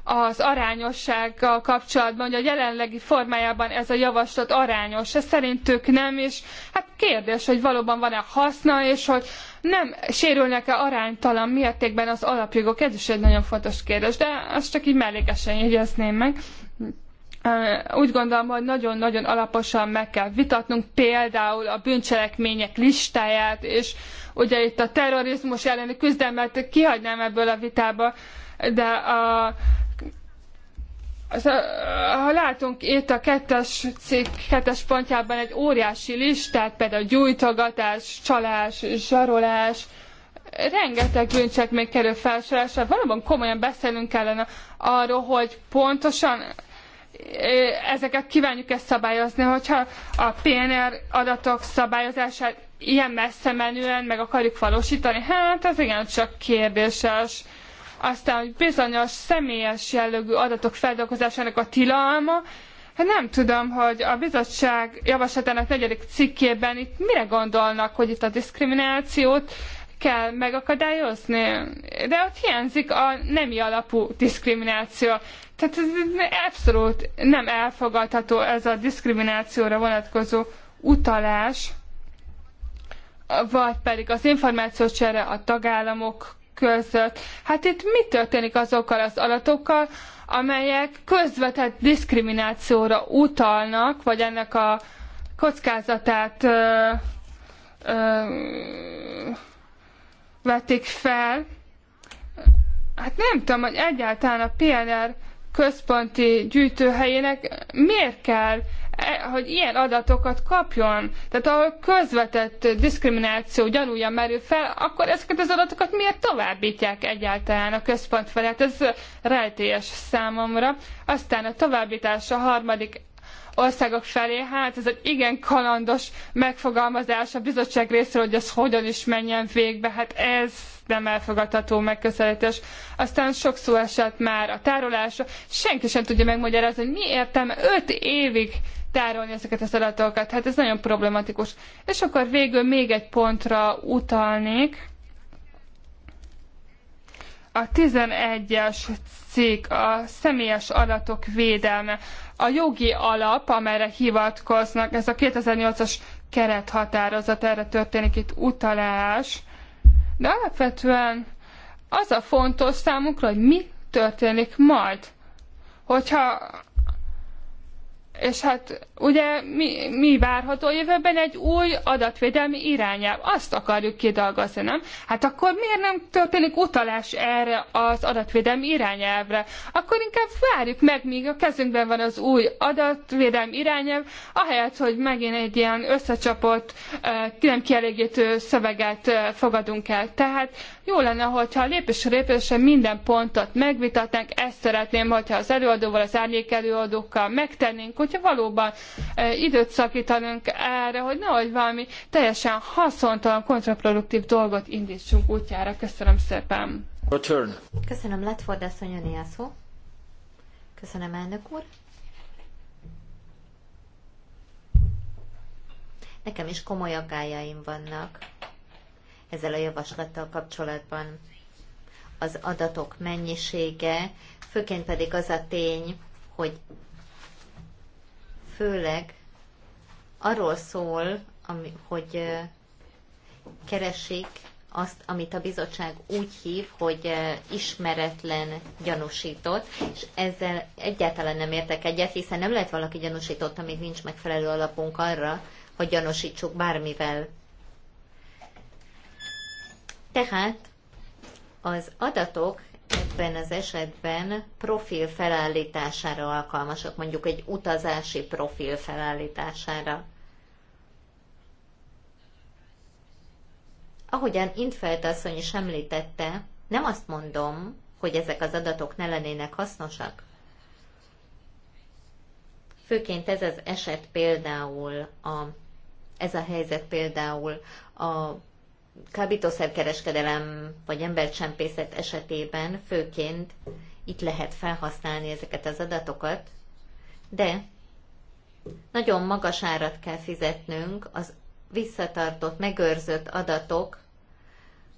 az arányossággal kapcsolatban, hogy a jelenlegi formájában ez a javaslat arányos. Ez szerintük nem, és hát kérdés, hogy valóban van-e haszna, és hogy nem sérülnek-e aránytalan mértékben az alapjogok. Ez is egy nagyon fontos kérdés, de azt csak így mellékesen jegyezném meg úgy gondolom, hogy nagyon-nagyon alaposan meg kell vitatnunk például a bűncselekmények listáját, és ugye itt a terrorizmus elleni küzdelmet kihagynám ebből a vitába, de a ha látunk itt a kettes cikk kettes pontjában egy óriási listát, például gyújtogatás, csalás, zsarolás, rengeteg bűncselekmény kerül felsorolásra. Valóban komolyan beszélünk kellene arról, hogy pontosan ezeket kívánjuk ezt szabályozni, hogyha a PNR adatok szabályozását ilyen messze menően meg akarjuk valósítani, hát ez igen csak kérdéses aztán, hogy bizonyos személyes jellegű adatok feldolgozásának a tilalma, Hát nem tudom, hogy a bizottság javaslatának negyedik cikkében itt mire gondolnak, hogy itt a diszkriminációt kell megakadályozni. De ott hiányzik a nemi alapú diszkrimináció. Tehát ez abszolút nem elfogadható ez a diszkriminációra vonatkozó utalás, vagy pedig az információcsere a tagállamok között. Hát itt mi történik azokkal az adatokkal, amelyek közvetett diszkriminációra utalnak, vagy ennek a kockázatát ö, ö, vetik fel. Hát nem tudom, hogy egyáltalán a PNR központi gyűjtőhelyének miért kell E, hogy ilyen adatokat kapjon. Tehát ahol közvetett diszkrimináció gyanúja merül fel, akkor ezeket az adatokat miért továbbítják egyáltalán a központ felé? Hát ez rejtélyes számomra. Aztán a továbbítás a harmadik országok felé, hát ez egy igen kalandos megfogalmazás a bizottság részéről, hogy ez hogyan is menjen végbe, hát ez nem elfogadható megközelítés. Aztán sok szó esett már a tárolásra, senki sem tudja megmagyarázni, hogy mi értelme 5 évig tárolni ezeket az adatokat. Hát ez nagyon problematikus. És akkor végül még egy pontra utalnék. A 11-es cikk, a személyes adatok védelme. A jogi alap, amelyre hivatkoznak, ez a 2008-as kerethatározat, erre történik itt utalás. De alapvetően az a fontos számunkra, hogy mi történik majd. Hogyha és hát ugye mi, mi várható jövőben egy új adatvédelmi irányelv? Azt akarjuk kidolgozni, nem? Hát akkor miért nem történik utalás erre az adatvédelmi irányelvre? Akkor inkább várjuk meg, míg a kezünkben van az új adatvédelmi irányelv, ahelyett, hogy megint egy ilyen összecsapott, eh, nem kielégítő szöveget eh, fogadunk el. Tehát jó lenne, hogyha lépésről lépésre minden pontot megvitatnánk, ezt szeretném, hogyha az előadóval, az árnyék előadókkal megtennénk, hogyha valóban e, időt szakítanunk erre, hogy nehogy valami teljesen haszontalan, kontraproduktív dolgot indítsunk útjára. Köszönöm szépen! Return. Köszönöm, Ledford asszony, a szó. Köszönöm, elnök úr. Nekem is komoly aggájaim vannak ezzel a javaslattal kapcsolatban. Az adatok mennyisége, főként pedig az a tény, hogy főleg arról szól, ami, hogy keresik azt, amit a bizottság úgy hív, hogy ismeretlen gyanúsított, és ezzel egyáltalán nem értek egyet, hiszen nem lehet valaki gyanúsított, amíg nincs megfelelő alapunk arra, hogy gyanúsítsuk bármivel. Tehát az adatok ebben az esetben profil felállítására alkalmasak, mondjuk egy utazási profil felállítására. Ahogyan Intfeld asszony is említette, nem azt mondom, hogy ezek az adatok ne lennének hasznosak. Főként ez az eset például, a, ez a helyzet például a kábítószerkereskedelem vagy embercsempészet esetében főként itt lehet felhasználni ezeket az adatokat, de nagyon magas árat kell fizetnünk az visszatartott, megőrzött adatok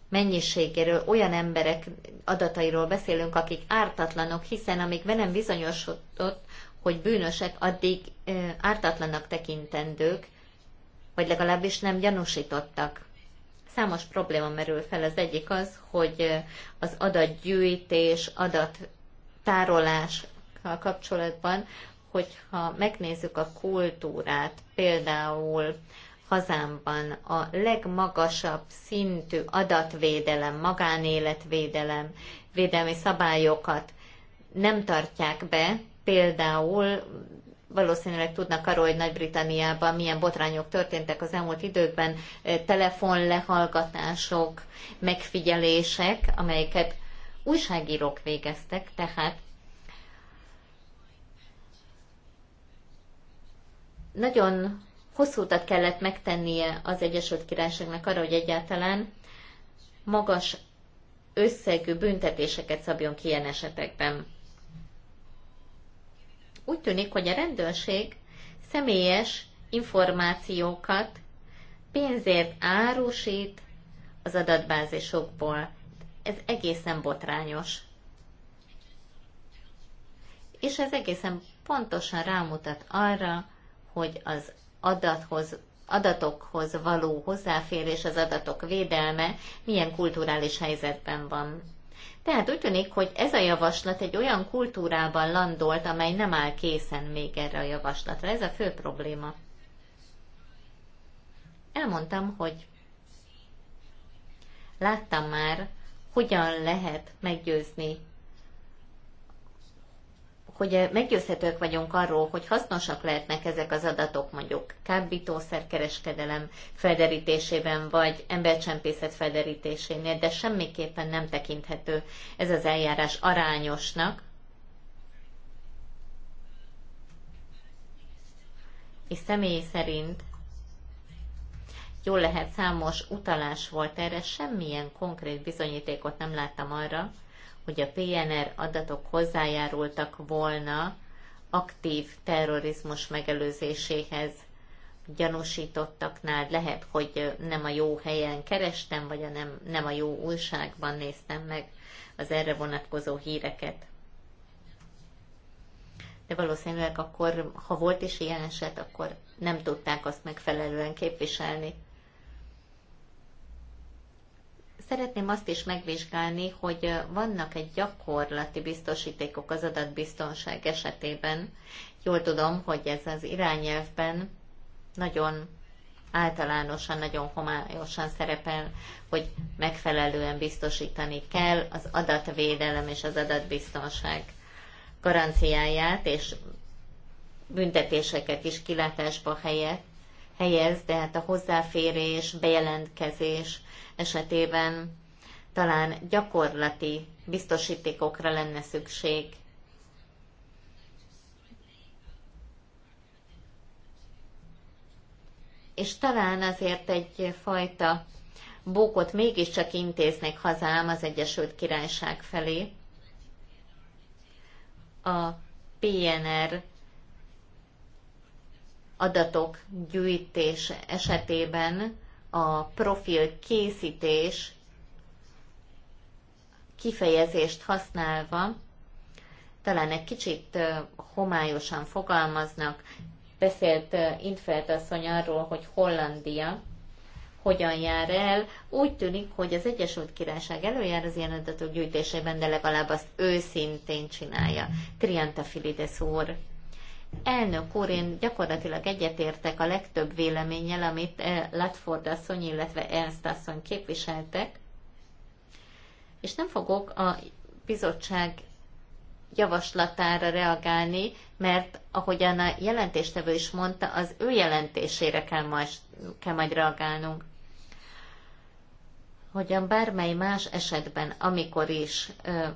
mennyiségéről, olyan emberek adatairól beszélünk, akik ártatlanok, hiszen amíg velem bizonyosodott, hogy bűnösek, addig ártatlanak tekintendők, vagy legalábbis nem gyanúsítottak. Számos probléma merül fel. Az egyik az, hogy az adatgyűjtés, adattárolással kapcsolatban, hogyha megnézzük a kultúrát, például hazámban a legmagasabb szintű adatvédelem, magánéletvédelem, védelmi szabályokat nem tartják be, például valószínűleg tudnak arról, hogy Nagy-Britanniában milyen botrányok történtek az elmúlt időkben, eh, telefonlehallgatások, megfigyelések, amelyeket újságírók végeztek, tehát nagyon hosszú utat kellett megtennie az Egyesült Királyságnak arra, hogy egyáltalán magas összegű büntetéseket szabjon ki ilyen esetekben. Úgy tűnik, hogy a rendőrség személyes információkat pénzért árusít az adatbázisokból. Ez egészen botrányos. És ez egészen pontosan rámutat arra, hogy az adathoz, adatokhoz való hozzáférés, az adatok védelme milyen kulturális helyzetben van. Tehát úgy tűnik, hogy ez a javaslat egy olyan kultúrában landolt, amely nem áll készen még erre a javaslatra. Ez a fő probléma. Elmondtam, hogy láttam már, hogyan lehet meggyőzni hogy eh, meggyőzhetők vagyunk arról, hogy hasznosak lehetnek ezek az adatok mondjuk kábítószerkereskedelem felderítésében, vagy embercsempészet felderítésénél, de semmiképpen nem tekinthető ez az eljárás arányosnak, és személy szerint jól lehet számos utalás volt erre, semmilyen konkrét bizonyítékot nem láttam arra, hogy a PNR adatok hozzájárultak volna aktív terrorizmus megelőzéséhez gyanúsítottaknál lehet, hogy nem a jó helyen kerestem, vagy a nem, nem a jó újságban néztem meg az erre vonatkozó híreket. De valószínűleg akkor, ha volt is ilyen eset, akkor nem tudták azt megfelelően képviselni. Szeretném azt is megvizsgálni, hogy vannak egy gyakorlati biztosítékok az adatbiztonság esetében. Jól tudom, hogy ez az irányelvben nagyon általánosan, nagyon homályosan szerepel, hogy megfelelően biztosítani kell az adatvédelem és az adatbiztonság garanciáját, és büntetéseket is kilátásba helyett, helyez, de hát a hozzáférés, bejelentkezés esetében talán gyakorlati biztosítékokra lenne szükség. És talán azért egyfajta bókot mégiscsak intéznék hazám az Egyesült Királyság felé. A PNR adatok gyűjtése esetében a profil készítés kifejezést használva, talán egy kicsit homályosan fogalmaznak, beszélt Intfeld asszony arról, hogy Hollandia hogyan jár el. Úgy tűnik, hogy az Egyesült Királyság előjár az ilyen adatok gyűjtésében, de legalább azt őszintén csinálja. Trianta Filides úr. Elnök úr, én gyakorlatilag egyetértek a legtöbb véleménnyel, amit eh, Latford asszony, illetve Ernst asszony képviseltek, és nem fogok a bizottság javaslatára reagálni, mert ahogyan a jelentéstevő is mondta, az ő jelentésére kell majd, kell majd reagálnunk. Hogyan bármely más esetben, amikor is eh,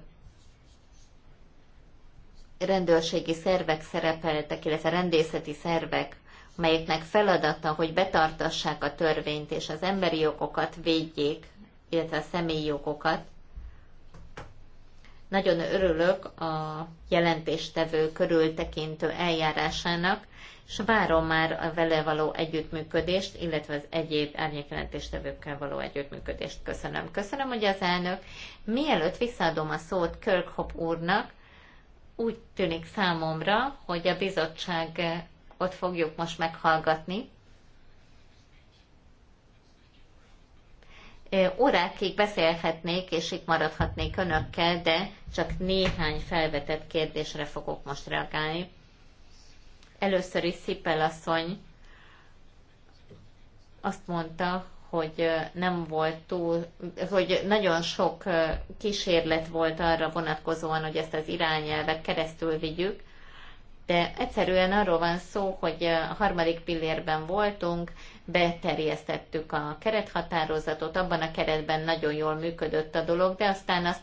rendőrségi szervek szerepeltek, illetve rendészeti szervek, melyeknek feladata, hogy betartassák a törvényt és az emberi jogokat védjék, illetve a személyi jogokat. Nagyon örülök a jelentéstevő körültekintő eljárásának, és várom már a vele való együttműködést, illetve az egyéb árnyékjelentéstevőkkel való együttműködést. Köszönöm. Köszönöm, hogy az elnök. Mielőtt visszaadom a szót Kirkhope úrnak, úgy tűnik számomra, hogy a bizottság ott fogjuk most meghallgatni. Órákig beszélhetnék, és itt maradhatnék önökkel, de csak néhány felvetett kérdésre fogok most reagálni. Először is Szipel asszony azt mondta, hogy nem volt túl, hogy nagyon sok kísérlet volt arra vonatkozóan, hogy ezt az irányelvet keresztül vigyük, de egyszerűen arról van szó, hogy a harmadik pillérben voltunk, beterjesztettük a kerethatározatot, abban a keretben nagyon jól működött a dolog, de aztán azt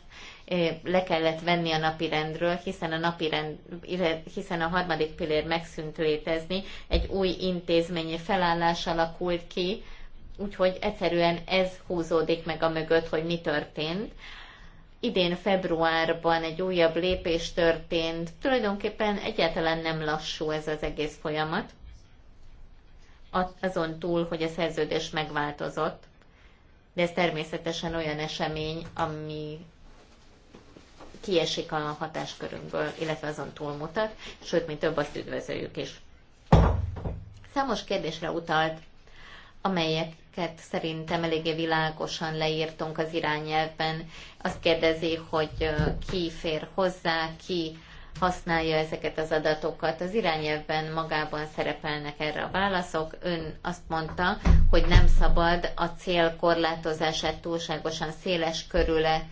le kellett venni a napirendről, hiszen a, napirend, hiszen a harmadik pillér megszűnt létezni, egy új intézményi felállás alakult ki, Úgyhogy egyszerűen ez húzódik meg a mögött, hogy mi történt. Idén februárban egy újabb lépés történt. Tulajdonképpen egyáltalán nem lassú ez az egész folyamat. Azon túl, hogy a szerződés megváltozott. De ez természetesen olyan esemény, ami kiesik a hatáskörünkből, illetve azon túlmutat, sőt, mi több azt üdvözöljük is. Számos kérdésre utalt amelyeket szerintem eléggé világosan leírtunk az irányelvben. Azt kérdezi, hogy ki fér hozzá, ki használja ezeket az adatokat. Az irányelvben magában szerepelnek erre a válaszok. Ön azt mondta, hogy nem szabad a cél korlátozását túlságosan széles körüle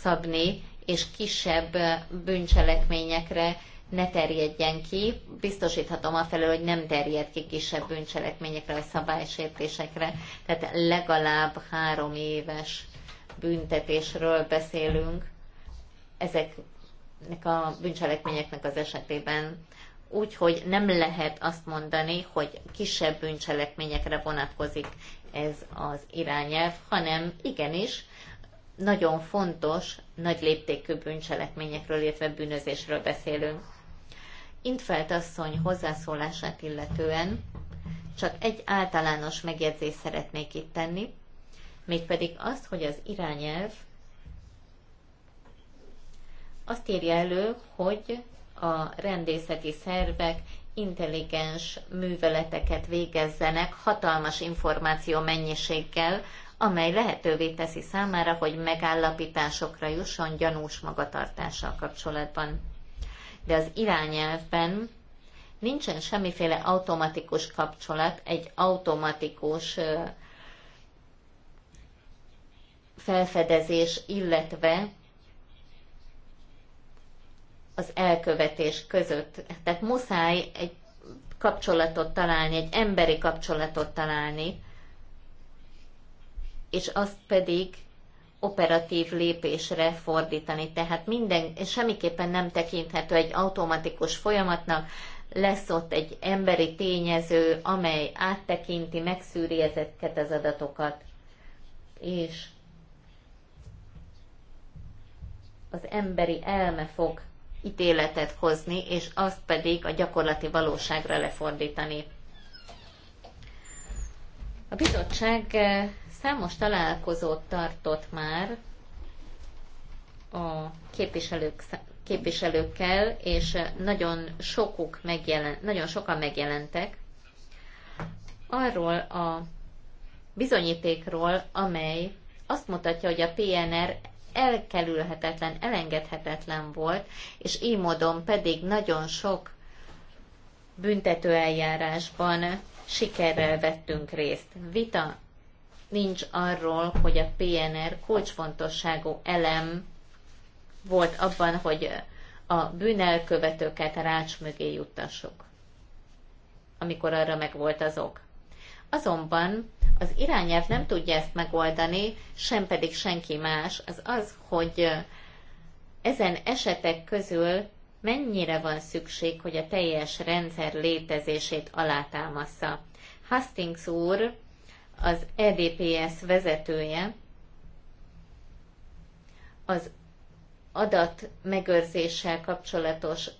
szabni, és kisebb bűncselekményekre ne terjedjen ki. Biztosíthatom afelől, hogy nem terjed ki kisebb bűncselekményekre vagy szabálysértésekre. Tehát legalább három éves büntetésről beszélünk ezeknek a bűncselekményeknek az esetében. Úgyhogy nem lehet azt mondani, hogy kisebb bűncselekményekre vonatkozik ez az irányelv, hanem igenis nagyon fontos, nagy léptékű bűncselekményekről, illetve bűnözésről beszélünk. Intfelt asszony hozzászólását illetően csak egy általános megjegyzést szeretnék itt tenni, mégpedig azt, hogy az irányelv azt írja elő, hogy a rendészeti szervek intelligens műveleteket végezzenek hatalmas információ mennyiséggel, amely lehetővé teszi számára, hogy megállapításokra jusson gyanús magatartással kapcsolatban de az irányelvben nincsen semmiféle automatikus kapcsolat egy automatikus felfedezés, illetve az elkövetés között. Tehát muszáj egy kapcsolatot találni, egy emberi kapcsolatot találni, és azt pedig operatív lépésre fordítani. Tehát minden, semmiképpen nem tekinthető egy automatikus folyamatnak, lesz ott egy emberi tényező, amely áttekinti, megszűri ezeket az adatokat, és az emberi elme fog ítéletet hozni, és azt pedig a gyakorlati valóságra lefordítani. A bizottság eh, Számos találkozót tartott már a képviselők, képviselőkkel, és nagyon, sokuk megjelent, nagyon sokan megjelentek arról a bizonyítékról, amely azt mutatja, hogy a PNR elkerülhetetlen, elengedhetetlen volt, és így módon pedig nagyon sok büntetőeljárásban sikerrel vettünk részt. Vita nincs arról, hogy a PNR kulcsfontosságú elem volt abban, hogy a bűnelkövetőket rács mögé juttassuk, amikor arra volt az ok. Azonban az irányelv nem tudja ezt megoldani, sem pedig senki más, az az, hogy ezen esetek közül mennyire van szükség, hogy a teljes rendszer létezését alátámassa. Hastings úr az EDPS vezetője az adat megőrzéssel kapcsolatos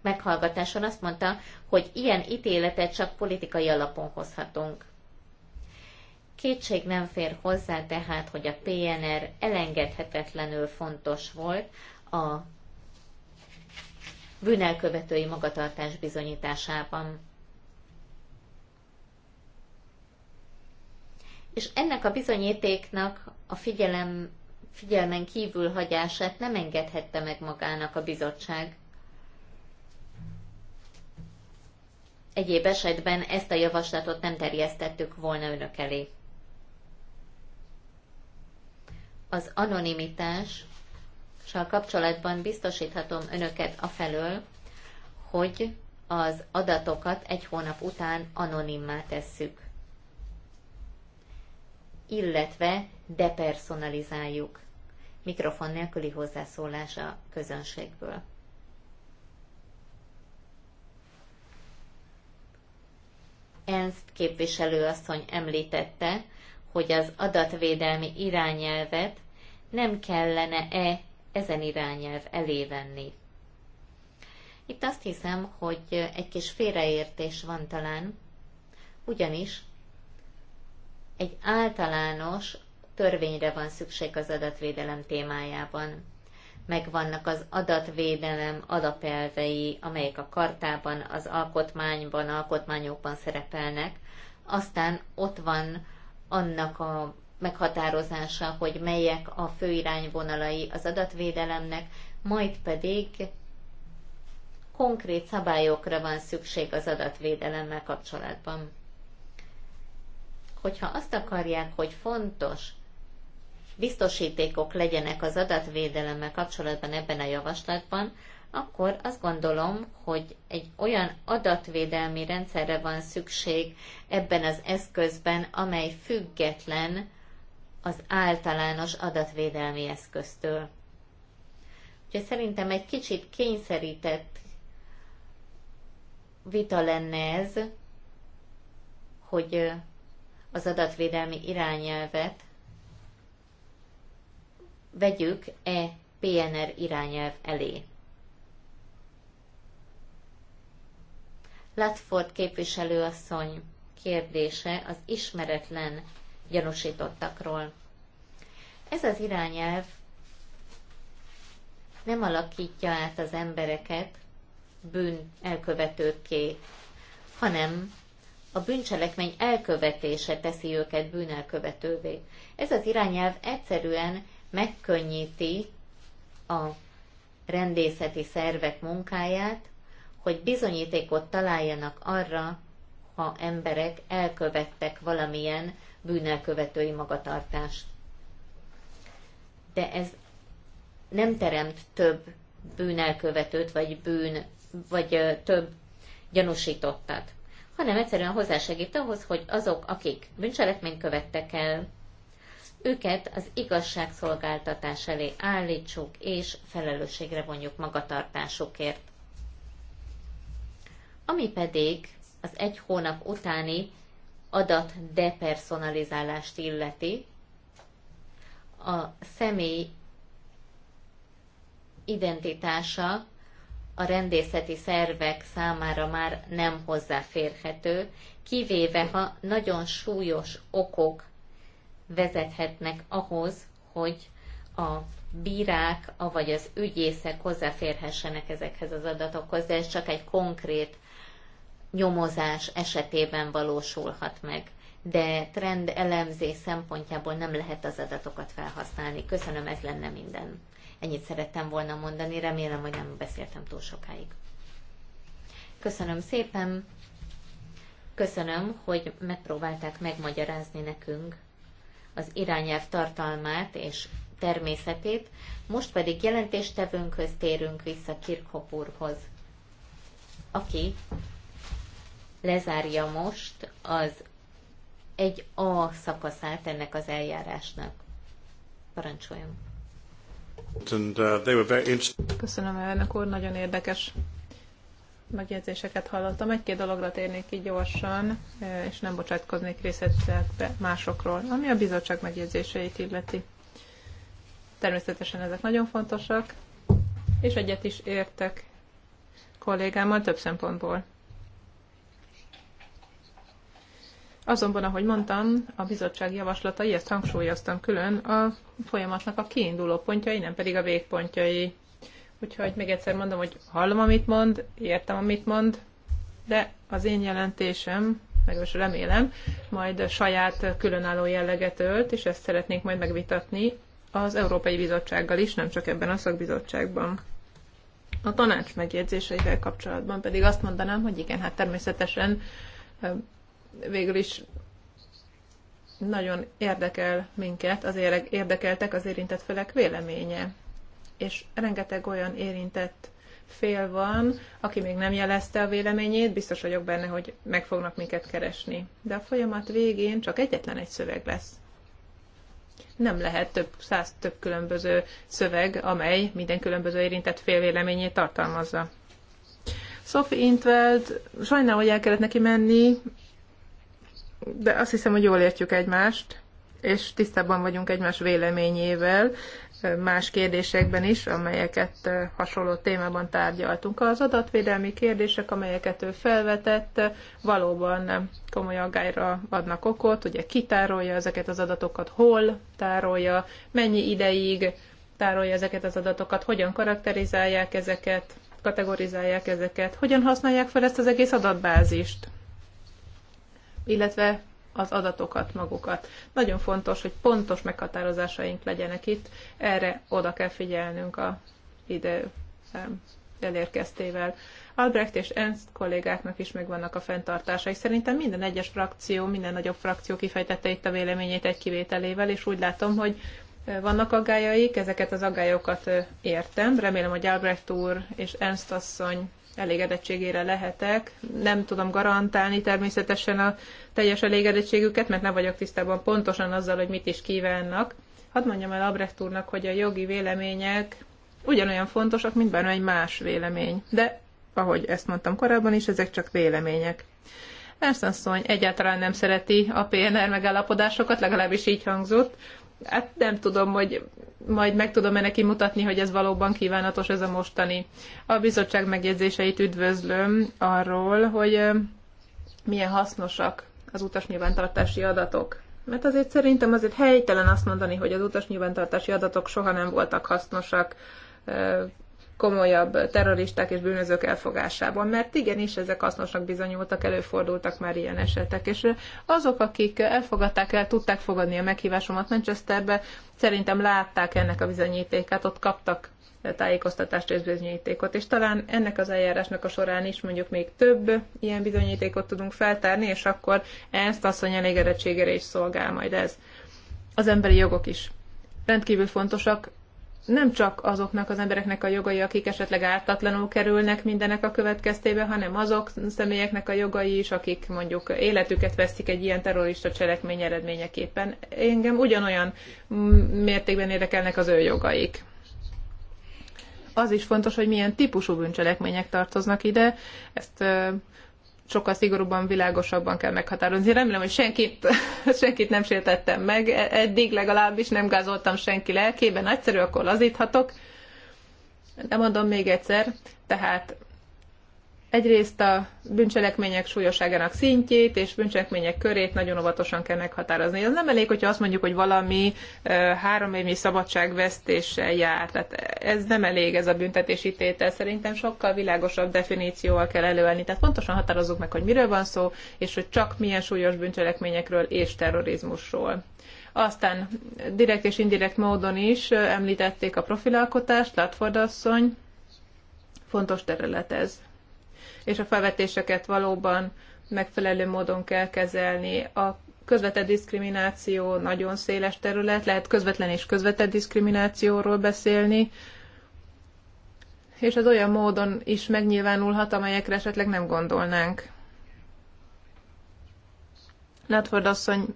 meghallgatáson azt mondta, hogy ilyen ítéletet csak politikai alapon hozhatunk. Kétség nem fér hozzá tehát, hogy a PNR elengedhetetlenül fontos volt a bűnelkövetői magatartás bizonyításában. és ennek a bizonyítéknak a figyelem, figyelmen kívül hagyását nem engedhette meg magának a bizottság. Egyéb esetben ezt a javaslatot nem terjesztettük volna önök elé. Az anonimitás kapcsolatban biztosíthatom önöket a felől, hogy az adatokat egy hónap után anonimmá tesszük illetve depersonalizáljuk mikrofon nélküli hozzászólás a közönségből. Ernst képviselőasszony említette, hogy az adatvédelmi irányelvet nem kellene-e ezen irányelv elé venni. Itt azt hiszem, hogy egy kis félreértés van talán, ugyanis egy általános törvényre van szükség az adatvédelem témájában. Megvannak az adatvédelem alapelvei, amelyek a kartában, az alkotmányban, alkotmányokban szerepelnek. Aztán ott van annak a meghatározása, hogy melyek a fő irányvonalai az adatvédelemnek, majd pedig konkrét szabályokra van szükség az adatvédelemmel kapcsolatban hogyha azt akarják, hogy fontos biztosítékok legyenek az adatvédelemmel kapcsolatban ebben a javaslatban, akkor azt gondolom, hogy egy olyan adatvédelmi rendszerre van szükség ebben az eszközben, amely független az általános adatvédelmi eszköztől. Úgyhogy szerintem egy kicsit kényszerített vita lenne ez, hogy az adatvédelmi irányelvet vegyük e PNR irányelv elé. Latford képviselőasszony kérdése az ismeretlen gyanúsítottakról. Ez az irányelv nem alakítja át az embereket bűn elkövetőkké, hanem a bűncselekmény elkövetése teszi őket bűnelkövetővé. Ez az irányelv egyszerűen megkönnyíti a rendészeti szervek munkáját, hogy bizonyítékot találjanak arra, ha emberek elkövettek valamilyen bűnelkövetői magatartást. De ez nem teremt több bűnelkövetőt, vagy bűn, vagy több gyanúsítottat hanem egyszerűen hozzásegít ahhoz, hogy azok, akik bűncselekményt követtek el, őket az igazságszolgáltatás elé állítsuk, és felelősségre vonjuk magatartásukért. Ami pedig az egy hónap utáni adat depersonalizálást illeti, a személy identitása a rendészeti szervek számára már nem hozzáférhető, kivéve ha nagyon súlyos okok vezethetnek ahhoz, hogy a bírák, avagy az ügyészek hozzáférhessenek ezekhez az adatokhoz, de ez csak egy konkrét nyomozás esetében valósulhat meg. De trend elemzés szempontjából nem lehet az adatokat felhasználni. Köszönöm, ez lenne minden. Ennyit szerettem volna mondani, remélem, hogy nem beszéltem túl sokáig. Köszönöm szépen, köszönöm, hogy megpróbálták megmagyarázni nekünk az irányelv tartalmát és természetét, most pedig jelentéstevőnkhöz térünk vissza Kirkhop úrhoz, aki lezárja most az egy A szakaszát ennek az eljárásnak. Parancsoljon! Uh, Köszönöm, elnök úr, nagyon érdekes megjegyzéseket hallottam. Egy-két dologra térnék ki gyorsan, eh, és nem bocsátkoznék részletekbe másokról, ami a bizottság megjegyzéseit illeti. Természetesen ezek nagyon fontosak, és egyet is értek kollégámmal több szempontból. Azonban, ahogy mondtam, a bizottság javaslatai, ezt hangsúlyoztam külön, a folyamatnak a kiinduló pontjai, nem pedig a végpontjai. Úgyhogy még egyszer mondom, hogy hallom, amit mond, értem, amit mond, de az én jelentésem, meg most remélem, majd saját különálló jelleget ölt, és ezt szeretnénk majd megvitatni az Európai Bizottsággal is, nem csak ebben a szakbizottságban. A tanács megjegyzéseivel kapcsolatban pedig azt mondanám, hogy igen, hát természetesen végül is nagyon érdekel minket, az érdekeltek az érintett felek véleménye. És rengeteg olyan érintett fél van, aki még nem jelezte a véleményét, biztos vagyok benne, hogy meg fognak minket keresni. De a folyamat végén csak egyetlen egy szöveg lesz. Nem lehet több száz több különböző szöveg, amely minden különböző érintett fél véleményét tartalmazza. Sophie Intveld, sajnálom, hogy el kellett neki menni, de azt hiszem, hogy jól értjük egymást, és tisztában vagyunk egymás véleményével más kérdésekben is, amelyeket hasonló témában tárgyaltunk. Az adatvédelmi kérdések, amelyeket ő felvetett, valóban komoly aggályra adnak okot, ugye kitárolja ezeket az adatokat, hol tárolja, mennyi ideig tárolja ezeket az adatokat, hogyan karakterizálják ezeket, kategorizálják ezeket, hogyan használják fel ezt az egész adatbázist illetve az adatokat magukat. Nagyon fontos, hogy pontos meghatározásaink legyenek itt, erre oda kell figyelnünk a idő elérkeztével. Albrecht és Ernst kollégáknak is megvannak a fenntartásai. Szerintem minden egyes frakció, minden nagyobb frakció kifejtette itt a véleményét egy kivételével, és úgy látom, hogy vannak aggályaik, ezeket az aggályokat értem. Remélem, hogy Albrecht úr és Ernst asszony elégedettségére lehetek. Nem tudom garantálni természetesen a teljes elégedettségüket, mert nem vagyok tisztában pontosan azzal, hogy mit is kívánnak. Hadd mondjam el Abrecht úrnak, hogy a jogi vélemények ugyanolyan fontosak, mint bármely más vélemény. De, ahogy ezt mondtam korábban is, ezek csak vélemények. Ernst egyáltalán nem szereti a PNR megállapodásokat, legalábbis így hangzott, Hát nem tudom, hogy majd meg tudom-e neki mutatni, hogy ez valóban kívánatos ez a mostani. A bizottság megjegyzéseit üdvözlöm arról, hogy milyen hasznosak az utas nyilvántartási adatok. Mert azért szerintem azért helytelen azt mondani, hogy az utas nyilvántartási adatok soha nem voltak hasznosak komolyabb terroristák és bűnözők elfogásában, mert igenis ezek hasznosnak bizonyultak, előfordultak már ilyen esetek, és azok, akik elfogadták el, tudták fogadni a meghívásomat Manchesterbe, szerintem látták ennek a bizonyítékát, ott kaptak tájékoztatást és bizonyítékot. És talán ennek az eljárásnak a során is mondjuk még több ilyen bizonyítékot tudunk feltárni, és akkor ezt asszony elégedettségére is szolgál majd ez. Az emberi jogok is rendkívül fontosak, nem csak azoknak az embereknek a jogai, akik esetleg ártatlanul kerülnek mindenek a következtébe, hanem azok személyeknek a jogai is, akik mondjuk életüket veszik egy ilyen terrorista cselekmény eredményeképpen. Engem ugyanolyan mértékben érdekelnek az ő jogaik. Az is fontos, hogy milyen típusú bűncselekmények tartoznak ide. Ezt sokkal szigorúbban, világosabban kell meghatározni. Remélem, hogy senkit, senkit nem sértettem meg, e- eddig legalábbis nem gázoltam senki lelkében, egyszerű, akkor lazíthatok. De mondom még egyszer, tehát egyrészt a bűncselekmények súlyosságának szintjét és bűncselekmények körét nagyon óvatosan kell meghatározni. Ez nem elég, hogyha azt mondjuk, hogy valami három évnyi szabadságvesztéssel jár. Tehát ez nem elég ez a büntetési tétel. Szerintem sokkal világosabb definícióval kell előelni. Tehát pontosan határozzuk meg, hogy miről van szó, és hogy csak milyen súlyos bűncselekményekről és terrorizmusról. Aztán direkt és indirekt módon is említették a profilalkotást, Latford asszony, fontos terület ez és a felvetéseket valóban megfelelő módon kell kezelni. A közvetett diszkrimináció nagyon széles terület, lehet közvetlen és közvetett diszkriminációról beszélni, és az olyan módon is megnyilvánulhat, amelyekre esetleg nem gondolnánk. Latford asszony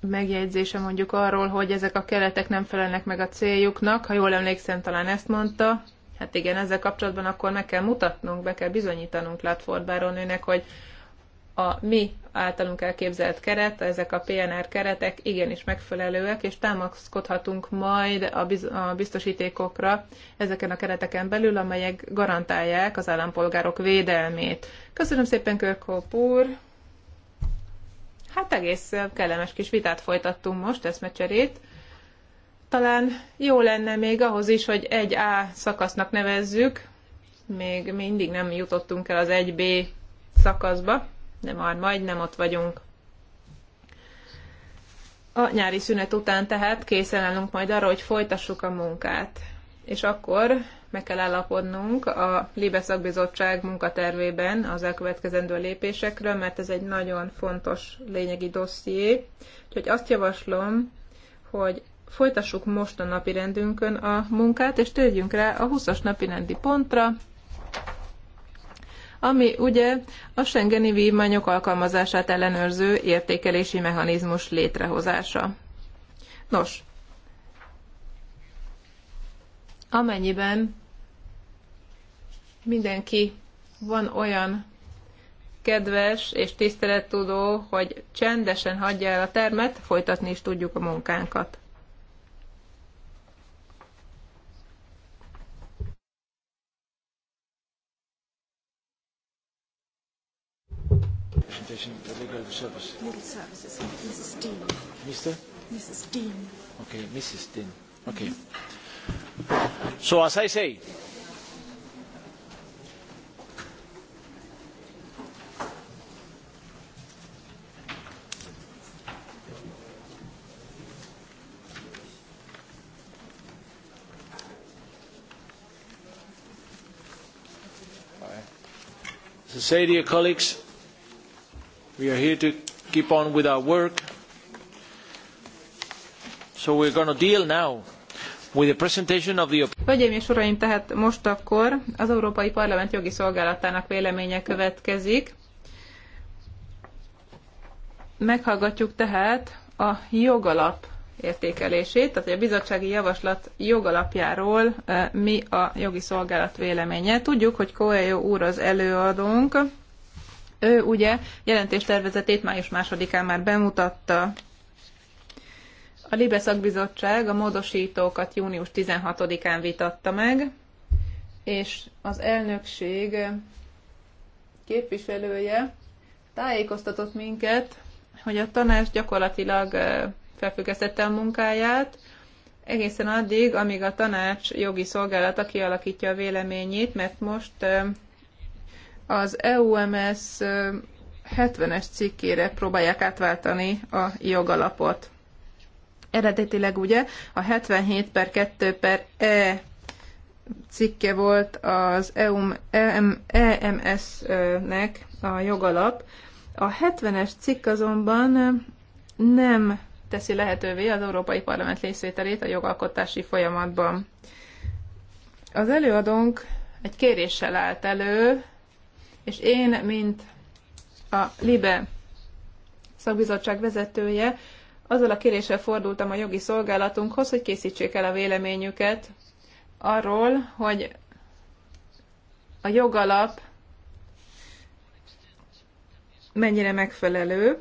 megjegyzése mondjuk arról, hogy ezek a keretek nem felelnek meg a céljuknak, ha jól emlékszem, talán ezt mondta, Hát igen, ezzel kapcsolatban akkor meg kell mutatnunk, be kell bizonyítanunk Latford Baronőnek, hogy a mi általunk elképzelt keret, ezek a PNR keretek igenis megfelelőek, és támaszkodhatunk majd a biztosítékokra ezeken a kereteken belül, amelyek garantálják az állampolgárok védelmét. Köszönöm szépen, Körkóp úr! Hát egész kellemes kis vitát folytattunk most, eszmecserét. Talán jó lenne még ahhoz is, hogy egy A szakasznak nevezzük, még mindig nem jutottunk el az 1B szakaszba, de már nem ott vagyunk. A nyári szünet után tehát készen állunk majd arra, hogy folytassuk a munkát. És akkor meg kell állapodnunk a Libe Szakbizottság munkatervében az elkövetkezendő lépésekről, mert ez egy nagyon fontos lényegi dosszié. Úgyhogy azt javaslom, hogy folytassuk most a napirendünkön a munkát, és térjünk rá a 20-as napirendi pontra, ami ugye a Schengeni vívmányok alkalmazását ellenőrző értékelési mechanizmus létrehozása. Nos, amennyiben mindenki van olyan kedves és tisztelettudó, hogy csendesen hagyja el a termet, folytatni is tudjuk a munkánkat. representation, the legal service. Legal services, Mrs. Dean. Mr. Mrs. Dean. Okay, Mrs. Dean. Okay. Mm-hmm. So as I say, say to your colleagues We are here to keep on with our work. So we're going to deal now with the presentation of the... Hölgyeim és uraim, tehát most akkor az Európai Parlament jogi szolgálatának véleménye következik. Meghallgatjuk tehát a jogalap értékelését, tehát a bizottsági javaslat jogalapjáról eh, mi a jogi szolgálat véleménye. Tudjuk, hogy Coelho úr az előadónk, ő ugye jelentéstervezetét május másodikán már bemutatta. A Libe szakbizottság a módosítókat június 16-án vitatta meg, és az elnökség képviselője tájékoztatott minket, hogy a tanács gyakorlatilag felfüggesztette a munkáját, egészen addig, amíg a tanács jogi szolgálata kialakítja a véleményét, mert most az EUMS 70-es cikkére próbálják átváltani a jogalapot. Eredetileg ugye a 77 per 2 per E cikke volt az EMS-nek e e a jogalap. A 70-es cikk azonban nem teszi lehetővé az Európai Parlament részvételét a jogalkotási folyamatban. Az előadónk egy kéréssel állt elő, és én, mint a LIBE szakbizottság vezetője, azzal a kéréssel fordultam a jogi szolgálatunkhoz, hogy készítsék el a véleményüket arról, hogy a jogalap mennyire megfelelő,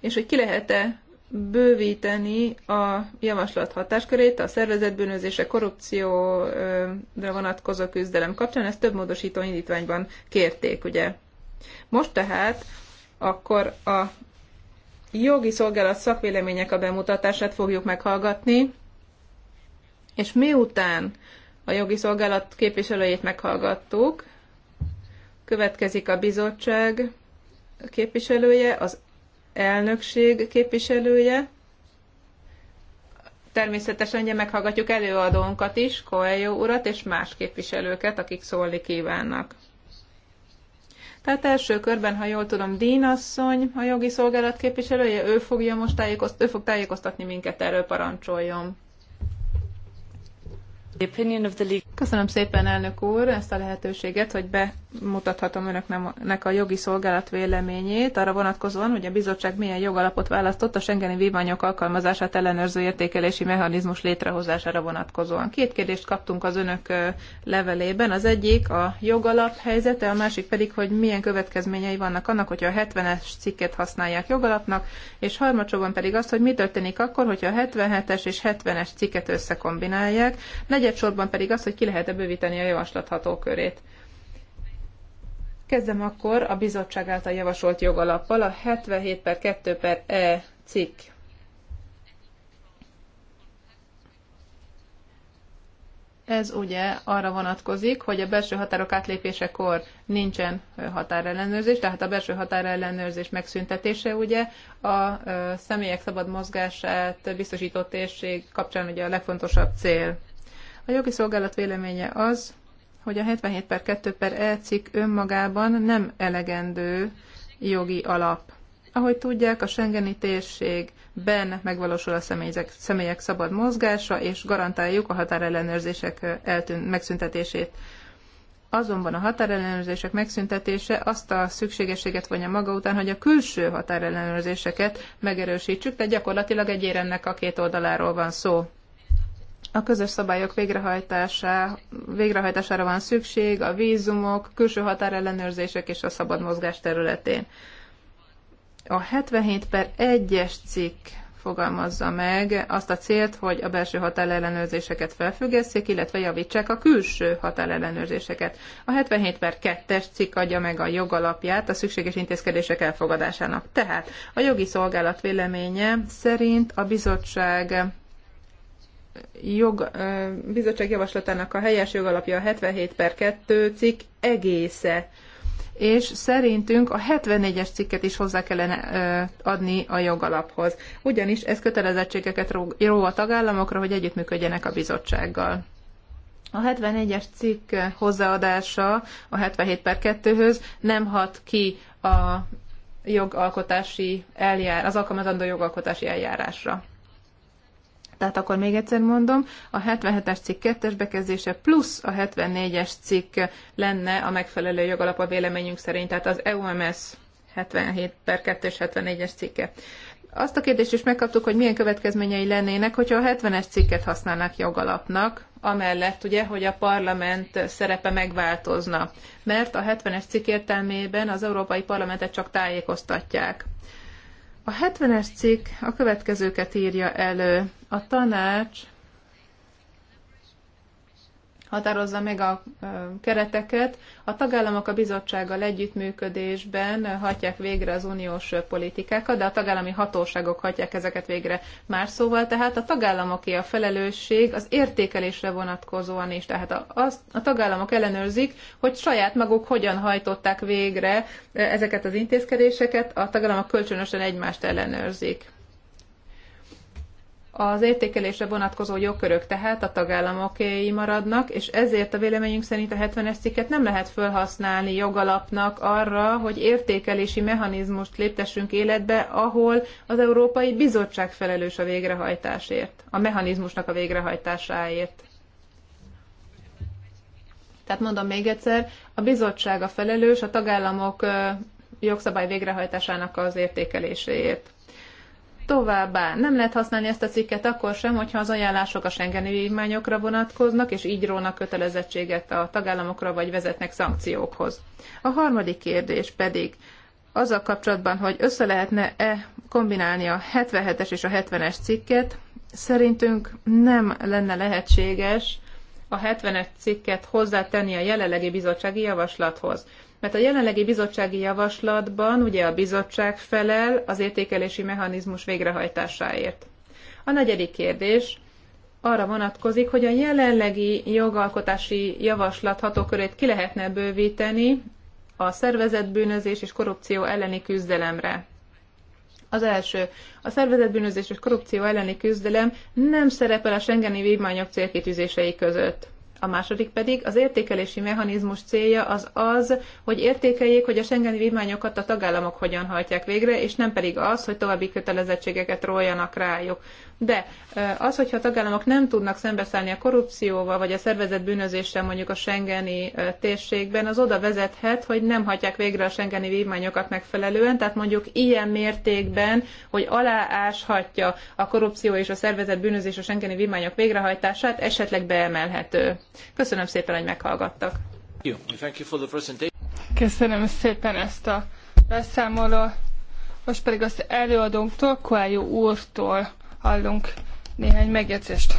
és hogy ki lehet-e bővíteni a javaslat hatáskörét a szervezetbűnözése, korrupcióra vonatkozó küzdelem kapcsán. Ezt több módosító indítványban kérték, ugye. Most tehát akkor a jogi szolgálat szakvélemények a bemutatását fogjuk meghallgatni, és miután a jogi szolgálat képviselőjét meghallgattuk, következik a bizottság képviselője, az elnökség képviselője. Természetesen ugye meghallgatjuk előadónkat is, Coelho urat és más képviselőket, akik szólni kívánnak. Tehát első körben, ha jól tudom, Dínasszony, a jogi szolgálat képviselője, ő fogja most tájékozt, ő fog tájékoztatni minket, erről parancsoljon. Köszönöm szépen, elnök úr, ezt a lehetőséget, hogy be mutathatom önöknek a jogi szolgálat véleményét arra vonatkozóan, hogy a bizottság milyen jogalapot választott a Schengeni vívmányok alkalmazását ellenőrző értékelési mechanizmus létrehozására vonatkozóan. Két kérdést kaptunk az önök levelében. Az egyik a jogalap helyzete, a másik pedig, hogy milyen következményei vannak annak, hogyha a 70-es cikket használják jogalapnak, és harmadsorban pedig az, hogy mi történik akkor, hogyha a 77-es és 70-es cikket összekombinálják, negyedsorban pedig az, hogy ki lehet-e bővíteni a javaslat hatókörét. Kezdem akkor a bizottság által javasolt jogalappal a 77 per 2 per E cikk. Ez ugye arra vonatkozik, hogy a belső határok átlépésekor nincsen határellenőrzés, tehát a belső határellenőrzés megszüntetése ugye a személyek szabad mozgását biztosító térség kapcsán ugye a legfontosabb cél. A jogi szolgálat véleménye az, hogy a 77 per 2 per E cikk önmagában nem elegendő jogi alap. Ahogy tudják, a Schengeni térségben megvalósul a személyek, személyek szabad mozgása, és garantáljuk a határellenőrzések eltűn, megszüntetését. Azonban a határellenőrzések megszüntetése azt a szükségességet vonja maga után, hogy a külső határellenőrzéseket megerősítsük, de gyakorlatilag egy érennek a két oldaláról van szó a közös szabályok végrehajtása, végrehajtására van szükség a vízumok, külső határellenőrzések és a szabad mozgás területén. A 77 per 1-es cikk fogalmazza meg azt a célt, hogy a belső határellenőrzéseket felfüggesszék, illetve javítsák a külső határellenőrzéseket. A 77 per 2-es cikk adja meg a jogalapját a szükséges intézkedések elfogadásának. Tehát a jogi szolgálat véleménye szerint a bizottság jog, bizottság javaslatának a helyes jogalapja a 77 per 2 cikk egésze. És szerintünk a 74-es cikket is hozzá kellene adni a jogalaphoz. Ugyanis ez kötelezettségeket ró a tagállamokra, hogy együttműködjenek a bizottsággal. A 74. es cikk hozzáadása a 77 per 2-höz nem hat ki a jogalkotási eljár, az alkalmazandó jogalkotási eljárásra. Tehát akkor még egyszer mondom, a 77-es cikk kettes bekezdése plusz a 74-es cikk lenne a megfelelő jogalap a véleményünk szerint, tehát az EUMS 77 per 2 és 74-es cikke. Azt a kérdést is megkaptuk, hogy milyen következményei lennének, hogyha a 70-es cikket használnák jogalapnak, amellett ugye, hogy a parlament szerepe megváltozna. Mert a 70-es cikk értelmében az Európai Parlamentet csak tájékoztatják. A 70-es cikk a következőket írja elő. A tanács határozza meg a kereteket, a tagállamok a bizottsággal együttműködésben hatják végre az uniós politikákat, de a tagállami hatóságok hatják ezeket végre. Más szóval tehát a tagállamoké a felelősség az értékelésre vonatkozóan is. Tehát a, azt, a tagállamok ellenőrzik, hogy saját maguk hogyan hajtották végre ezeket az intézkedéseket, a tagállamok kölcsönösen egymást ellenőrzik az értékelésre vonatkozó jogkörök tehát a tagállamokéi maradnak, és ezért a véleményünk szerint a 70-es cikket nem lehet felhasználni jogalapnak arra, hogy értékelési mechanizmust léptessünk életbe, ahol az Európai Bizottság felelős a végrehajtásért, a mechanizmusnak a végrehajtásáért. Tehát mondom még egyszer, a bizottság a felelős a tagállamok jogszabály végrehajtásának az értékeléséért. Továbbá nem lehet használni ezt a cikket akkor sem, hogyha az ajánlások a Schengeni vívmányokra vonatkoznak, és így rónak kötelezettséget a tagállamokra, vagy vezetnek szankciókhoz. A harmadik kérdés pedig az a kapcsolatban, hogy össze lehetne-e kombinálni a 77-es és a 70-es cikket, szerintünk nem lenne lehetséges a 70-es cikket hozzátenni a jelenlegi bizottsági javaslathoz. Mert a jelenlegi bizottsági javaslatban ugye a bizottság felel az értékelési mechanizmus végrehajtásáért. A negyedik kérdés arra vonatkozik, hogy a jelenlegi jogalkotási javaslat hatókörét ki lehetne bővíteni a szervezetbűnözés és korrupció elleni küzdelemre. Az első. A szervezetbűnözés és korrupció elleni küzdelem nem szerepel a Schengeni vívmányok célkitűzései között. A második pedig az értékelési mechanizmus célja az az, hogy értékeljék, hogy a Schengeni vívmányokat a tagállamok hogyan hajtják végre, és nem pedig az, hogy további kötelezettségeket róljanak rájuk. De az, hogyha a tagállamok nem tudnak szembeszállni a korrupcióval, vagy a szervezett bűnözéssel mondjuk a Schengeni térségben, az oda vezethet, hogy nem hagyják végre a Schengeni vívmányokat megfelelően, tehát mondjuk ilyen mértékben, hogy alááshatja a korrupció és a szervezett bűnözés a Schengeni vívmányok végrehajtását, esetleg beemelhető. Köszönöm szépen, hogy meghallgattak. Köszönöm szépen ezt a beszámolót. Most pedig az előadónktól, Koályó úrtól hallunk néhány megjegyzést.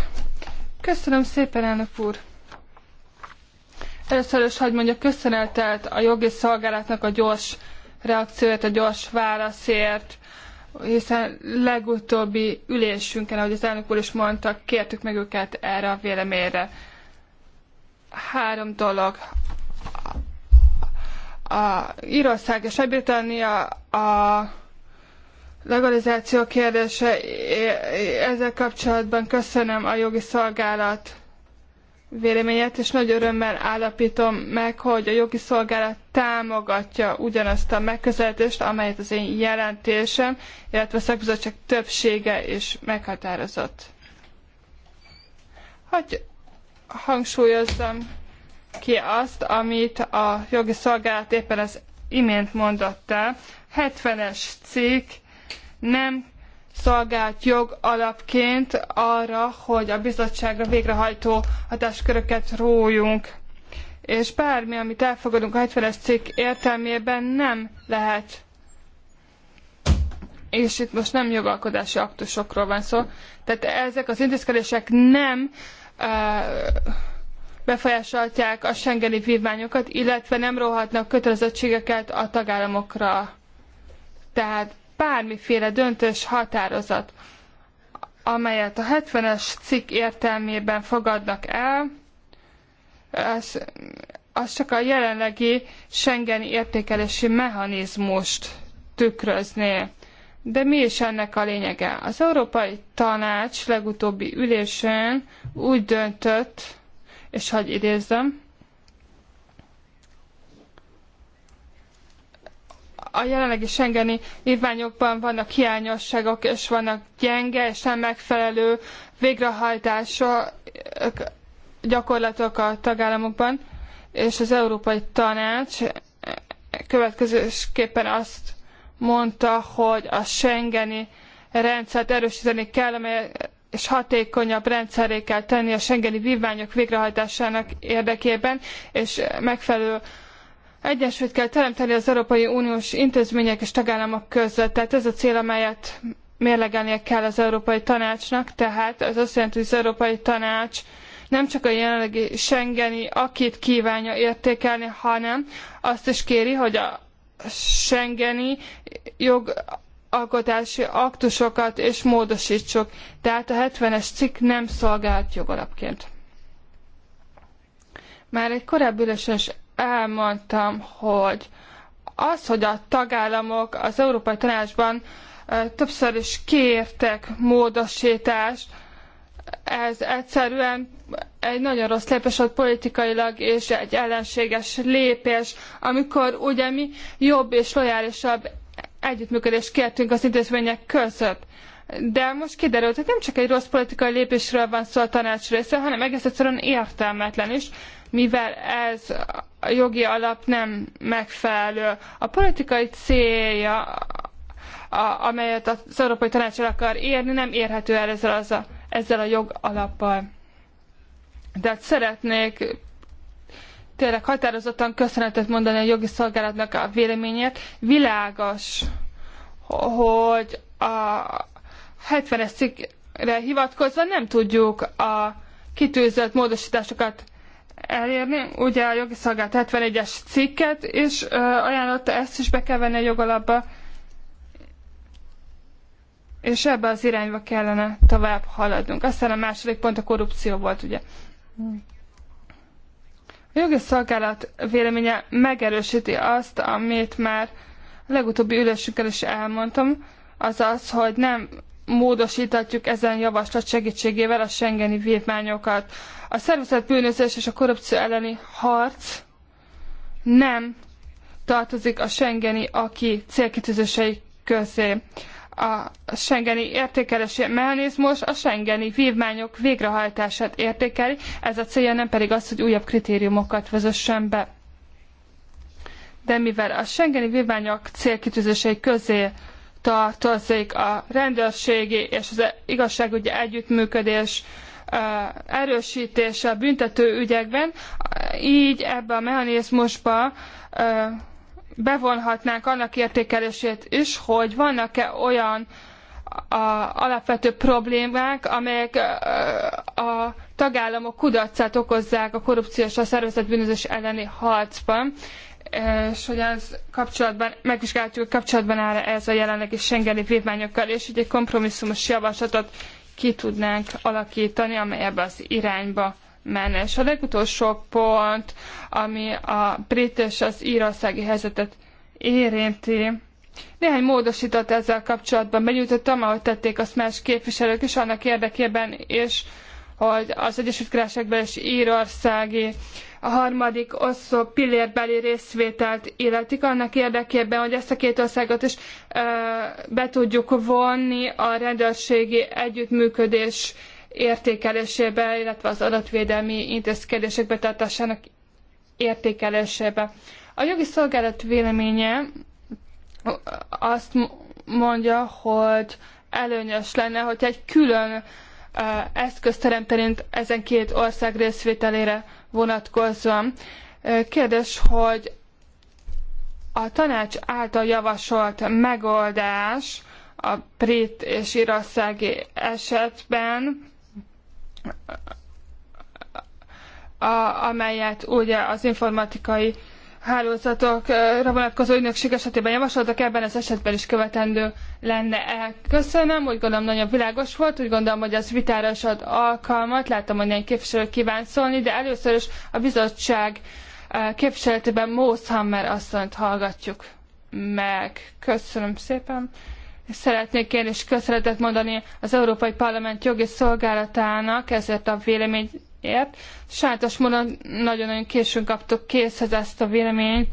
Köszönöm szépen, elnök úr! Először is hagyd mondja köszönetet a jogi szolgálatnak a gyors reakcióért, a gyors válaszért, hiszen legutóbbi ülésünkön, ahogy az elnök úr is mondta, kértük meg őket erre a véleményre. Három dolog. A Írország és Britannia a, a legalizáció kérdése, ezzel kapcsolatban köszönöm a jogi szolgálat véleményét, és nagy örömmel állapítom meg, hogy a jogi szolgálat támogatja ugyanazt a megközelítést, amelyet az én jelentésem, illetve a szakbizottság többsége is meghatározott. Hogy hangsúlyozzam ki azt, amit a jogi szolgálat éppen az imént mondott el. 70-es cikk nem szolgált jog alapként arra, hogy a bizottságra végrehajtó hatásköröket rójunk. És bármi, amit elfogadunk a 70-es cikk értelmében nem lehet. És itt most nem jogalkodási aktusokról van szó. Tehát ezek az intézkedések nem uh, befolyásolhatják a Schengeni vívmányokat, illetve nem róhatnak kötelezettségeket a tagállamokra. Tehát bármiféle döntős határozat, amelyet a 70-es cikk értelmében fogadnak el, az, az csak a jelenlegi Schengeni értékelési mechanizmust tükrözné. De mi is ennek a lényege? Az Európai Tanács legutóbbi ülésén úgy döntött, és hagy idézzem, a jelenlegi Schengeni vívmányokban vannak hiányosságok, és vannak gyenge és nem megfelelő végrehajtása gyakorlatok a tagállamokban, és az Európai Tanács következésképpen azt mondta, hogy a Schengeni rendszert erősíteni kell, amely és hatékonyabb rendszeré kell tenni a Schengeni vívmányok végrehajtásának érdekében, és megfelelő Egyensúlyt kell teremteni az Európai Uniós intézmények és tagállamok között, tehát ez a cél, amelyet mérlegelnie kell az Európai Tanácsnak, tehát az azt jelenti, hogy az Európai Tanács nem csak a jelenlegi Schengeni, akit kívánja értékelni, hanem azt is kéri, hogy a Schengeni jogalkotási aktusokat és módosítsuk. Tehát a 70-es cikk nem szolgált jogalapként. Már egy korábbi ülésen is elmondtam, hogy az, hogy a tagállamok az Európai Tanácsban többször is kértek módosítást, ez egyszerűen egy nagyon rossz lépés volt politikailag, és egy ellenséges lépés, amikor ugye mi jobb és lojálisabb együttműködést kértünk az intézmények között de most kiderült, hogy nem csak egy rossz politikai lépésről van szó a tanács része, hanem egész egyszerűen értelmetlen is, mivel ez a jogi alap nem megfelelő. A politikai célja, a, amelyet az Európai Tanács el akar érni, nem érhető el ezzel, az a, ezzel a De hát szeretnék tényleg határozottan köszönetet mondani a jogi szolgálatnak a véleményét. Világos, hogy a, 70-es cikkre hivatkozva nem tudjuk a kitűzött módosításokat elérni. Ugye a jogi szolgált 71-es cikket is ajánlotta, ezt is be kell venni a jogalapba, és ebbe az irányba kellene tovább haladnunk. Aztán a második pont a korrupció volt, ugye. A jogi szolgálat véleménye megerősíti azt, amit már a legutóbbi ülésünkkel is elmondtam, azaz, hogy nem módosíthatjuk ezen javaslat segítségével a Schengeni vívmányokat. A szervezett bűnözés és a korrupció elleni harc nem tartozik a Schengeni aki célkitűzései közé. A Schengeni értékelési mechanizmus a Schengeni vívmányok végrehajtását értékeli, ez a célja nem pedig az, hogy újabb kritériumokat vezessen be. De mivel a Schengeni vívmányok célkitűzései közé tartozik a rendőrségi és az igazságügyi együttműködés erősítése a büntető ügyekben, így ebbe a mechanizmusba bevonhatnánk annak értékelését is, hogy vannak-e olyan alapvető problémák, amelyek a tagállamok kudarcát okozzák a korrupció és a szervezett bűnözés elleni harcban, és hogy az kapcsolatban, megvizsgáltuk, hogy kapcsolatban áll ez a jelenlegi Schengeni vívmányokkal, és hogy egy kompromisszumos javaslatot ki tudnánk alakítani, amely ebbe az irányba menne. És a legutolsó pont, ami a brit és az írországi helyzetet érinti, néhány módosított ezzel kapcsolatban benyújtottam, ahogy tették azt más képviselők is annak érdekében, és hogy az Egyesült Királyságban és írországi a harmadik oszló pillérbeli részvételt illetik annak érdekében, hogy ezt a két országot is be tudjuk vonni a rendőrségi együttműködés értékelésébe, illetve az adatvédelmi intézkedések betartásának értékelésébe. A jogi szolgálat véleménye azt mondja, hogy előnyös lenne, hogy egy külön eszközt teremteni ezen két ország részvételére vonatkozóan. Kérdés, hogy a tanács által javasolt megoldás a brit és írországi esetben a, amelyet ugye az informatikai hálózatokra vonatkozó ügynökség esetében javasoltak, ebben az esetben is követendő lenne -e. Köszönöm, úgy gondolom nagyon világos volt, úgy gondolom, hogy ez vitára is ad alkalmat, láttam, hogy néhány képviselő kíván szólni, de először is a bizottság e, képviseletében Mósz Hammer asszonyt hallgatjuk meg. Köszönöm szépen. Szeretnék én is köszönetet mondani az Európai Parlament jogi szolgálatának ezért a vélemény ért. Sajnos módon nagyon-nagyon későn kaptuk készhez ezt a véleményt,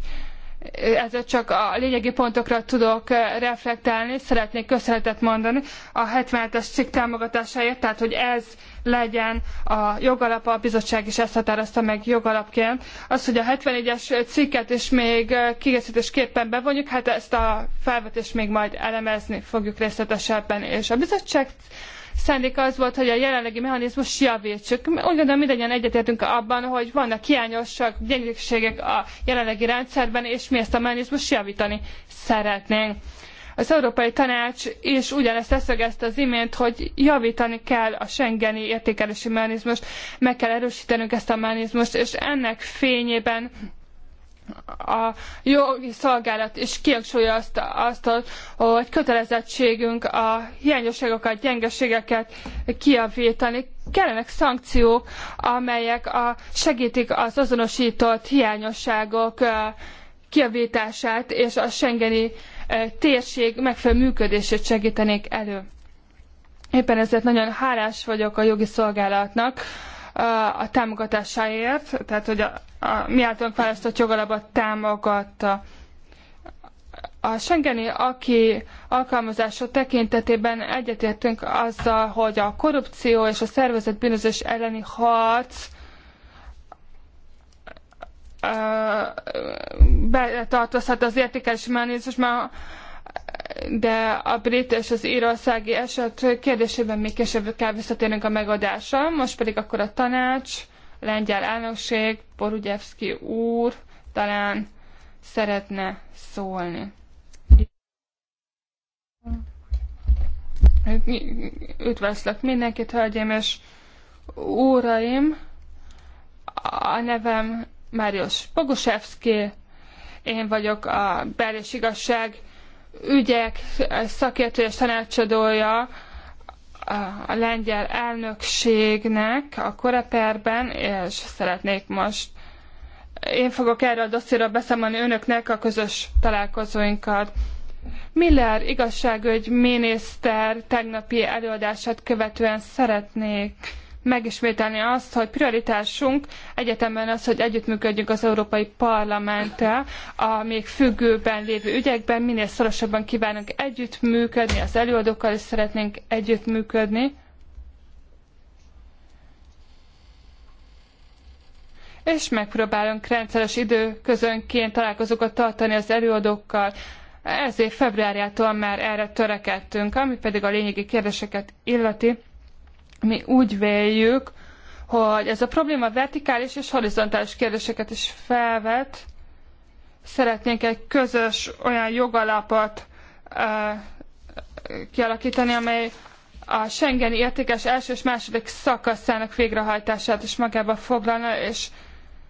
Ezzel csak a lényegi pontokra tudok eh, reflektálni, szeretnék köszönetet mondani a 77-es cikk támogatásáért, tehát hogy ez legyen a jogalap, a bizottság is ezt határozta meg jogalapként. Az, hogy a 74-es cikket is még eh, kiegészítésképpen bevonjuk, hát ezt a felvetést még majd elemezni fogjuk részletesebben. És a bizottság szándéka az volt, hogy a jelenlegi mechanizmus javítsuk. Úgy gondolom, mindannyian egyetértünk abban, hogy vannak hiányosság, gyengeségek a jelenlegi rendszerben, és mi ezt a mechanizmust javítani szeretnénk. Az Európai Tanács is ugyanezt leszögezte az imént, hogy javítani kell a Schengeni értékelési mechanizmust, meg kell erősítenünk ezt a mechanizmust, és ennek fényében a jogi szolgálat is kihangsúlyozta azt, hogy kötelezettségünk a hiányosságokat, gyengeségeket kiavítani. Kellenek szankciók, amelyek a, segítik az azonosított hiányosságok kiavítását és a Schengeni térség megfelelő működését segítenék elő. Éppen ezért nagyon hálás vagyok a jogi szolgálatnak, a támogatásáért, tehát hogy a, a mi általunk választott jogalapot támogatta. A Schengeni, aki alkalmazása tekintetében egyetértünk azzal, hogy a korrupció és a szervezett bűnözés elleni harc betartozhat az értékes mechanizmusban, de a brit és az írországi eset kérdésében még később kell visszatérnünk a megadásra. Most pedig akkor a tanács, a lengyel elnökség, Borugyevski úr talán szeretne szólni. Üdvözlök mindenkit, hölgyeim és úraim! A nevem Máriusz Pogosevski, én vagyok a Bel és Igazság ügyek szakértője és tanácsadója a lengyel elnökségnek a koreperben, és szeretnék most én fogok erről a dossziról beszámolni önöknek a közös találkozóinkat. Miller igazságügy miniszter tegnapi előadását követően szeretnék megismételni azt, hogy prioritásunk egyetemben az, hogy együttműködjünk az Európai Parlamenttel a még függőben lévő ügyekben, minél szorosabban kívánunk együttműködni, az előadókkal is szeretnénk együttműködni. és megpróbálunk rendszeres időközönként találkozókat tartani az előadókkal. Ezért februárjától már erre törekedtünk, ami pedig a lényegi kérdéseket illeti. Mi úgy véljük, hogy ez a probléma vertikális és horizontális kérdéseket is felvet. Szeretnénk egy közös olyan jogalapot uh, kialakítani, amely a Schengeni értékes első és második szakaszának végrehajtását is magába foglalna, és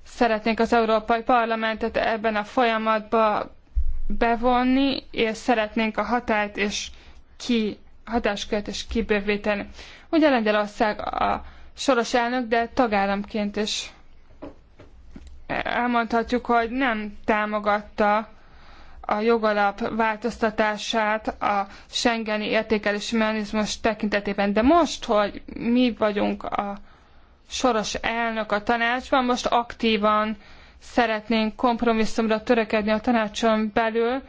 szeretnénk az Európai Parlamentet ebben a folyamatba bevonni, és szeretnénk a hatályt és ki hatáskört és kibővíteni. Ugye Lengyelország a soros elnök, de tagállamként is elmondhatjuk, hogy nem támogatta a jogalap változtatását a Schengeni értékelési mechanizmus tekintetében. De most, hogy mi vagyunk a soros elnök a tanácsban, most aktívan szeretnénk kompromisszumra törekedni a tanácson belül,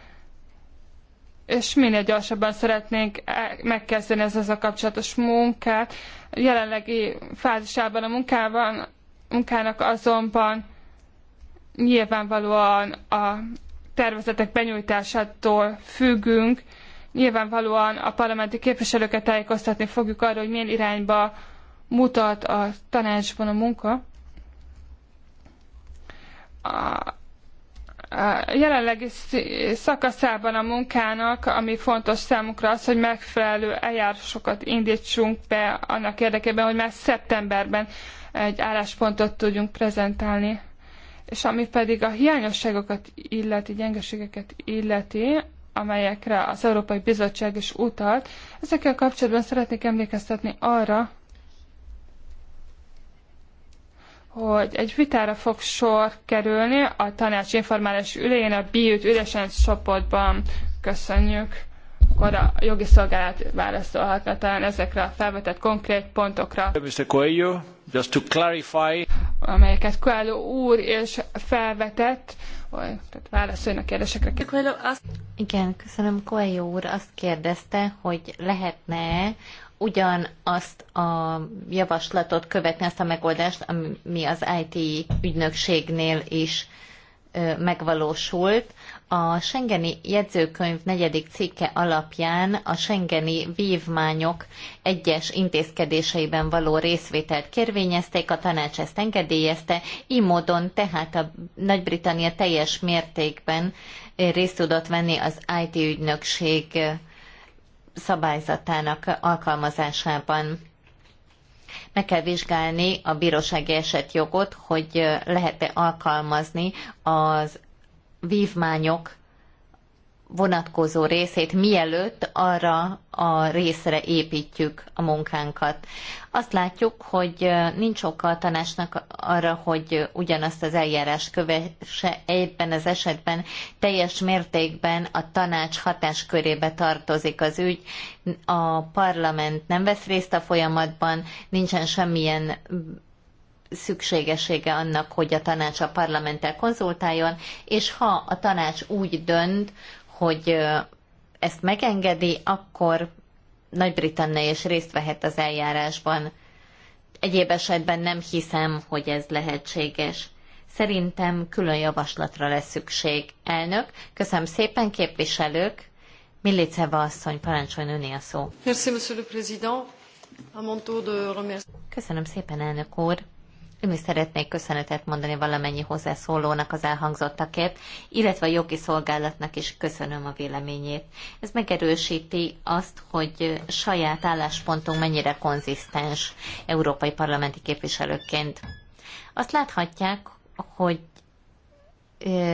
és minél gyorsabban szeretnénk e, megkezdeni ez ezzel kapcsolatos munkát. A jelenlegi fázisában a munkában, munkának azonban nyilvánvalóan a tervezetek benyújtásától függünk, nyilvánvalóan a parlamenti képviselőket tájékoztatni fogjuk arról, hogy milyen irányba mutat a tanácsban a munka. A jelenlegi szakaszában a munkának, ami fontos számunkra az, hogy megfelelő eljárásokat indítsunk be annak érdekében, hogy már szeptemberben egy álláspontot tudjunk prezentálni. És ami pedig a hiányosságokat illeti, gyengeségeket illeti, amelyekre az Európai Bizottság is utalt, ezekkel kapcsolatban szeretnék emlékeztetni arra, hogy egy vitára fog sor kerülni a tanács informális ülén a Biut üresen csoportban. Köszönjük! Akkor a jogi szolgálat válaszolhatna talán ezekre a felvetett konkrét pontokra. Mr. Coelho, just to clarify. Amelyeket Coelho úr és felvetett, tehát válaszoljon a kérdésekre. Igen, köszönöm. Coelho úr azt kérdezte, hogy lehetne ugyanazt a javaslatot követni, azt a megoldást, ami az IT ügynökségnél is megvalósult. A Schengeni jegyzőkönyv negyedik cikke alapján a Schengeni vívmányok egyes intézkedéseiben való részvételt kérvényezték, a tanács ezt engedélyezte, így módon tehát a Nagy-Britannia teljes mértékben részt tudott venni az IT ügynökség szabályzatának alkalmazásában. Meg kell vizsgálni a bírósági esetjogot, hogy lehet-e alkalmazni az vívmányok vonatkozó részét, mielőtt arra a részre építjük a munkánkat. Azt látjuk, hogy nincs oka a tanácsnak arra, hogy ugyanazt az eljárás kövesse egyben az esetben teljes mértékben a tanács hatáskörébe tartozik az ügy, a parlament nem vesz részt a folyamatban, nincsen semmilyen szükségessége annak, hogy a tanács a parlamenttel konzultáljon, és ha a tanács úgy dönt, hogy ezt megengedi, akkor Nagy-Britannia is részt vehet az eljárásban. Egyéb esetben nem hiszem, hogy ez lehetséges. Szerintem külön javaslatra lesz szükség. Elnök, köszönöm szépen, képviselők. Milliceva asszony, parancsoljon öné a szó. Köszönöm szépen, elnök úr. Én is szeretnék köszönetet mondani valamennyi hozzászólónak az elhangzottakért, illetve a jogi szolgálatnak is köszönöm a véleményét. Ez megerősíti azt, hogy saját álláspontunk mennyire konzisztens európai parlamenti képviselőként. Azt láthatják, hogy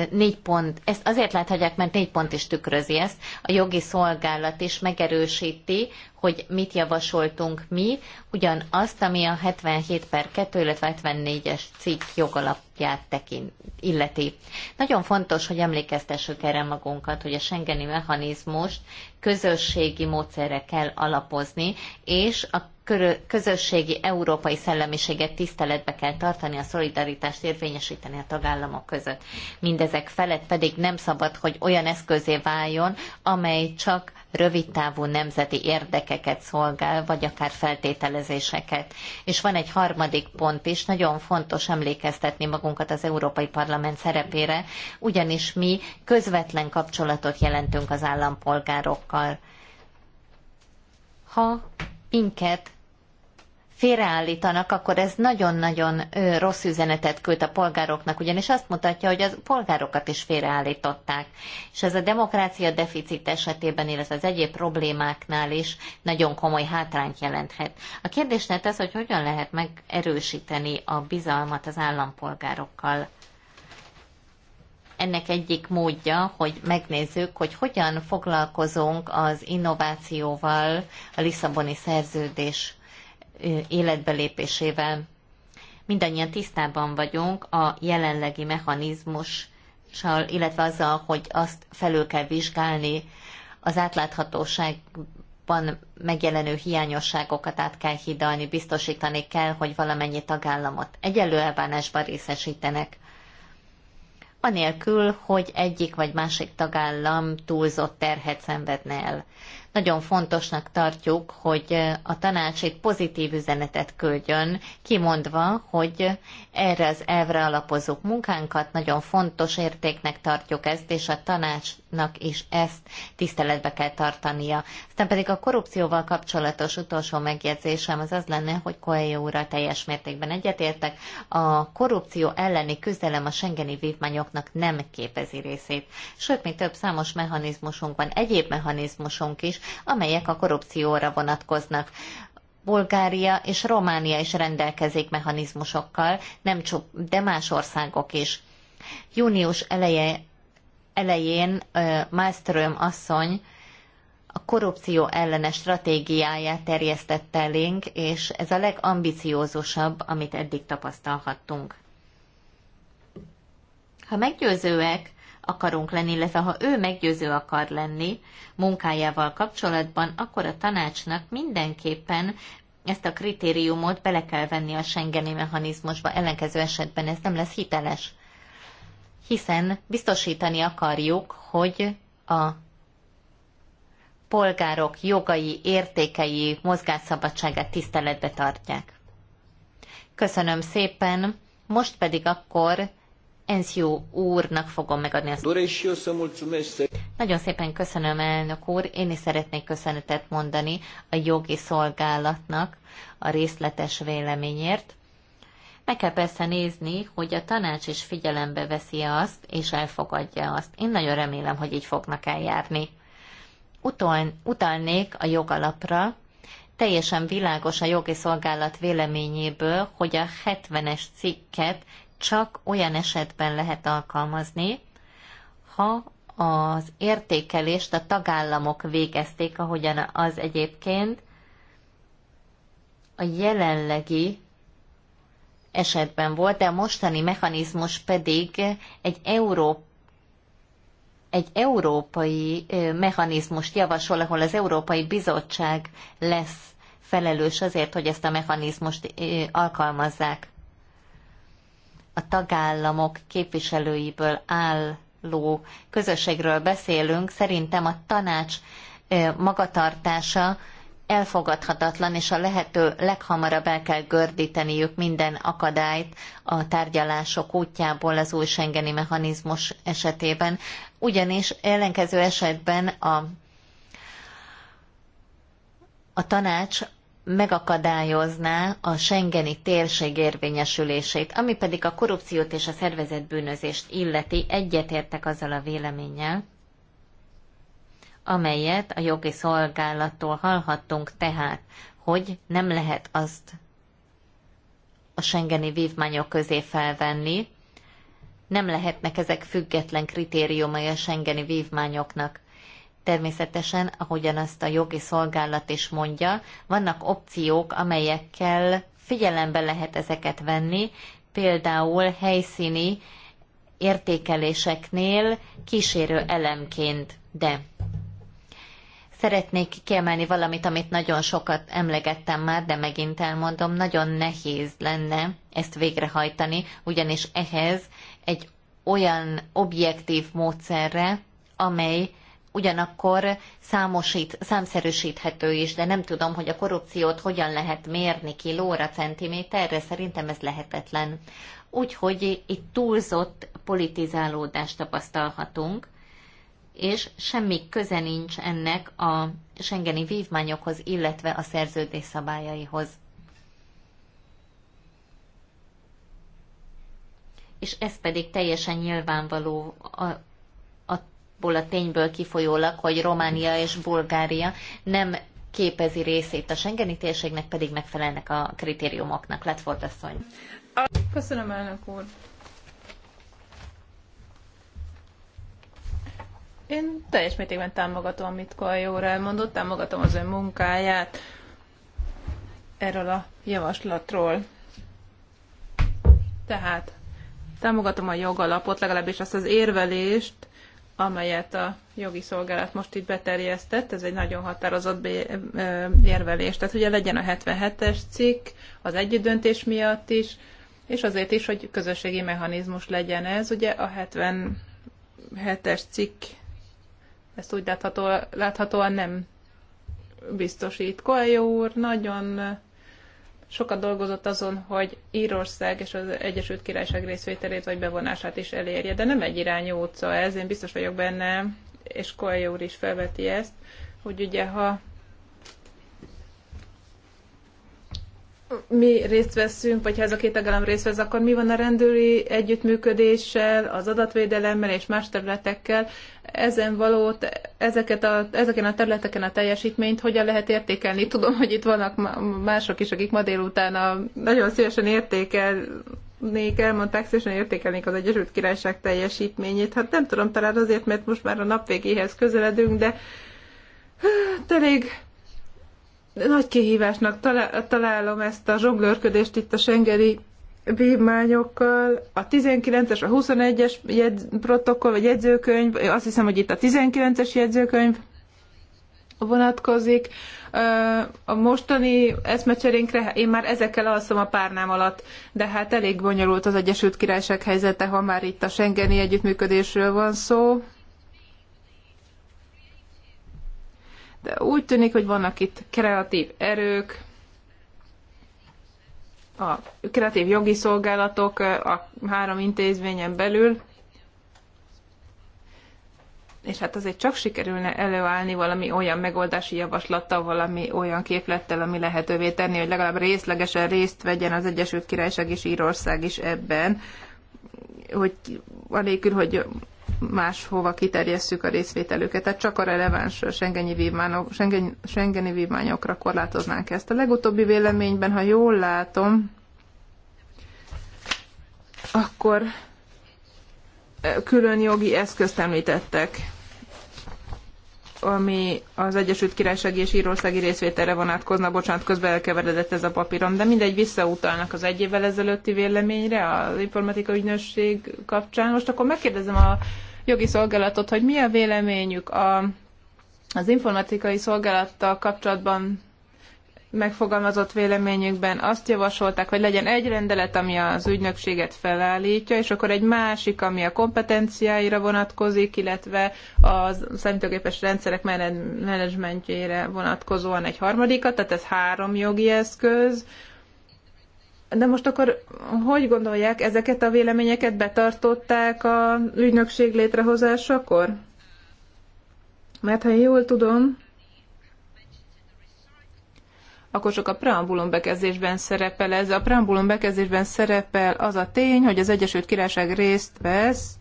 négy pont, ezt azért láthatják, mert négy pont is tükrözi ezt. A jogi szolgálat is megerősíti, hogy mit javasoltunk mi, ugyanazt, ami a 77 per 2, illetve 74-es cikk jogalapját tekint, illeti. Nagyon fontos, hogy emlékeztessük erre magunkat, hogy a Schengeni mechanizmust közösségi módszerre kell alapozni, és a közösségi európai szellemiséget tiszteletbe kell tartani, a szolidaritást érvényesíteni a tagállamok között. Mindezek felett pedig nem szabad, hogy olyan eszközé váljon, amely csak rövidtávú nemzeti érdekeket szolgál, vagy akár feltételezéseket. És van egy harmadik pont is, nagyon fontos emlékeztetni magunkat az Európai Parlament szerepére, ugyanis mi közvetlen kapcsolatot jelentünk az állampolgárokkal. Ha minket félreállítanak, akkor ez nagyon-nagyon rossz üzenetet küld a polgároknak, ugyanis azt mutatja, hogy a polgárokat is félreállították. És ez a demokrácia deficit esetében, illetve az egyéb problémáknál is nagyon komoly hátrányt jelenthet. A kérdésnet az, hogy hogyan lehet megerősíteni a bizalmat az állampolgárokkal ennek egyik módja, hogy megnézzük, hogy hogyan foglalkozunk az innovációval, a Lisszaboni szerződés életbelépésével. Mindannyian tisztában vagyunk a jelenlegi mechanizmussal, illetve azzal, hogy azt felül kell vizsgálni, az átláthatóságban megjelenő hiányosságokat át kell hidalni, biztosítani kell, hogy valamennyi tagállamot egyelő elbánásban részesítenek anélkül, hogy egyik vagy másik tagállam túlzott terhet szenvedne el. Nagyon fontosnak tartjuk, hogy a tanács egy pozitív üzenetet küldjön, kimondva, hogy erre az elvre alapozók munkánkat, nagyon fontos értéknek tartjuk ezt, és a tanácsnak is ezt tiszteletbe kell tartania. Aztán pedig a korrupcióval kapcsolatos utolsó megjegyzésem az az lenne, hogy Koelyó úrral teljes mértékben egyetértek. A korrupció elleni küzdelem a Schengeni vívmányoknak nem képezi részét. Sőt, mi több számos mechanizmusunk van, egyéb mechanizmusunk is, amelyek a korrupcióra vonatkoznak. Bulgária és Románia is rendelkezik mechanizmusokkal, nem csak, de más országok is. Június eleje, elején uh, Malmström asszony a korrupció ellenes stratégiáját terjesztette elénk, és ez a legambiciózusabb, amit eddig tapasztalhattunk. Ha meggyőzőek akarunk lenni, illetve ha ő meggyőző akar lenni munkájával kapcsolatban, akkor a tanácsnak mindenképpen ezt a kritériumot bele kell venni a Schengeni mechanizmusba, ellenkező esetben ez nem lesz hiteles. Hiszen biztosítani akarjuk, hogy a polgárok jogai, értékei, mozgásszabadságát tiszteletbe tartják. Köszönöm szépen, most pedig akkor Enzió úrnak fogom megadni azt. Szóval nagyon szépen köszönöm, elnök úr. Én is szeretnék köszönetet mondani a jogi szolgálatnak a részletes véleményért. Meg kell persze nézni, hogy a tanács is figyelembe veszi azt, és elfogadja azt. Én nagyon remélem, hogy így fognak eljárni. Utoln, utalnék a jogalapra, teljesen világos a jogi szolgálat véleményéből, hogy a 70-es cikket csak olyan esetben lehet alkalmazni, ha az értékelést a tagállamok végezték, ahogyan az egyébként a jelenlegi esetben volt, de a mostani mechanizmus pedig egy Európa egy európai mechanizmust javasol, ahol az Európai Bizottság lesz felelős azért, hogy ezt a mechanizmust alkalmazzák a tagállamok képviselőiből álló közösségről beszélünk, szerintem a tanács magatartása elfogadhatatlan, és a lehető leghamarabb el kell gördíteniük minden akadályt a tárgyalások útjából az új Schengeni mechanizmus esetében, ugyanis ellenkező esetben a, a tanács megakadályozná a Schengeni térség érvényesülését, ami pedig a korrupciót és a szervezett bűnözést illeti, egyetértek azzal a véleménnyel, amelyet a jogi szolgálattól hallhattunk tehát, hogy nem lehet azt a Schengeni vívmányok közé felvenni, nem lehetnek ezek független kritériumai a Schengeni vívmányoknak. Természetesen, ahogyan azt a jogi szolgálat is mondja, vannak opciók, amelyekkel figyelembe lehet ezeket venni, például helyszíni értékeléseknél kísérő elemként, de szeretnék kiemelni valamit, amit nagyon sokat emlegettem már, de megint elmondom, nagyon nehéz lenne ezt végrehajtani, ugyanis ehhez egy olyan objektív módszerre, amely ugyanakkor számosít, számszerűsíthető is, de nem tudom, hogy a korrupciót hogyan lehet mérni kilóra, centiméterre, szerintem ez lehetetlen. Úgyhogy itt túlzott politizálódást tapasztalhatunk, és semmi köze nincs ennek a Schengeni vívmányokhoz, illetve a szerződés szabályaihoz. És ez pedig teljesen nyilvánvaló abból a tényből kifolyólag, hogy Románia és Bulgária nem képezi részét a Schengeni térségnek, pedig megfelelnek a kritériumoknak. volt asszony. Köszönöm, elnök úr. Én teljes mértékben támogatom, amit kajóra? elmondott, támogatom az ön munkáját erről a javaslatról. Tehát támogatom a jogalapot, legalábbis azt az érvelést, amelyet a jogi szolgálat most itt beterjesztett, ez egy nagyon határozott érvelés. Tehát ugye legyen a 77-es cikk az együttdöntés miatt is, és azért is, hogy közösségi mechanizmus legyen ez. Ugye a 77-es cikk, ezt úgy látható, láthatóan nem biztosít. Koelyó úr nagyon sokat dolgozott azon, hogy Írország és az Egyesült Királyság részvételét vagy bevonását is elérje, de nem egy irányú utca ez, én biztos vagyok benne, és Koelho úr is felveti ezt, hogy ugye ha mi részt veszünk, vagy ha ez a két tagállam részt vesz, akkor mi van a rendőri együttműködéssel, az adatvédelemmel és más területekkel ezen valót, ezeket a, ezeken a területeken a teljesítményt hogyan lehet értékelni. Tudom, hogy itt vannak mások is, akik ma délután a, nagyon szívesen értékelnék, elmondták, szívesen értékelnék az Egyesült Királyság teljesítményét. Hát nem tudom, talán azért, mert most már a nap végéhez közeledünk, de hát elég nagy kihívásnak találom ezt a zsonglőrködést itt a sengeri vívmányokkal, a 19-es, a 21-es protokoll vagy jegyzőkönyv, azt hiszem, hogy itt a 19-es jegyzőkönyv vonatkozik. A mostani eszmecserénkre én már ezekkel alszom a párnám alatt, de hát elég bonyolult az Egyesült Királyság helyzete, ha már itt a Schengeni együttműködésről van szó. De úgy tűnik, hogy vannak itt kreatív erők, a kreatív jogi szolgálatok a három intézményen belül, és hát azért csak sikerülne előállni valami olyan megoldási javaslattal, valami olyan képlettel, ami lehetővé tenni, hogy legalább részlegesen részt vegyen az Egyesült Királyság és Írország is ebben, hogy anélkül, hogy máshova kiterjesszük a részvételüket, tehát csak a releváns Schengeni, vívmányok, Schengen, Schengeni vívmányokra korlátoznánk ezt. A legutóbbi véleményben, ha jól látom, akkor eh, külön jogi eszközt említettek ami az Egyesült királyság és Írországi részvételre vonatkozna, bocsánat, közben elkeveredett ez a papírom, de mindegy, visszautalnak az egy évvel ezelőtti véleményre az informatika ügynösség kapcsán. Most akkor megkérdezem a jogi szolgálatot, hogy mi a véleményük a, az informatikai szolgálattal kapcsolatban megfogalmazott véleményükben azt javasolták, hogy legyen egy rendelet, ami az ügynökséget felállítja, és akkor egy másik, ami a kompetenciáira vonatkozik, illetve a számítógépes rendszerek menedzsmentjére vonatkozóan egy harmadikat, tehát ez három jogi eszköz. De most akkor hogy gondolják, ezeket a véleményeket betartották a ügynökség létrehozásakor? Mert ha jól tudom, akkor csak a preambulum bekezdésben szerepel ez. A preambulum bekezdésben szerepel az a tény, hogy az Egyesült Királyság részt vesz,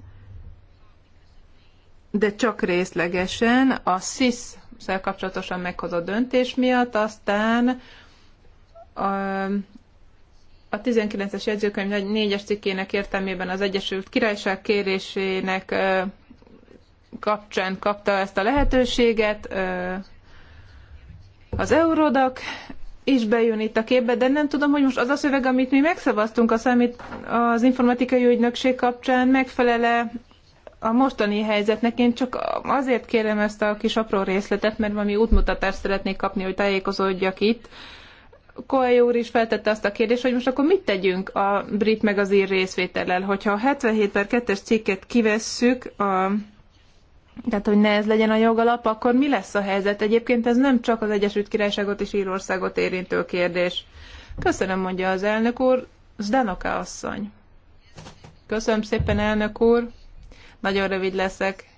de csak részlegesen a sis szel kapcsolatosan meghozott döntés miatt, aztán a, a 19-es jegyzőkönyv 4-es cikkének értelmében az Egyesült Királyság kérésének kapcsán kapta ezt a lehetőséget az Eurodak, is bejön itt a képbe, de nem tudom, hogy most az a szöveg, amit mi megszavaztunk a számít az informatikai ügynökség kapcsán, megfelele a mostani helyzetnek. Én csak azért kérem ezt a kis apró részletet, mert valami útmutatást szeretnék kapni, hogy tájékozódjak itt. Koei úr is feltette azt a kérdést, hogy most akkor mit tegyünk a brit meg az ír részvétellel, hogyha a 77 per 2-es cikket kivesszük a tehát hogy ne ez legyen a jogalap, akkor mi lesz a helyzet? Egyébként ez nem csak az Egyesült Királyságot és Írországot érintő kérdés. Köszönöm, mondja az elnök úr. Zdenoka asszony. Köszönöm szépen, elnök úr. Nagyon rövid leszek.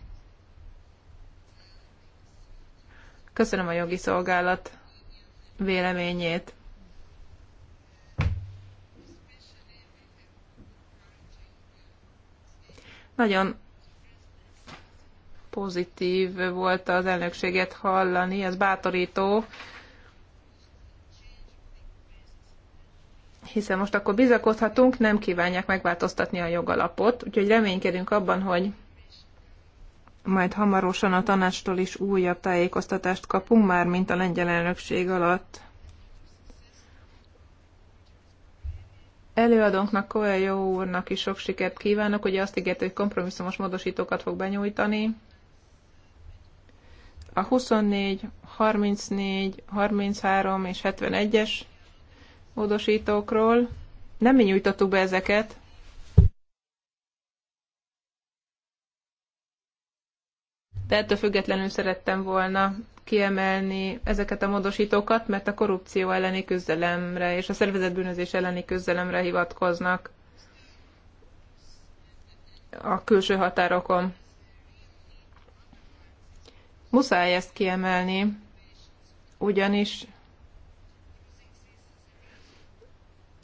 Köszönöm a jogi szolgálat véleményét. Nagyon pozitív volt az elnökséget hallani, ez bátorító. Hiszen most akkor bizakodhatunk, nem kívánják megváltoztatni a jogalapot, úgyhogy reménykedünk abban, hogy majd hamarosan a tanácstól is újabb tájékoztatást kapunk, már mint a lengyel elnökség alatt. Előadónknak, Koeljó úrnak is sok sikert kívánok, ugye azt ígért, hogy kompromisszumos módosítókat fog benyújtani. A 24, 34, 33 és 71-es módosítókról nem mi nyújtottuk be ezeket, de ettől függetlenül szerettem volna kiemelni ezeket a módosítókat, mert a korrupció elleni küzdelemre és a szervezetbűnözés elleni küzdelemre hivatkoznak a külső határokon. Muszáj ezt kiemelni, ugyanis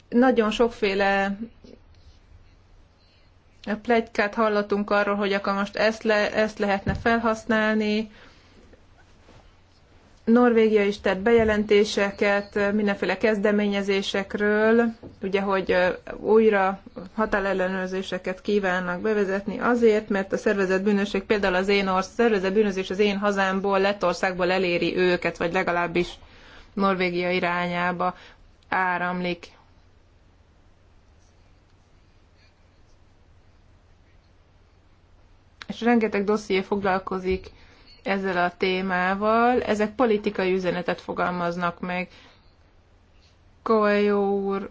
nagyon sokféle plegykát hallatunk arról, hogy akkor most ezt, le, ezt lehetne felhasználni, Norvégia is tett bejelentéseket mindenféle kezdeményezésekről, ugye, hogy újra határellenőrzéseket kívánnak bevezetni azért, mert a szervezett bűnösség például az én orsz, szervezett bűnözés az én hazámból, Lettországból eléri őket, vagy legalábbis Norvégia irányába áramlik. És rengeteg dosszié foglalkozik ezzel a témával, ezek politikai üzenetet fogalmaznak meg. Kovajó úr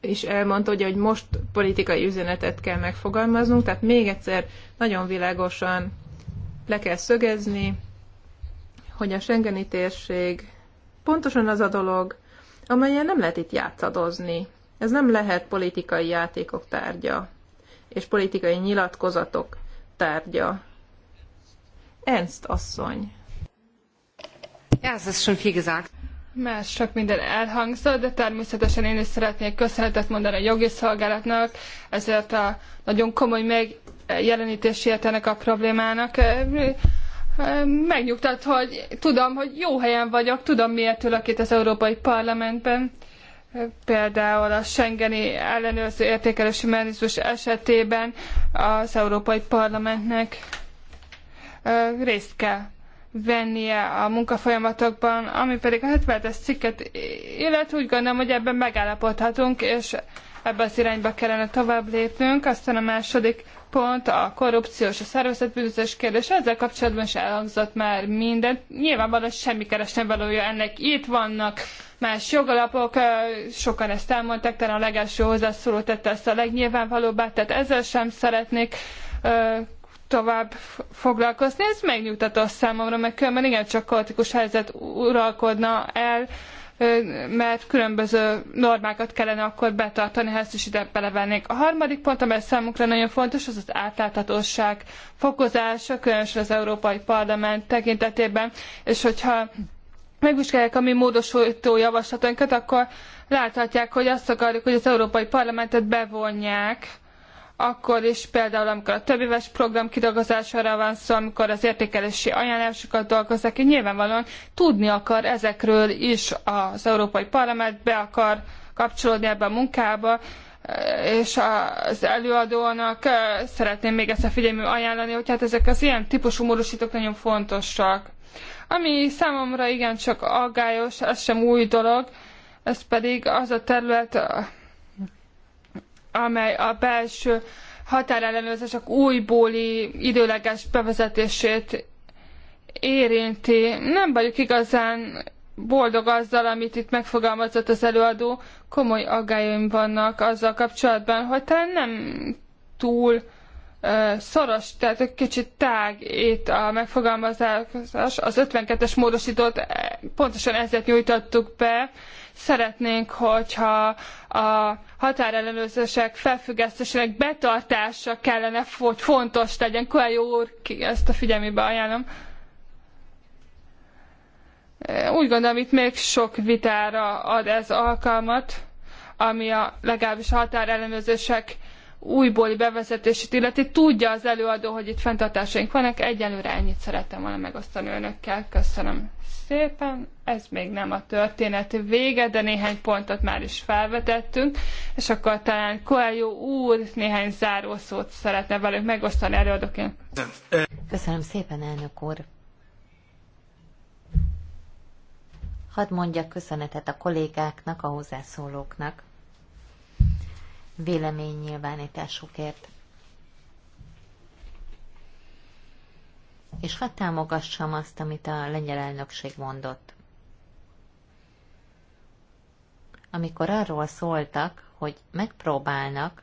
is elmondta, hogy, hogy most politikai üzenetet kell megfogalmaznunk, tehát még egyszer nagyon világosan le kell szögezni, hogy a Schengeni térség pontosan az a dolog, amelyen nem lehet itt játszadozni. Ez nem lehet politikai játékok tárgya és politikai nyilatkozatok tárgya. Ernst asszony. Ja, ez schon viel gesagt. Már sok minden elhangzott, de természetesen én is szeretnék köszönetet mondani a jogi szolgálatnak, ezért a nagyon komoly megjelenítésért ennek a problémának. Megnyugtat, hogy tudom, hogy jó helyen vagyok, tudom miért ülök itt az Európai Parlamentben, például a Schengeni ellenőrző értékelési mechanizmus esetében az Európai Parlamentnek részt kell vennie a munkafolyamatokban, ami pedig a 77-es cikket illet, úgy gondolom, hogy ebben megállapodhatunk, és ebbe az irányba kellene tovább lépnünk. Aztán a második pont a korrupció és a szervezetbűnözés kérdés. Ezzel kapcsolatban is elhangzott már minden Nyilvánvalóan semmi keresne valója ennek. Itt vannak más jogalapok, sokan ezt elmondták, talán a legelső hozzászóló tette ezt a legnyilvánvalóbbá, tehát ezzel sem szeretnék tovább foglalkozni. Ez megnyugtató számomra, mert különben igen csak kaotikus helyzet uralkodna el mert különböző normákat kellene akkor betartani, ha ezt is ide belevennénk. A harmadik pont, amely számunkra nagyon fontos, az az átláthatóság fokozása, különösen az Európai Parlament tekintetében, és hogyha megvizsgálják a mi módosító javaslatunkat, akkor láthatják, hogy azt akarjuk, hogy az Európai Parlamentet bevonják akkor is például, amikor a többéves program kidolgozására van szó, amikor az értékelési ajánlásokat dolgozzák ki, nyilvánvalóan tudni akar ezekről is az Európai Parlament, be akar kapcsolódni ebbe a munkába, eh, és az előadónak eh, szeretném még ezt a figyelmű ajánlani, hogy hát ezek az ilyen típusú módosítók nagyon fontosak. Ami számomra igencsak aggályos, ez sem új dolog, ez pedig az a terület, eh, amely a belső határellenőrzések újbóli időleges bevezetését érinti. Nem vagyok igazán boldog azzal, amit itt megfogalmazott az előadó. Komoly aggályaim vannak azzal kapcsolatban, hogy talán nem túl szoros, tehát egy kicsit tág itt a megfogalmazás. Az 52-es módosítót e, pontosan ezért nyújtottuk be. Szeretnénk, hogyha a határellenőrzések felfüggesztésének betartása kellene, hogy fontos legyen. Koelyó úr, ezt a figyelmébe ajánlom. Úgy gondolom, itt még sok vitára ad ez alkalmat, ami a legalábbis a határellenőrzések újbóli bevezetését illeti. Tudja az előadó, hogy itt fenntartásaink vannak, egyelőre ennyit szerettem volna megosztani önökkel. Köszönöm szépen. Ez még nem a történet vége, de néhány pontot már is felvetettünk, és akkor talán Koeljó úr néhány zárószót szeretne velük megosztani előadóként. Köszönöm szépen, elnök úr. Hadd mondjak köszönetet a kollégáknak, a hozzászólóknak véleménynyilvánításukért. És hadd támogassam azt, amit a lengyel elnökség mondott. Amikor arról szóltak, hogy megpróbálnak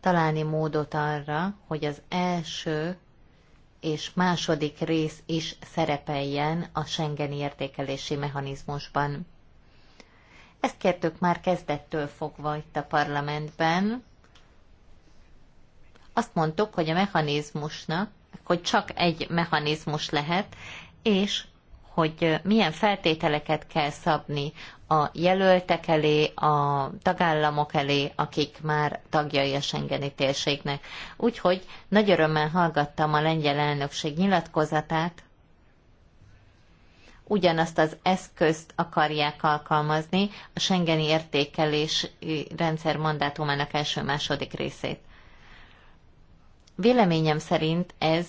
találni módot arra, hogy az első és második rész is szerepeljen a Schengen értékelési mechanizmusban. Ezt kértük már kezdettől fogva itt a parlamentben. Azt mondtuk, hogy a mechanizmusnak, hogy csak egy mechanizmus lehet, és hogy milyen feltételeket kell szabni a jelöltek elé, a tagállamok elé, akik már tagjai a Schengeni térségnek. Úgyhogy nagy örömmel hallgattam a lengyel elnökség nyilatkozatát, ugyanazt az eszközt akarják alkalmazni a Schengeni értékelés rendszer mandátumának első-második részét. Véleményem szerint ez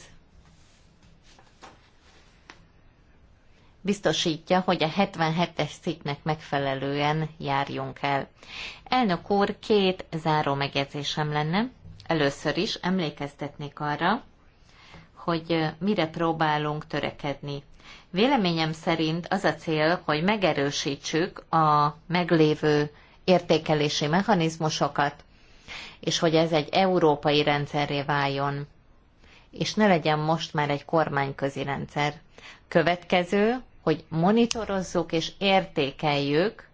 biztosítja, hogy a 77-es cikknek megfelelően járjunk el. Elnök úr, két záró megjegyzésem lenne. Először is emlékeztetnék arra, hogy mire próbálunk törekedni. Véleményem szerint az a cél, hogy megerősítsük a meglévő értékelési mechanizmusokat, és hogy ez egy európai rendszerré váljon, és ne legyen most már egy kormányközi rendszer. Következő, hogy monitorozzuk és értékeljük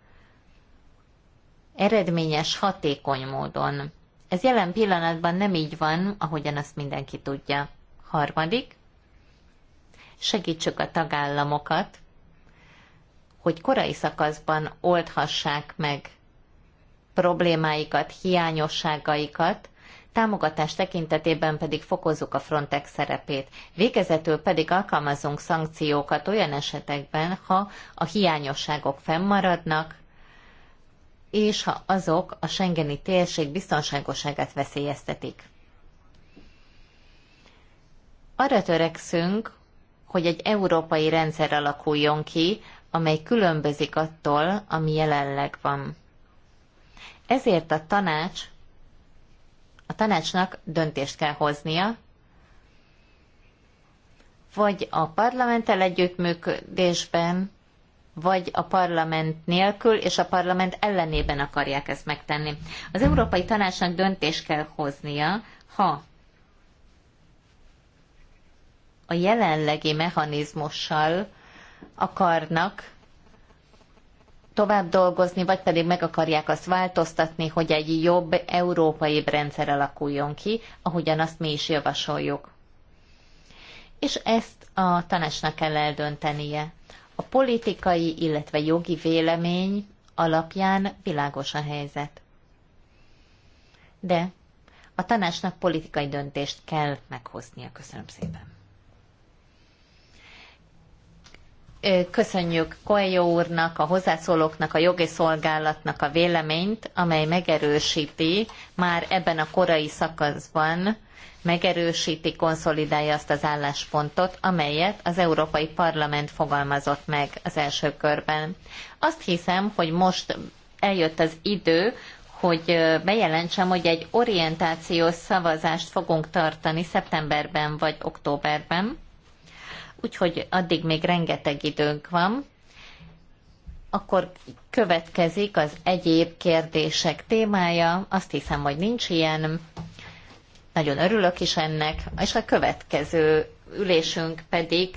eredményes, hatékony módon. Ez jelen pillanatban nem így van, ahogyan azt mindenki tudja. Harmadik, segítsük a tagállamokat, hogy korai szakaszban oldhassák meg problémáikat, hiányosságaikat, támogatás tekintetében pedig fokozzuk a Frontex szerepét. Végezetül pedig alkalmazunk szankciókat olyan esetekben, ha a hiányosságok fennmaradnak, és ha azok a Schengeni térség biztonságosságát veszélyeztetik. Arra törekszünk, hogy egy európai rendszer alakuljon ki, amely különbözik attól, ami jelenleg van. Ezért a tanács, a tanácsnak döntést kell hoznia, vagy a parlamenttel együttműködésben, vagy a parlament nélkül és a parlament ellenében akarják ezt megtenni. Az Európai Tanácsnak döntést kell hoznia, ha a jelenlegi mechanizmussal akarnak tovább dolgozni, vagy pedig meg akarják azt változtatni, hogy egy jobb európai rendszer alakuljon ki, ahogyan azt mi is javasoljuk. És ezt a tanácsnak kell eldöntenie. A politikai, illetve jogi vélemény alapján világos a helyzet. De a tanácsnak politikai döntést kell meghoznia. Köszönöm szépen. Köszönjük Koelyó úrnak, a hozzászólóknak, a jogi szolgálatnak a véleményt, amely megerősíti már ebben a korai szakaszban, megerősíti, konszolidálja azt az álláspontot, amelyet az Európai Parlament fogalmazott meg az első körben. Azt hiszem, hogy most eljött az idő, hogy bejelentsem, hogy egy orientációs szavazást fogunk tartani szeptemberben vagy októberben úgyhogy addig még rengeteg időnk van. Akkor következik az egyéb kérdések témája. Azt hiszem, hogy nincs ilyen. Nagyon örülök is ennek. És a következő ülésünk pedig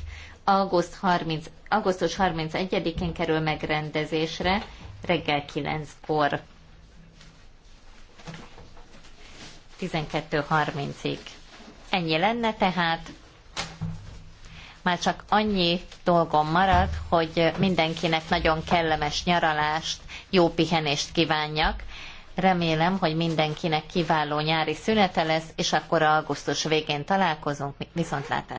augusztus 30, augusztus 31-én kerül megrendezésre reggel 9-kor. 12.30-ig. Ennyi lenne tehát. Már csak annyi dolgom marad, hogy mindenkinek nagyon kellemes nyaralást, jó pihenést kívánjak. Remélem, hogy mindenkinek kiváló nyári szünete lesz, és akkor augusztus végén találkozunk. Viszontlátásra!